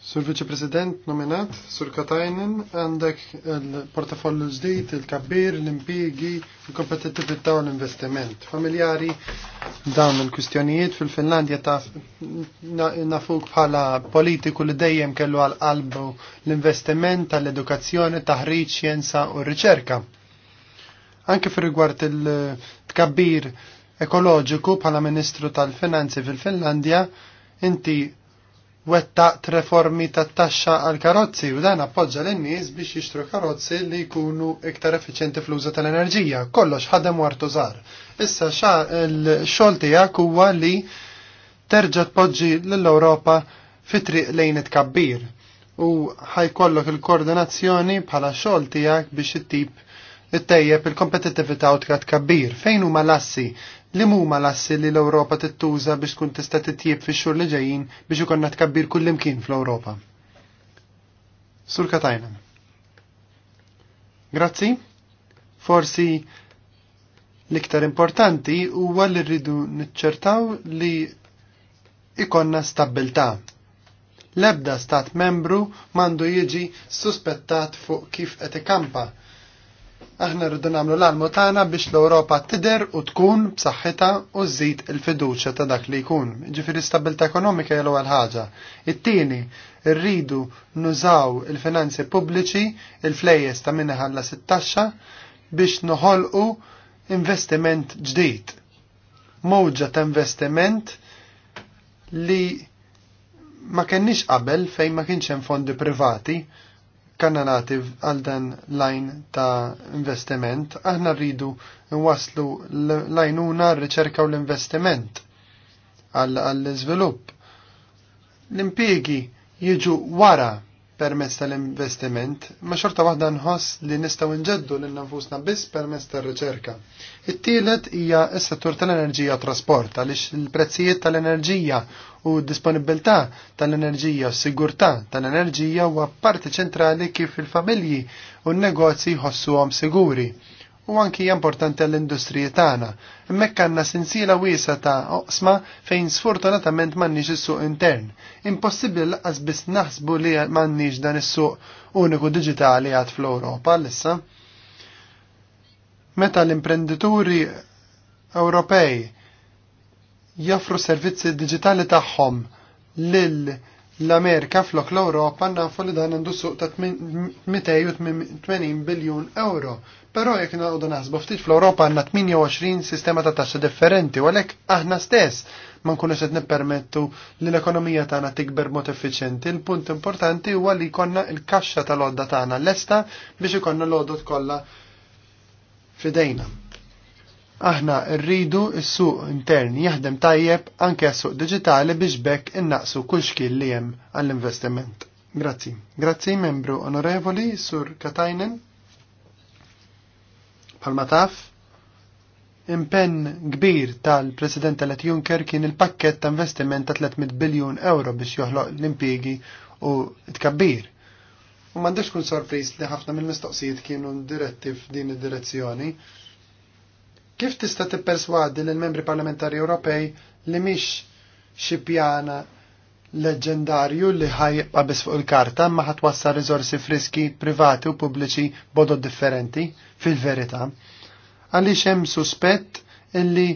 Sur viċi-president nominat, sur Katajnen, għandek il-portafollu ġdijt, il-kabbir, l-impigi, il-kompetitivita u l-investiment. Familjari dawn il-kustjonijiet fil-Finlandja ta' nafuk bħala politiku li dejjem kellu għal-qalbu l-investiment tal-edukazzjoni, taħriġ, xjenza u r-riċerka. Anke fil-rigward il-tkabbir ekoloġiku bħala ministru tal-finanzi fil-Finlandja, inti wettaqt reformi tat taxxa għal karozzi u dan appoġġa lin-nies biex jixtru karozzi li jkunu iktar effiċenti fl-użu tal-enerġija. Kollox ħadem wartu żgħar. Issa l-xogħol tiegħek huwa li terġa' tpoġġi lill-Ewropa fitriq lejn it-kabbir u ħajkollok il-koordinazzjoni bħala xogħol tiegħek biex it-tip it-tejjeb il-kompetittività u tkat kabbir. Fejn huma lassi li huma lassi li l-Ewropa tittuża biex tkun tista' titjieb fix-xhur li ġejjin biex ikonna tkabbir kullimkien fl-Ewropa. Sur Katajna. Grazzi. Forsi l-iktar importanti huwa li rridu niċċertaw li ikonna stabilta. L-ebda stat membru mandu jiġi suspettat fuq kif qed ikampa Aħna rridu nagħmlu l-almu tagħna biex l-Ewropa tidher u tkun b'saħħitha u żżid il-fiduċja ta' dak li jkun. Ġifieri stabilta ekonomika hija l-ewwel ħaġa. It-tieni rridu nużaw il-finanzi pubbliċi, il-flejjes ta' minn ħalla sittaxxa biex noħolqu investiment ġdid. Mowġa ta' investiment li ma kenniex qabel fejn ma kienx hemm fondi privati kanalati għal dan lajn ta' investiment, aħna rridu nwaslu lajnuna r-riċerka u l-investiment għall-izvilupp. L-impiegi jiġu wara permezz tal-investiment, ma xorta waħda nħoss li nistaw nġeddu l nafusna biss permezz tal-riċerka. It-tielet hija s-settur tal-enerġija trasporta trasport għaliex il-prezzijiet tal-enerġija u disponibilità tal-enerġija u sigurtà tal-enerġija huwa parti ċentrali kif il-familji u n-negozji jħossuhom siguri u anki importanti għall-industriji tagħna. Hemmhekk għandna sinsiela wiesa ta' oqsma fejn sfortunatament m'għandniex is-suq intern. Impossibbli laqas biss naħsbu li m'għandniex dan is-suq uniku diġitali għad fl-Ewropa issa. Meta l-imprendituri Ewropej joffru servizzi digitali tagħhom lil l-Amerika flok l-Europa nafu li dan għandu suq ta' 280 biljun euro. Pero jek naqdu nasbu ftit fl-Europa għanna 28 sistema ta' taxxa differenti, u għalek aħna stess ma nkunux qed nippermettu li l-ekonomija tagħna tikber mod effiċjenti. Il-punt importanti huwa li jkollna l-kaxxa tal odda tagħna lesta biex ikollna l-għodot kollha fidejna. Aħna rridu s-suq intern jaħdem tajjeb anke s-suq digitali biex bekk innaqsu kull xkil li hemm għall-investiment. Grazzi. Grazzi membru onorevoli sur Katajnen. Palma taf, impenn kbir tal-President Elet Juncker kien il-pakket ta' investiment ta' 300 biljun euro biex joħloq l impiegi u tkabbir. U m'għandix kun sorpriż li ħafna mill-mistoqsijiet kienu diretti f'din id-direzzjoni. Kif tista' tipperswadi lill membri parlamentari Ewropej li mhix xi pjana leġendarju li ħaj qabis fuq il-karta ma wassa rizorsi friski privati u pubbliċi bodod differenti fil-verità. Għaliex hemm suspett illi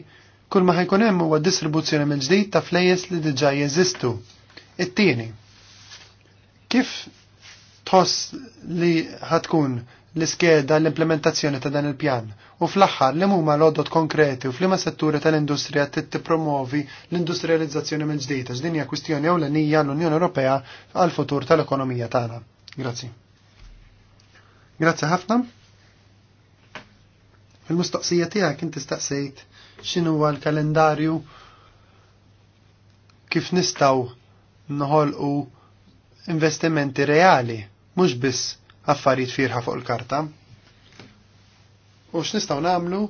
kull ma ħajkun hemm huwa distribuzzjoni mill-ġdid ta' flejes li diġà jeżistu. It-tieni. Kif tħoss li ħatkun l-iskeda l-implementazzjoni ta' dan il-pjan u fl-aħħar li huma l-oddot konkreti u fl-ima setturi tal-industrija tippromovi l-industrializzazzjoni minn ġdid Ġdinja din hija kwistjoni ewlenija l-Unjoni Ewropea għal futur tal-ekonomija tagħna. Grazzi. Grazzi ħafna. Il-mistoqsija tiegħek inti staqsejt x'inhu huwa l-kalendarju kif nistgħu noħolqu investimenti reali, mhux biss affarijiet firħa fuq il-karta. U x'nistgħu nagħmlu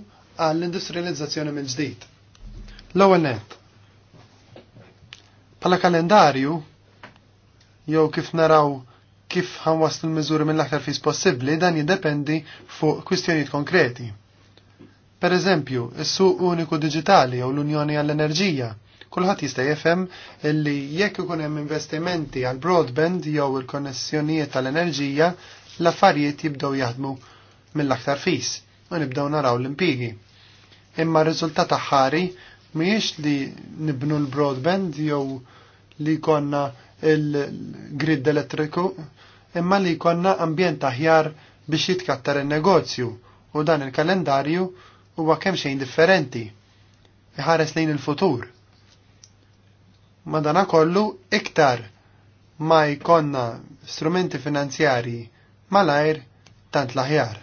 għall-industrializzazzjoni minn ġdid. L-ewwel net. Bħala kalendarju jew kif naraw kif ħanwaslu l-miżuri mill-aktar fis possibbli dan jiddependi fuq kwistjonijiet konkreti. Per eżempju, is-suq uniku diġitali jew l-Unjoni għall-Enerġija. Kulħadd jista' jefhem li jekk ikun hemm investimenti għal broadband jew il-konnessjonijiet tal-enerġija, l-affarijiet jibdew jaħdmu mill-aktar fis u nibdew naraw l-impigi. Imma r-riżultat ħari mhijiex li nibnu l-broadband jew li konna il-grid elettriku, imma li konna ambjent aħjar biex jitkattar il-negozju u dan il-kalendarju huwa kemm xejn differenti. Iħares lejn il-futur. dana kollu iktar ma jkonna strumenti finanzjarji malajr tant laħjar.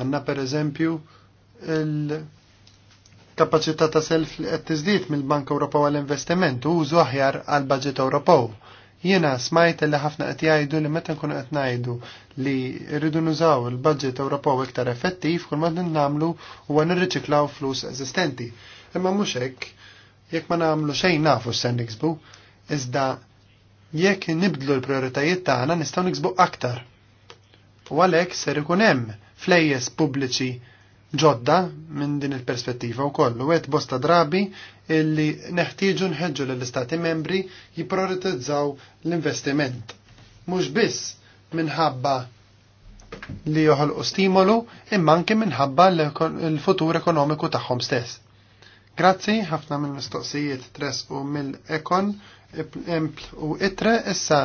Għanna per eżempju il-kapacità ta' self li qed tiżdiet mill-Bank Ewropew għall-investiment u użu aħjar għall-Baġit Ewropew. Jiena smajt li ħafna qed jgħidu li meta nkunu qed ngħidu li rridu nużaw il-budget Ewropew iktar effettiv kull ma nagħmlu huwa nirriċiklaw flus eżistenti. Imma mhux hekk jekk ma nagħmlu xejn nafu x'sen niksbu, iżda jekk nibdlu l-prioritajiet tagħna nistgħu niksbu aktar U għalhekk ser ikun hemm flejjes pubbliċi ġodda minn din il-perspettiva u kollu għet bosta drabi illi neħtieġu nħedġu l-istati membri jiprioritizzaw l-investiment. Mux biss minħabba li joħolqu stimolu imma anke minħabba l-futur ekonomiku tagħhom stess. Grazzi ħafna mill-mistoqsijiet tres u mill-ekon u itre issa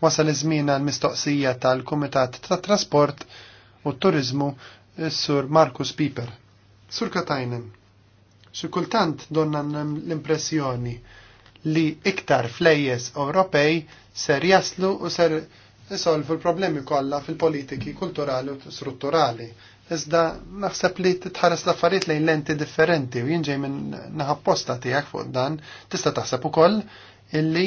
Wasal iż-żmien għall-mistoqsija tal-Kumitat tat-Trasport u t-Turiżmu s-Sur Markus Piper. Sur Katajnen, xi kultant donna l-impressjoni li iktar flejjes Ewropej ser jaslu u ser isolvu l-problemi kollha fil-politiki kulturali u strutturali. Iżda naħseb li titħares l-affarijiet lejn lenti differenti u jinġej minn naħapposta tiegħek fuq dan tista' taħseb ukoll illi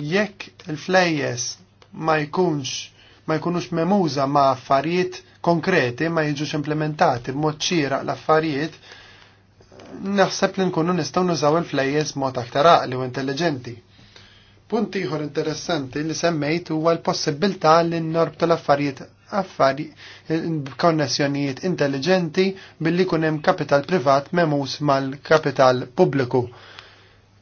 jekk il-flejjes ma jkunx ma jkunux memuża ma' affarijiet konkreti ma jiġux implementati b'mod ċira l-affarijiet, naħseb li nkunu nistgħu nużaw il-flejjes mod aktar aqli u intelligenti. Punt ieħor interessanti li semmejt huwa l-possibilità li norbtu l-affarijiet affari konnessjonijiet intelligenti billi kun hemm kapital privat memus mal-kapital pubbliku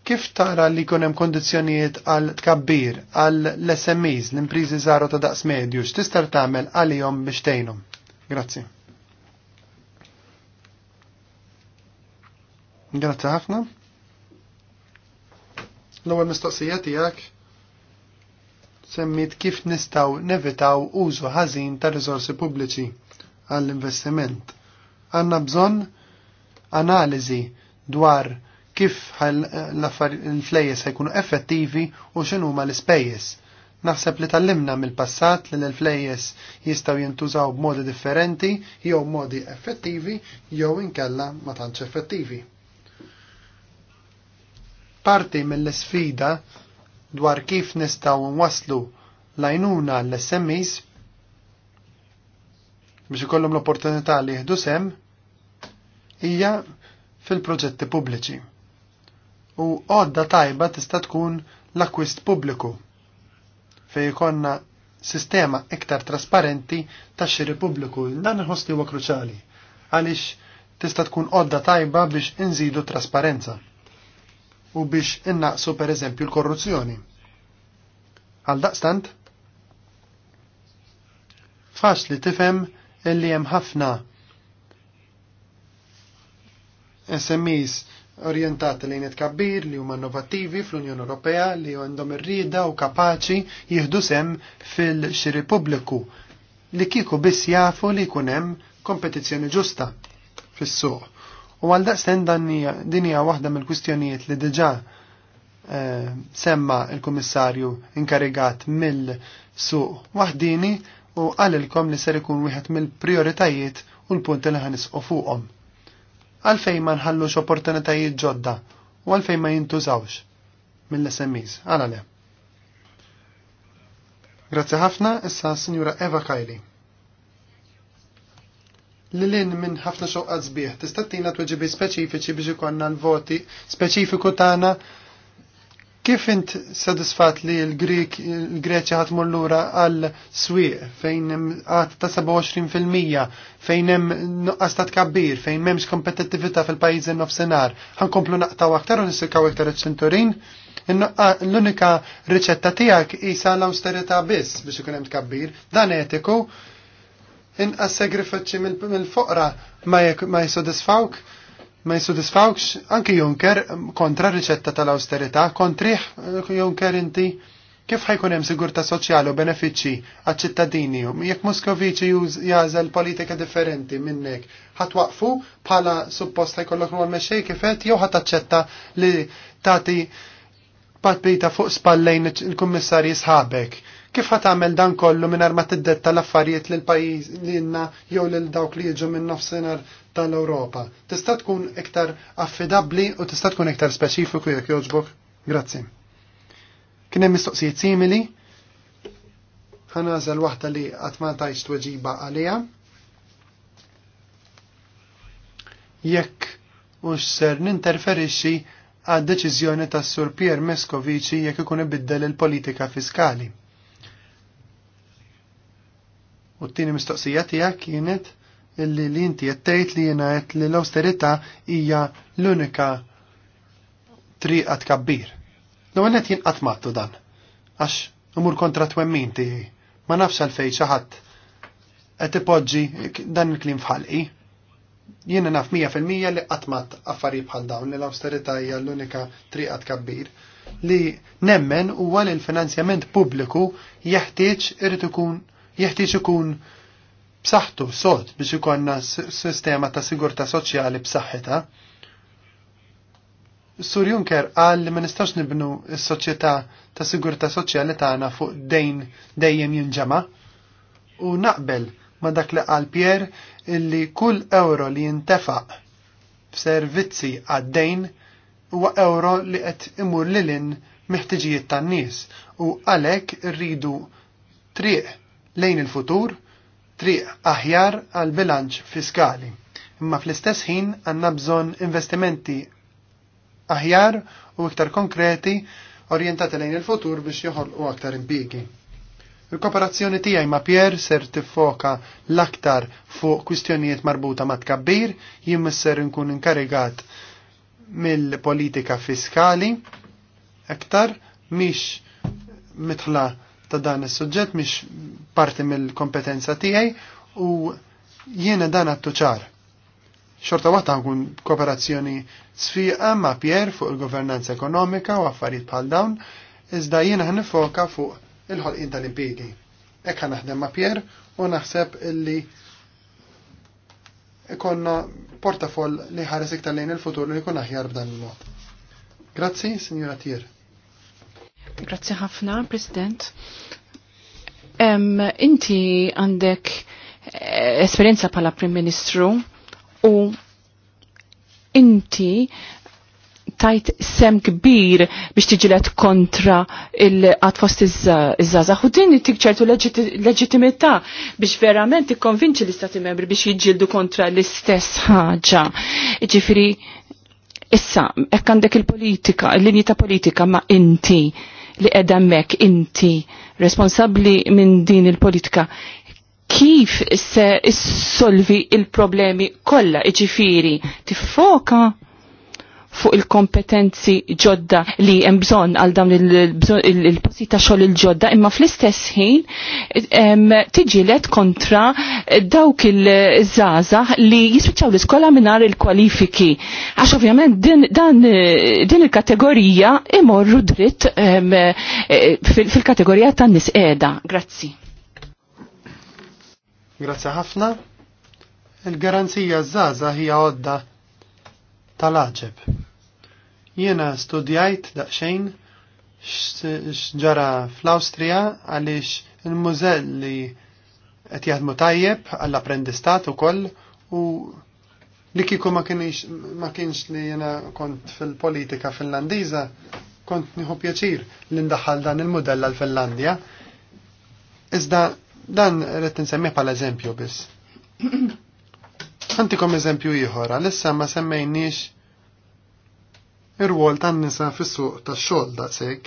Kif tara li jkun hemm kondizzjonijiet għal tkabbir, għal l-SMEs, l-imprizi żgħaru ta' daqs medju, x'tistar tagħmel għalihom biex tgħinhom? Grazzi. Grazzi ħafna. L-ewwel mistoqsija tiegħek semmit kif nistaw nevitaw użu ħażin ta' riżorsi pubbliċi għall-investiment. Għanna bżonn analiżi dwar kif l-flejjes ħajkunu effettivi u x'inhu ma l-ispejjeż. Naħseb li tallimna mill-passat li l-flejjes jistgħu jintużaw b'modi differenti jew modi effettivi jew inkella ma tantx effettivi. Parti mill-sfida dwar kif nistgħu nwasslu lajnuna l-SMEs biex ikollhom l-opportunità li jieħdu sem hija fil-proġetti pubbliċi u għodda tajba tista' tkun l-akwist pubbliku fej konna sistema iktar trasparenti ta' xiri pubbliku. Dan il-ħosti huwa kruċali għaliex tista' tkun għodda tajba biex inżidu trasparenza u biex innaqsu per eżempju l-korruzzjoni. Għal daqstant, faċli tifhem illi hemm ħafna SMEs orjentati lejn it-kabbir li huma innovattivi fl-Unjoni Ewropea li għandhom ir-rieda u kapaċi jieħdu sem fil-xiri pubbliku li kieku biss jafu li jkun hemm kompetizzjoni ġusta fis-suq. U għal daqstan din hija waħda mill-kwistjonijiet li diġà eh, semma il-Kummissarju inkarigat mill-suq waħdini u għalilkom li ser ikun wieħed mill-prioritajiet u l-punti li ħanisqu fuqhom għalfejn ma nħallux opportunitajiet ġodda u għalfejn ma jintużawx mill-SMEs, għala le. Grazzi ħafna, issa Sinjura Eva Kajli. Lilin minn ħafna xoqqa zbieħ, tistattina t-weġibi speċifiċi biex ikonna l-voti speċifiku tagħna Kif int sadisfat li l-Grek, l greċi ħatmur mullura għal swieq fejn għat ta' 27% fejn hemm nuqqas ta' tkabbir, fejn m'hemmx kompetittività fil-pajjiżi nofsinhar, ħankomplu naqtaw aktar u nisirkaw iktar iċ-ċinturin? L-unika riċetta tiegħek isa l-austerità biss biex ikun hemm tkabbir, dan etiku, inqas segrifiċċi mill-foqra ma jisodisfawk? ma jissudisfawx anki Juncker kontra riċetta tal austerita kontriħ eh, Juncker inti kif ħajkun hemm sigurtà soċjali u benefiċċji għaċ-ċittadini u jekk Moskoviċi jażel politika differenti minnek ħadd waqfu bħala suppost ħajkollok rwol mexxej kif qed jew ħadd taċċetta li tagħti patbita fuq spallejn il-kummissarji sħabek Kif ħat għamel dan kollu minn ma tiddetta l-affarijiet lil pajjiż lilna jew lil dawk li jiġu minn nofsinhar tal-Ewropa? Tista' tkun iktar affidabbli u tista' tkun iktar speċifiku jekk jogħġbok? Grazzi. Kien hemm mistoqsijiet simili. Ħanażel waħda li qatt ma tajx tweġiba għaliha. Jekk unx ser ninterferixxi għad deċiżjoni tas Sur Pier Meskovici jekk ikun ibiddel il-politika fiskali. U t-tieni mistoqsija tiegħek kienet illi li inti jettejt tgħid li jena jett li l austerita hija l-unika triqa tkabbir. L-ewwel qed jinqat mattu dan. Għax imur kontra twemmin tiegħi. Ma nafx għalfejn xi ħadd qed ipoġġi dan il-klim fħalqi. Jiena naf 100% fil-mija li qatt qatt affarijiet bħal dawn li l-awsterità hija l-unika triqa tkabbir li nemmen huwa li l-finanzjament pubbliku jeħtieġ irid ikun jeħtieġ ikun b'saħħtu sod biex ikollna sistema ta' sigurta soċjali b'saħħitha. Sur Juncker qal li ma nistax nibnu s-soċjetà ta' sigurta soċjali tagħna fuq dejn dejjem jinġema' u naqbel ma dak li qal Pier illi kull euro li jintefaq f'servizzi għaddejn huwa euro li qed imur lilin miħtiġijiet tan-nies u għalhekk irridu triq lejn il-futur, triq aħjar għal bilanċ fiskali. Imma fl-istess ħin għandna bżonn investimenti aħjar u iktar konkreti orjentati lejn il-futur biex joħolqu aktar impiegi. Il-kooperazzjoni tiegħi ma' Pier ser tiffoka l-aktar fuq kwistjonijiet marbuta ma' tkabbir, jien ser nkun inkarigat mill-politika fiskali aktar miex mitħla ta' dan is-suġġett mhix parti mill-kompetenza tiegħi u jiena dan għattu ċar. Xorta waħda għun kooperazzjoni sfiqa ma' Pier fuq il-governanza ekonomika u affarijiet bħal dawn, iżda jiena foka fuq il-ħolqien tal-impjiegi. Ekk naħdem ma' Pier u naħseb illi ikonna portafol li ħares iktar lejn il-futur li jkun aħjar b'dan il-mod. Grazzi, Signora Tier. Grazzi ħafna, President. Um, inti għandek eh, esperienza pala Prim Ministru u inti tajt sem kbir biex tiġilet kontra il-qat fost iż-żaza. U din tik ċertu leġitimità biex verament tikkonvinċi l-istati membri biex jiġildu kontra l-istess ħaġa. Ġifiri, issa, hekk għandek il-politika, il-linji ta' politika ma' inti li edammek inti responsabli minn din il-politika kif se issolvi il-problemi kolla iġifiri tifoka fuq il-kompetenzi ġodda li hemm bżonn għal dawn il-posti ta' xogħol il-ġodda, imma fl-istess ħin tiġilet kontra dawk il-żgħażagħ li jispiċċaw l-iskola mingħajr il-kwalifiki. Għax ovvjament din il-kategorija imorru dritt fil-kategorija tan-nies qiegħda. Grazzi. Grazzi ħafna. Il-garanzija żgħażagħ hija għodda tal-aġeb. Jiena studjajt daqsxejn x'ġara fl-Awstrija għaliex il-mużell li qed jaħdmu tajjeb għall-apprendistat ukoll u li kieku ma kienx li jena kont fil-politika finlandiża kont nieħu pjaċir li ndaħħal dan il-modell għal finlandija Iżda dan rrid insemmih pal eżempju biss. Għantikom eżempju ieħor, għalissa ma semmejniex ir-rwol tan-nisa fis-suq tax-xogħol daqshekk.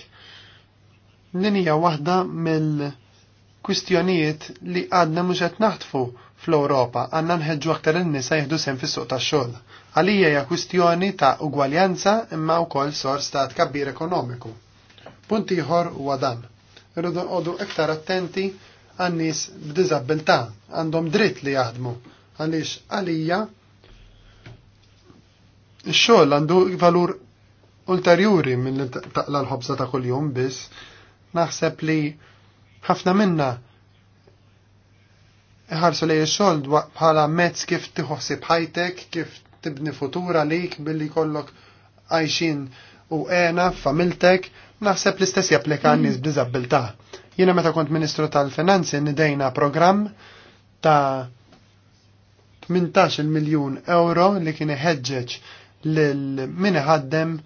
Din hija waħda mill-kwistjonijiet li għadna mhux qed naħtfu fl-Ewropa għandna nħeġġu aktar in-nisa jieħdu sehem fis-suq tax-xogħol. Għalija hija kwistjoni ta' ugwaljanza imma wkoll sors ta' tkabbir ekonomiku. Punt ieħor huwa dan. Irridu qogħdu iktar attenti għan-nies b'diżabilità għandhom dritt li jaħdmu għaliex għalija x-xogħol għandu valur ulterjuri minn taqla l-ħobza ta' kuljum biss, naħseb li ħafna minna iħarsu li xogħol bħala mezz kif tiħossi ħajtek, kif tibni futura għalik billi kollok għajxin u għena familtek, naħseb li stess japplika għannis mm. b'dizabilta. Jiena meta kont Ministru tal-Finanzi nidejna program ta' 18 miljun euro li kien iħeġġeġ lil min ħaddem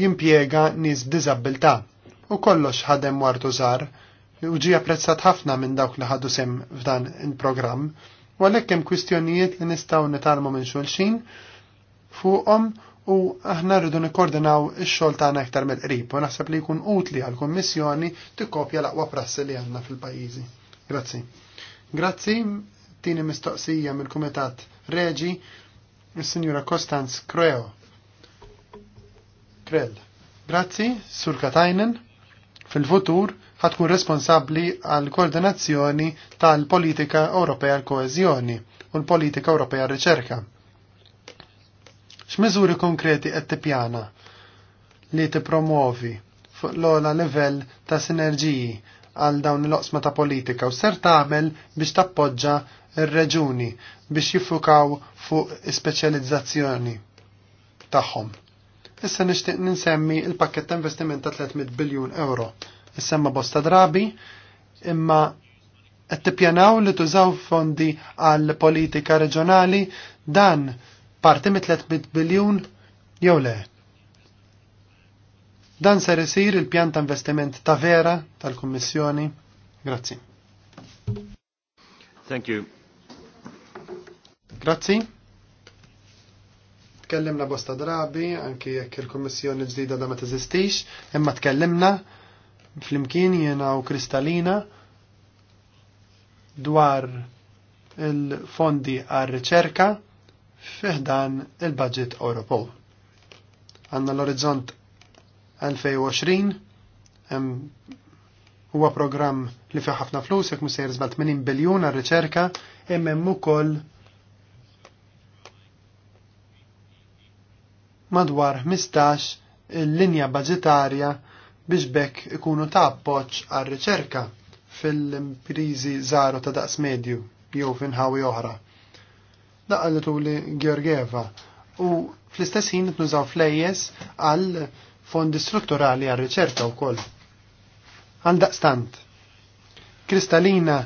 jimpiega nis b'diżabilità u kollox ħadem wartu żar u ġi apprezzat ħafna minn dawk li ħadu sem f'dan il-programm u għalhekk hemm kwistjonijiet li nistgħu nitalmu minn xulxin fuqhom u aħna rridu nikkoordinaw ix-xogħol tagħna aktar mill-qrib u naħseb li jkun utli għall-Kummissjoni tikkopja l-aqwa prassi li għandna fil-pajjiżi. Grazzi. Grazzi tini mistoqsija mill-Kumitat Reġi, il-Sinjura Kostanz Creo. Krell. Grazzi, Sur Katajnen. Fil-futur ħatkun responsabli għal koordinazzjoni tal-politika Ewropea l-koezjoni u l-politika Ewropea r-riċerka. X'miżuri konkreti qed tippjana li tippromuovi fuq l ogħla livell ta' sinerġiji għal dawn l-oqsma ta' politika u ser tagħmel biex tappoġġa r-reġuni biex jiffukaw fuq speċjalizzazzjoni tagħhom. Issa nixtieq ninsemmi il-pakket ta' investiment ta' 300 biljun euro. Issemma bosta drabi, imma qed tippjanaw li tużaw fondi għal politika reġjonali dan parti mit 300 biljun jew le. Dan ser isir il-pjan ta' investiment ta' vera tal-Kummissjoni. Grazzi. Thank you. Grazzi. Tkellimna bosta drabi, anki jekk il-Kommissjoni ġdida da ma teżistix, imma tkellimna flimkien jena u Kristalina dwar il-fondi għal-riċerka fiħdan il-budget Europol. Għanna l-orizzont 2020, huwa program li fiħafna ħafna flus, jekk musejr 80 biljun għal-riċerka, emmem ukoll koll madwar 15 il-linja budgetarja biex bekk ikunu ta' appoċ għal riċerka fil-imprizi żaru ta' daqs medju jew finħawi oħra. Daqqa li Georgieva u fl-istess ħin nużaw flejjes għal fondi strutturali għal riċerka u koll. Għal daqstant. Kristalina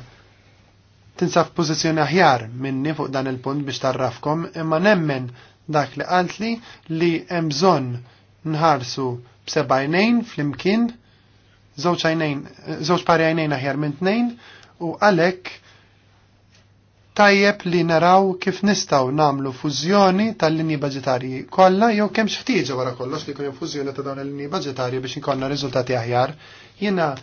tinsaf pozizjoni aħjar minni fuq dan il-punt biex tarrafkom imma nemmen dak li qantli li hemm bżonn nħarsu b'seba' flimkien, żewġ imkien żewġ pari għajnejn aħjar minn tnejn u għalhekk tajjeb li naraw kif nistaw namlu fużjoni tal-linji budgetarji kollha jew kemm x'ftiġa wara kollox li jkun hemm fużjoni ta' dawn il-linji budgetarji biex inkollna riżultati aħjar, jiena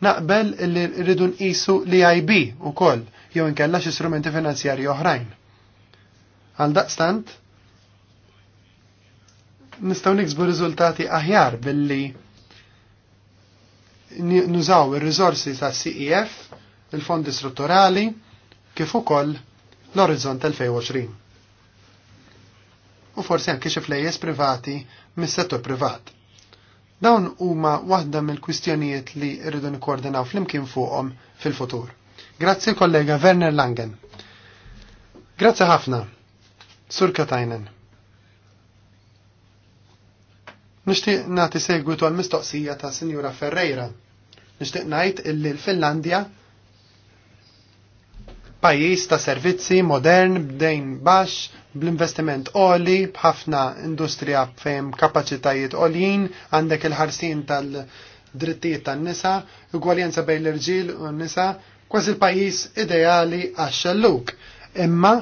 naqbel li rridu nqisu li IB ukoll jew inkella xi finanzjarji oħrajn. Għal daqstant, nistaw niksbu riżultati aħjar billi nużaw ir rizorsi ta' CEF, il-fondi strutturali, kif ukoll l-Orizzont 2020. U forsi anke xi flejjes privati mis-settur privat. Dawn huma waħda mill-kwistjonijiet li rridu nikkoordinaw flimkien fuqhom fil-futur. Grazzi kollega Werner Langen. Grazzi ħafna, Sur Katajnen. Nixtieq nagħti segwitu għall mistoqsija ta' Sinjura Ferreira. Nixtieq ngħid illi l-Finlandja pajjiż ta' servizzi modern b'dejn baxx, bl-investiment oli, b'ħafna industrija fejn kapaċitajiet oljin għandek il-ħarsin tal-drittijiet tan-nisa, ugwaljenza bejn l-irġiel u n-nisa, kważi l-pajjiż ideali għax luk Imma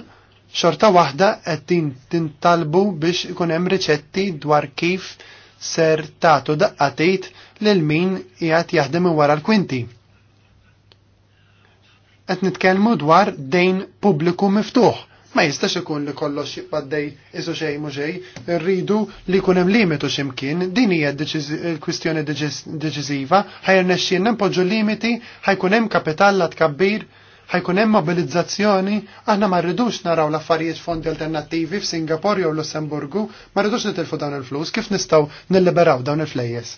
xorta waħda qed tintalbu biex ikun hemm riċetti dwar kif ser tagħtu daqqatit lil min qiegħed jaħdem wara l-kwinti. Qed nitkellmu dwar dejn pubbliku miftuħ. Ma jistax ikun li kollox jibbaddej isu xej mu xej, rridu li jkun hemm limitu x'imkien, din hija l-kwistjoni deċiżiva, ħajr nexxin nempoġġu limiti, ħajkun hemm kapital la tkabbir ħajkun hemm mobilizzazzjoni, aħna ma rridux naraw l-affarijiet fondi alternattivi f'Singapore jew Lussemburgu, ma rridux nitilfu dawn il-flus, kif nistgħu nilliberaw dawn il-flejjes.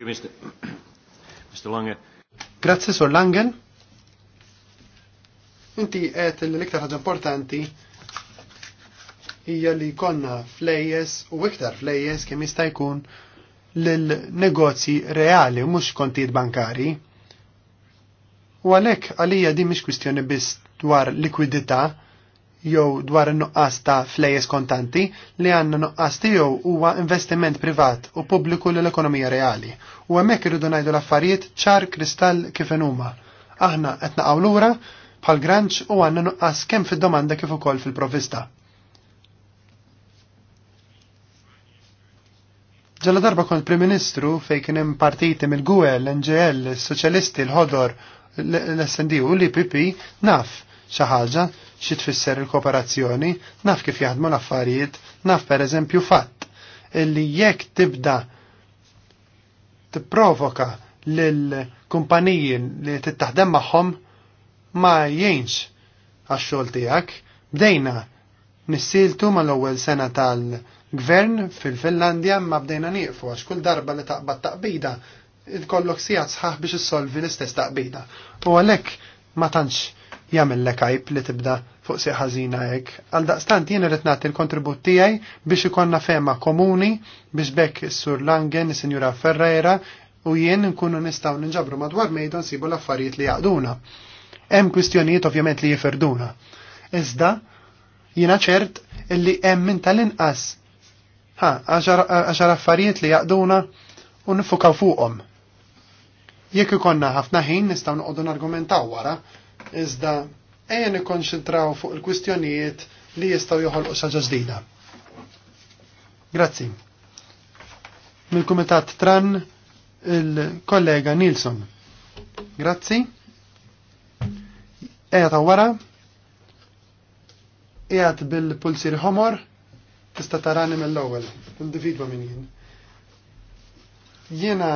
Mr. Langen. Grazzi, Sur Langen. Inti qed l-iktar ħaġa importanti hija li konna flejjes u iktar flejjes kemm jista' jkun lil negozji reali mhux kontijiet bankari U għalhekk għalija di mish kwistjoni biss dwar likwidità jew dwar in-nuqqas ta' flejes kontanti li għandna nuqqas tiegħu huwa investiment privat u pubbliku l-ekonomija reali. U hemmhekk irridu ngħidu l-affarijiet ċar kristall kif huma. Aħna qed naqgħu lura bħal granċ u għandna nuqqas kemm fid-domanda kif ukoll fil-provista. Ġalla darba kont Prim Ministru fejn kien hemm partiti mill-Gwel, l-NGL, is-Soċjalisti, l-Ħodor l-SND u l-IPP naf xi ħaġa xi tfisser il-kooperazzjoni, naf kif jaħdmu l-affarijiet, naf pereżempju fatt illi jekk tibda tipprovoka l kumpaniji li tittaħdem magħhom ma jienx għax-xogħol tiegħek. Bdejna nissiltu mal-ewwel sena tal-gvern fil-Finlandja ma bdejna nieqfu għax kull darba li taqbad taqbida id-kollok sijat sħaħ biex issolvi l-istess taqbida. U għalek ma tantx jagħmel kajb li tibda fuq si ħażina hekk. Għal daqstant jien irid nagħti l-kontribut tiegħi biex ikonna fema komuni biex bekk is-Sur Langen, is-Sinjura Ferreira u jien nkunu nistgħu ninġabru madwar mejda nsibu l-affarijiet li jaqduna. Hemm kwistjonijiet ovvjament li jiferduna. Iżda jiena ċert illi hemm min tal-inqas. Ha, għaxar affarijiet li jaqduna u nifukaw fuqhom Jekk ikonna ħafna ħin nistgħu noqogħdu nargumentaw wara, iżda ejja nikkonċentraw fuq il-kwistjonijiet li jistgħu joħolqu xi ħaġa ġdida. Grazzi. Mill-Kumitat Tran il-kollega Nilsson. Grazzi. Eja ta' wara. Ejat bil-pulsir homor. Tista tarani mill-ewwel. Individwa minn jien. Jiena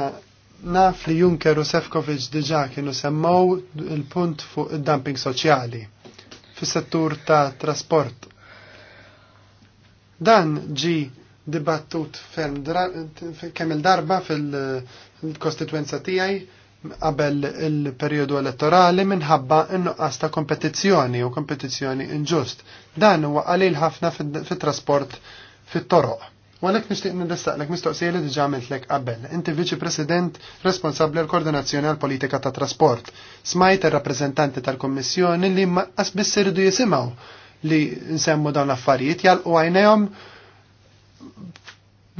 Naf li Juncker u Sefkovic diġa kienu semmow il-punt fuq id-dumping soċjali fis-settur ta' trasport. Dan ġi dibattut ferm kemm il-darba fil-kostituenza tiegħi qabel il-periodu elettorali minħabba innuqqas ta' kompetizzjoni u kompetizzjoni inġust. Dan huwa qalil ħafna fit-trasport fit-toroq. Walek nishtiq nixtieq nirrestaqlek mistoqsija li diġà għamiltlek qabel. Inti viċi President responsabbli l koordinazzjoni għal politika ta' trasport. Smajt ir-rappreżentanti tal-Kommissjoni li ma' biss irridu jisimgħu li nsemmu dawn l-affarijiet jalqu għajnejhom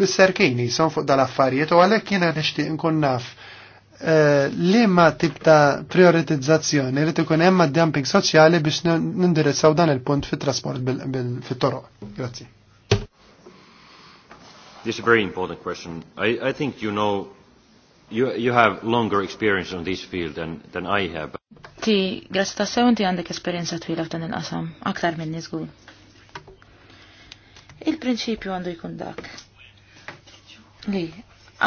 bis-serkini son fuq dal-affarijiet u għalhekk jena nishtiq nkun naf eh, li ma tip ta' prioritizzazzjoni li tkun hemm dumping soċjali biex nindirizzaw dan il-punt fit-trasport fit-toroq. Grazzi. This is a very important question. I, I think you know, you, you have longer experience on this field than, than I have. Ti, grazzi ta' sew inti għandek esperienza twila f'dan il-qasam, aktar minn żgur. Il-prinċipju għandu jkun dak. Li,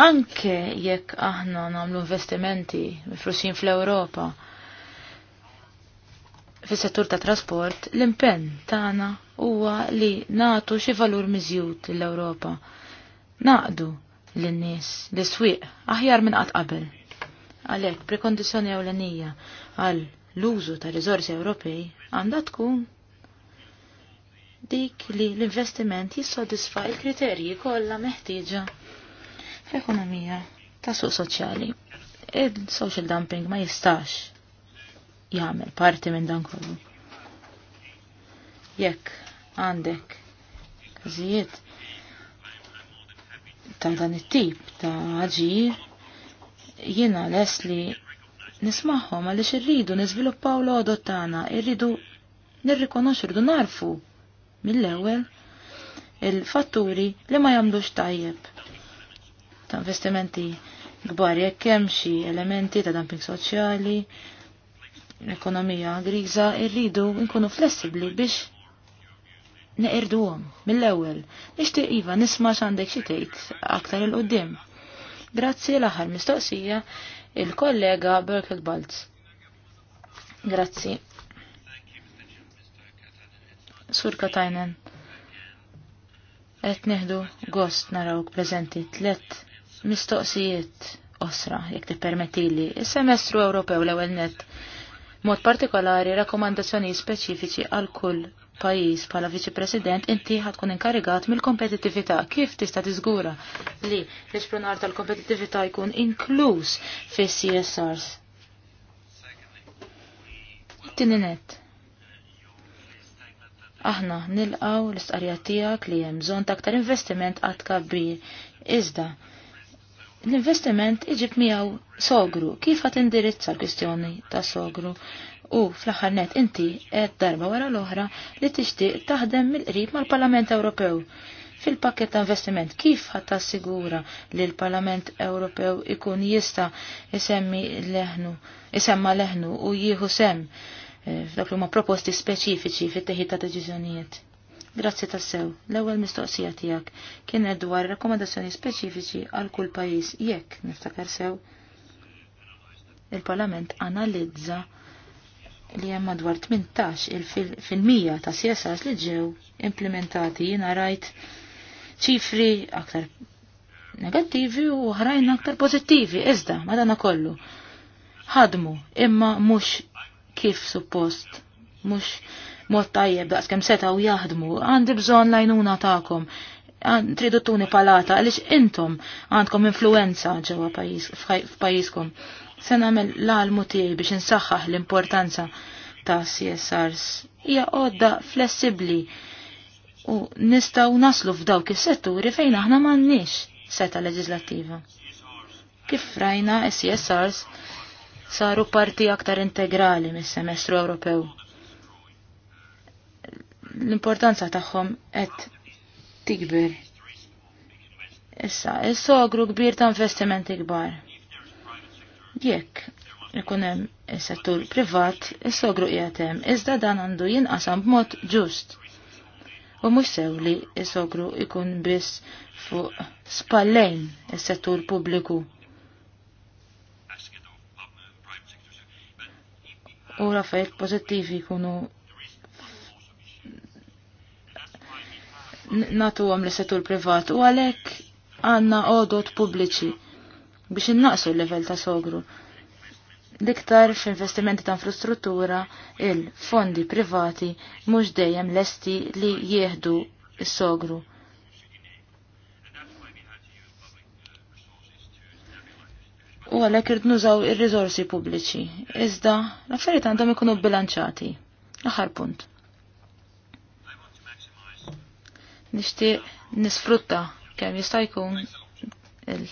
anke jekk aħna nagħmlu investimenti mifrusin fl-Ewropa fis-settur ta' trasport, l-impenn tagħna huwa li nagħtu xi valur miżjud l-Ewropa naqdu l-nies, l swiq aħjar minn qatt qabel. Għalhekk prekondizjoni ewlenija għal l-użu ta' riżorsi Ewropej għandha tkun dik li l-investiment jissodisfa l-kriterji kollha meħtieġa fl-ekonomija ta' suq soċjali. Il-social dumping ma jistax jagħmel parti minn dan kollu. Jekk għandek każijiet ta' dan it-tip ta' ħaġir, jiena les li nismaħħom għaliex irridu niżviluppaw l-għodot tagħna, irridu nirrikonoxxu irridu narfu mill-ewwel il-fatturi li ma jagħmlux tajjeb ta' investimenti kbar jekk hemm xi elementi ta' dumping soċjali, l-ekonomija griża irridu nkunu flessibbli biex neqirduhom mill-ewwel nixtieq iva nisma' xandek xi aktar il qoddim Grazzi l-aħħar mistoqsija il-kollega Berkel Balz. Grazzi. Sur Katajnen. Qed neħdu gost narawk preżenti tlet mistoqsijiet osra jekk tippermettili. il semestru Ewropew l-ewwel net mod partikolari rakomandazzjoni speċifiċi għal kull pajjiż bħala viċi president inti ħatkun inkarigat mill kompetitività Kif tista' tiżgura li l-esplonar tal kompetitività jkun inkluż fis-CSRs? Tininet. Aħna nilqaw l-istqarja tiegħek li hemm bżonn ta' aktar investiment għad kabbir. Iżda, l-investiment iġib miegħu sogru. Kif għat indirizza l-kwistjoni ta' sogru? u fl-aħħar net inti qed darba wara l-oħra li tixtieq taħdem mill-qrib mal-Parlament Ewropew. Fil-pakket ta' investiment kif ħadd tassigura li l-Parlament Ewropew ikun jista' isemmi leħnu, isemma leħnu u jieħu sem eh, f'dak huma proposti speċifiċi fit teħi ta' deċiżjonijiet. Grazzi tassew, l-ewwel mistoqsija tiegħek kienet dwar rakkomandazzjoni speċifiċi għal kull pajjiż jekk niftakar sew. Il-Parlament analizza li hemm madwar 18 il-fil-mija ta' CSRs li ġew implementati jiena rajt ċifri aktar negattivi u ħrajn aktar pożittivi, iżda madana kollu. Ħadmu, imma mhux kif suppost, mhux mod tajjeb daqs seta' u jaħdmu, għandi bżonn lajnuna tagħkom. Tridu tuni palata għaliex intom għandkom influenza ġewwa f'pajjiżkom. Se nagħmel l-almu tiegħi biex insaħħaħ l-importanza ta' CSRs. Hija għodda flessibbli u nistgħu naslu f'dawk is-setturi fejn aħna m'għandniex seta' leġislattiva. Kif rajna CSRs saru parti aktar integrali mis-semestru Ewropew. L-importanza tagħhom qed tikber. Issa, il-sogru kbir ta' investimenti kbar. Jekk ikun hemm is-settur privat, is-sogru qiegħed hemm, iżda dan għandu jinqasam b'mod ġust. U mhux sew li is-sogru ikun biss fuq spallejn is-settur pubbliku. U raffajt pożittivi jkunu natu għam li settur privat u għalek għanna odot pubbliċi biex innaqsu l-level ta' sogru. L-iktar f'investimenti ta' infrastruttura, il-fondi privati mhux dejjem lesti li jieħdu s-sogru. U għalhekk irid nużaw ir-riżorsi pubbliċi. Iżda, l-affarijiet għandhom ikunu bilanċati. Aħar punt. Nixtieq nisfrutta kemm jista' jkun il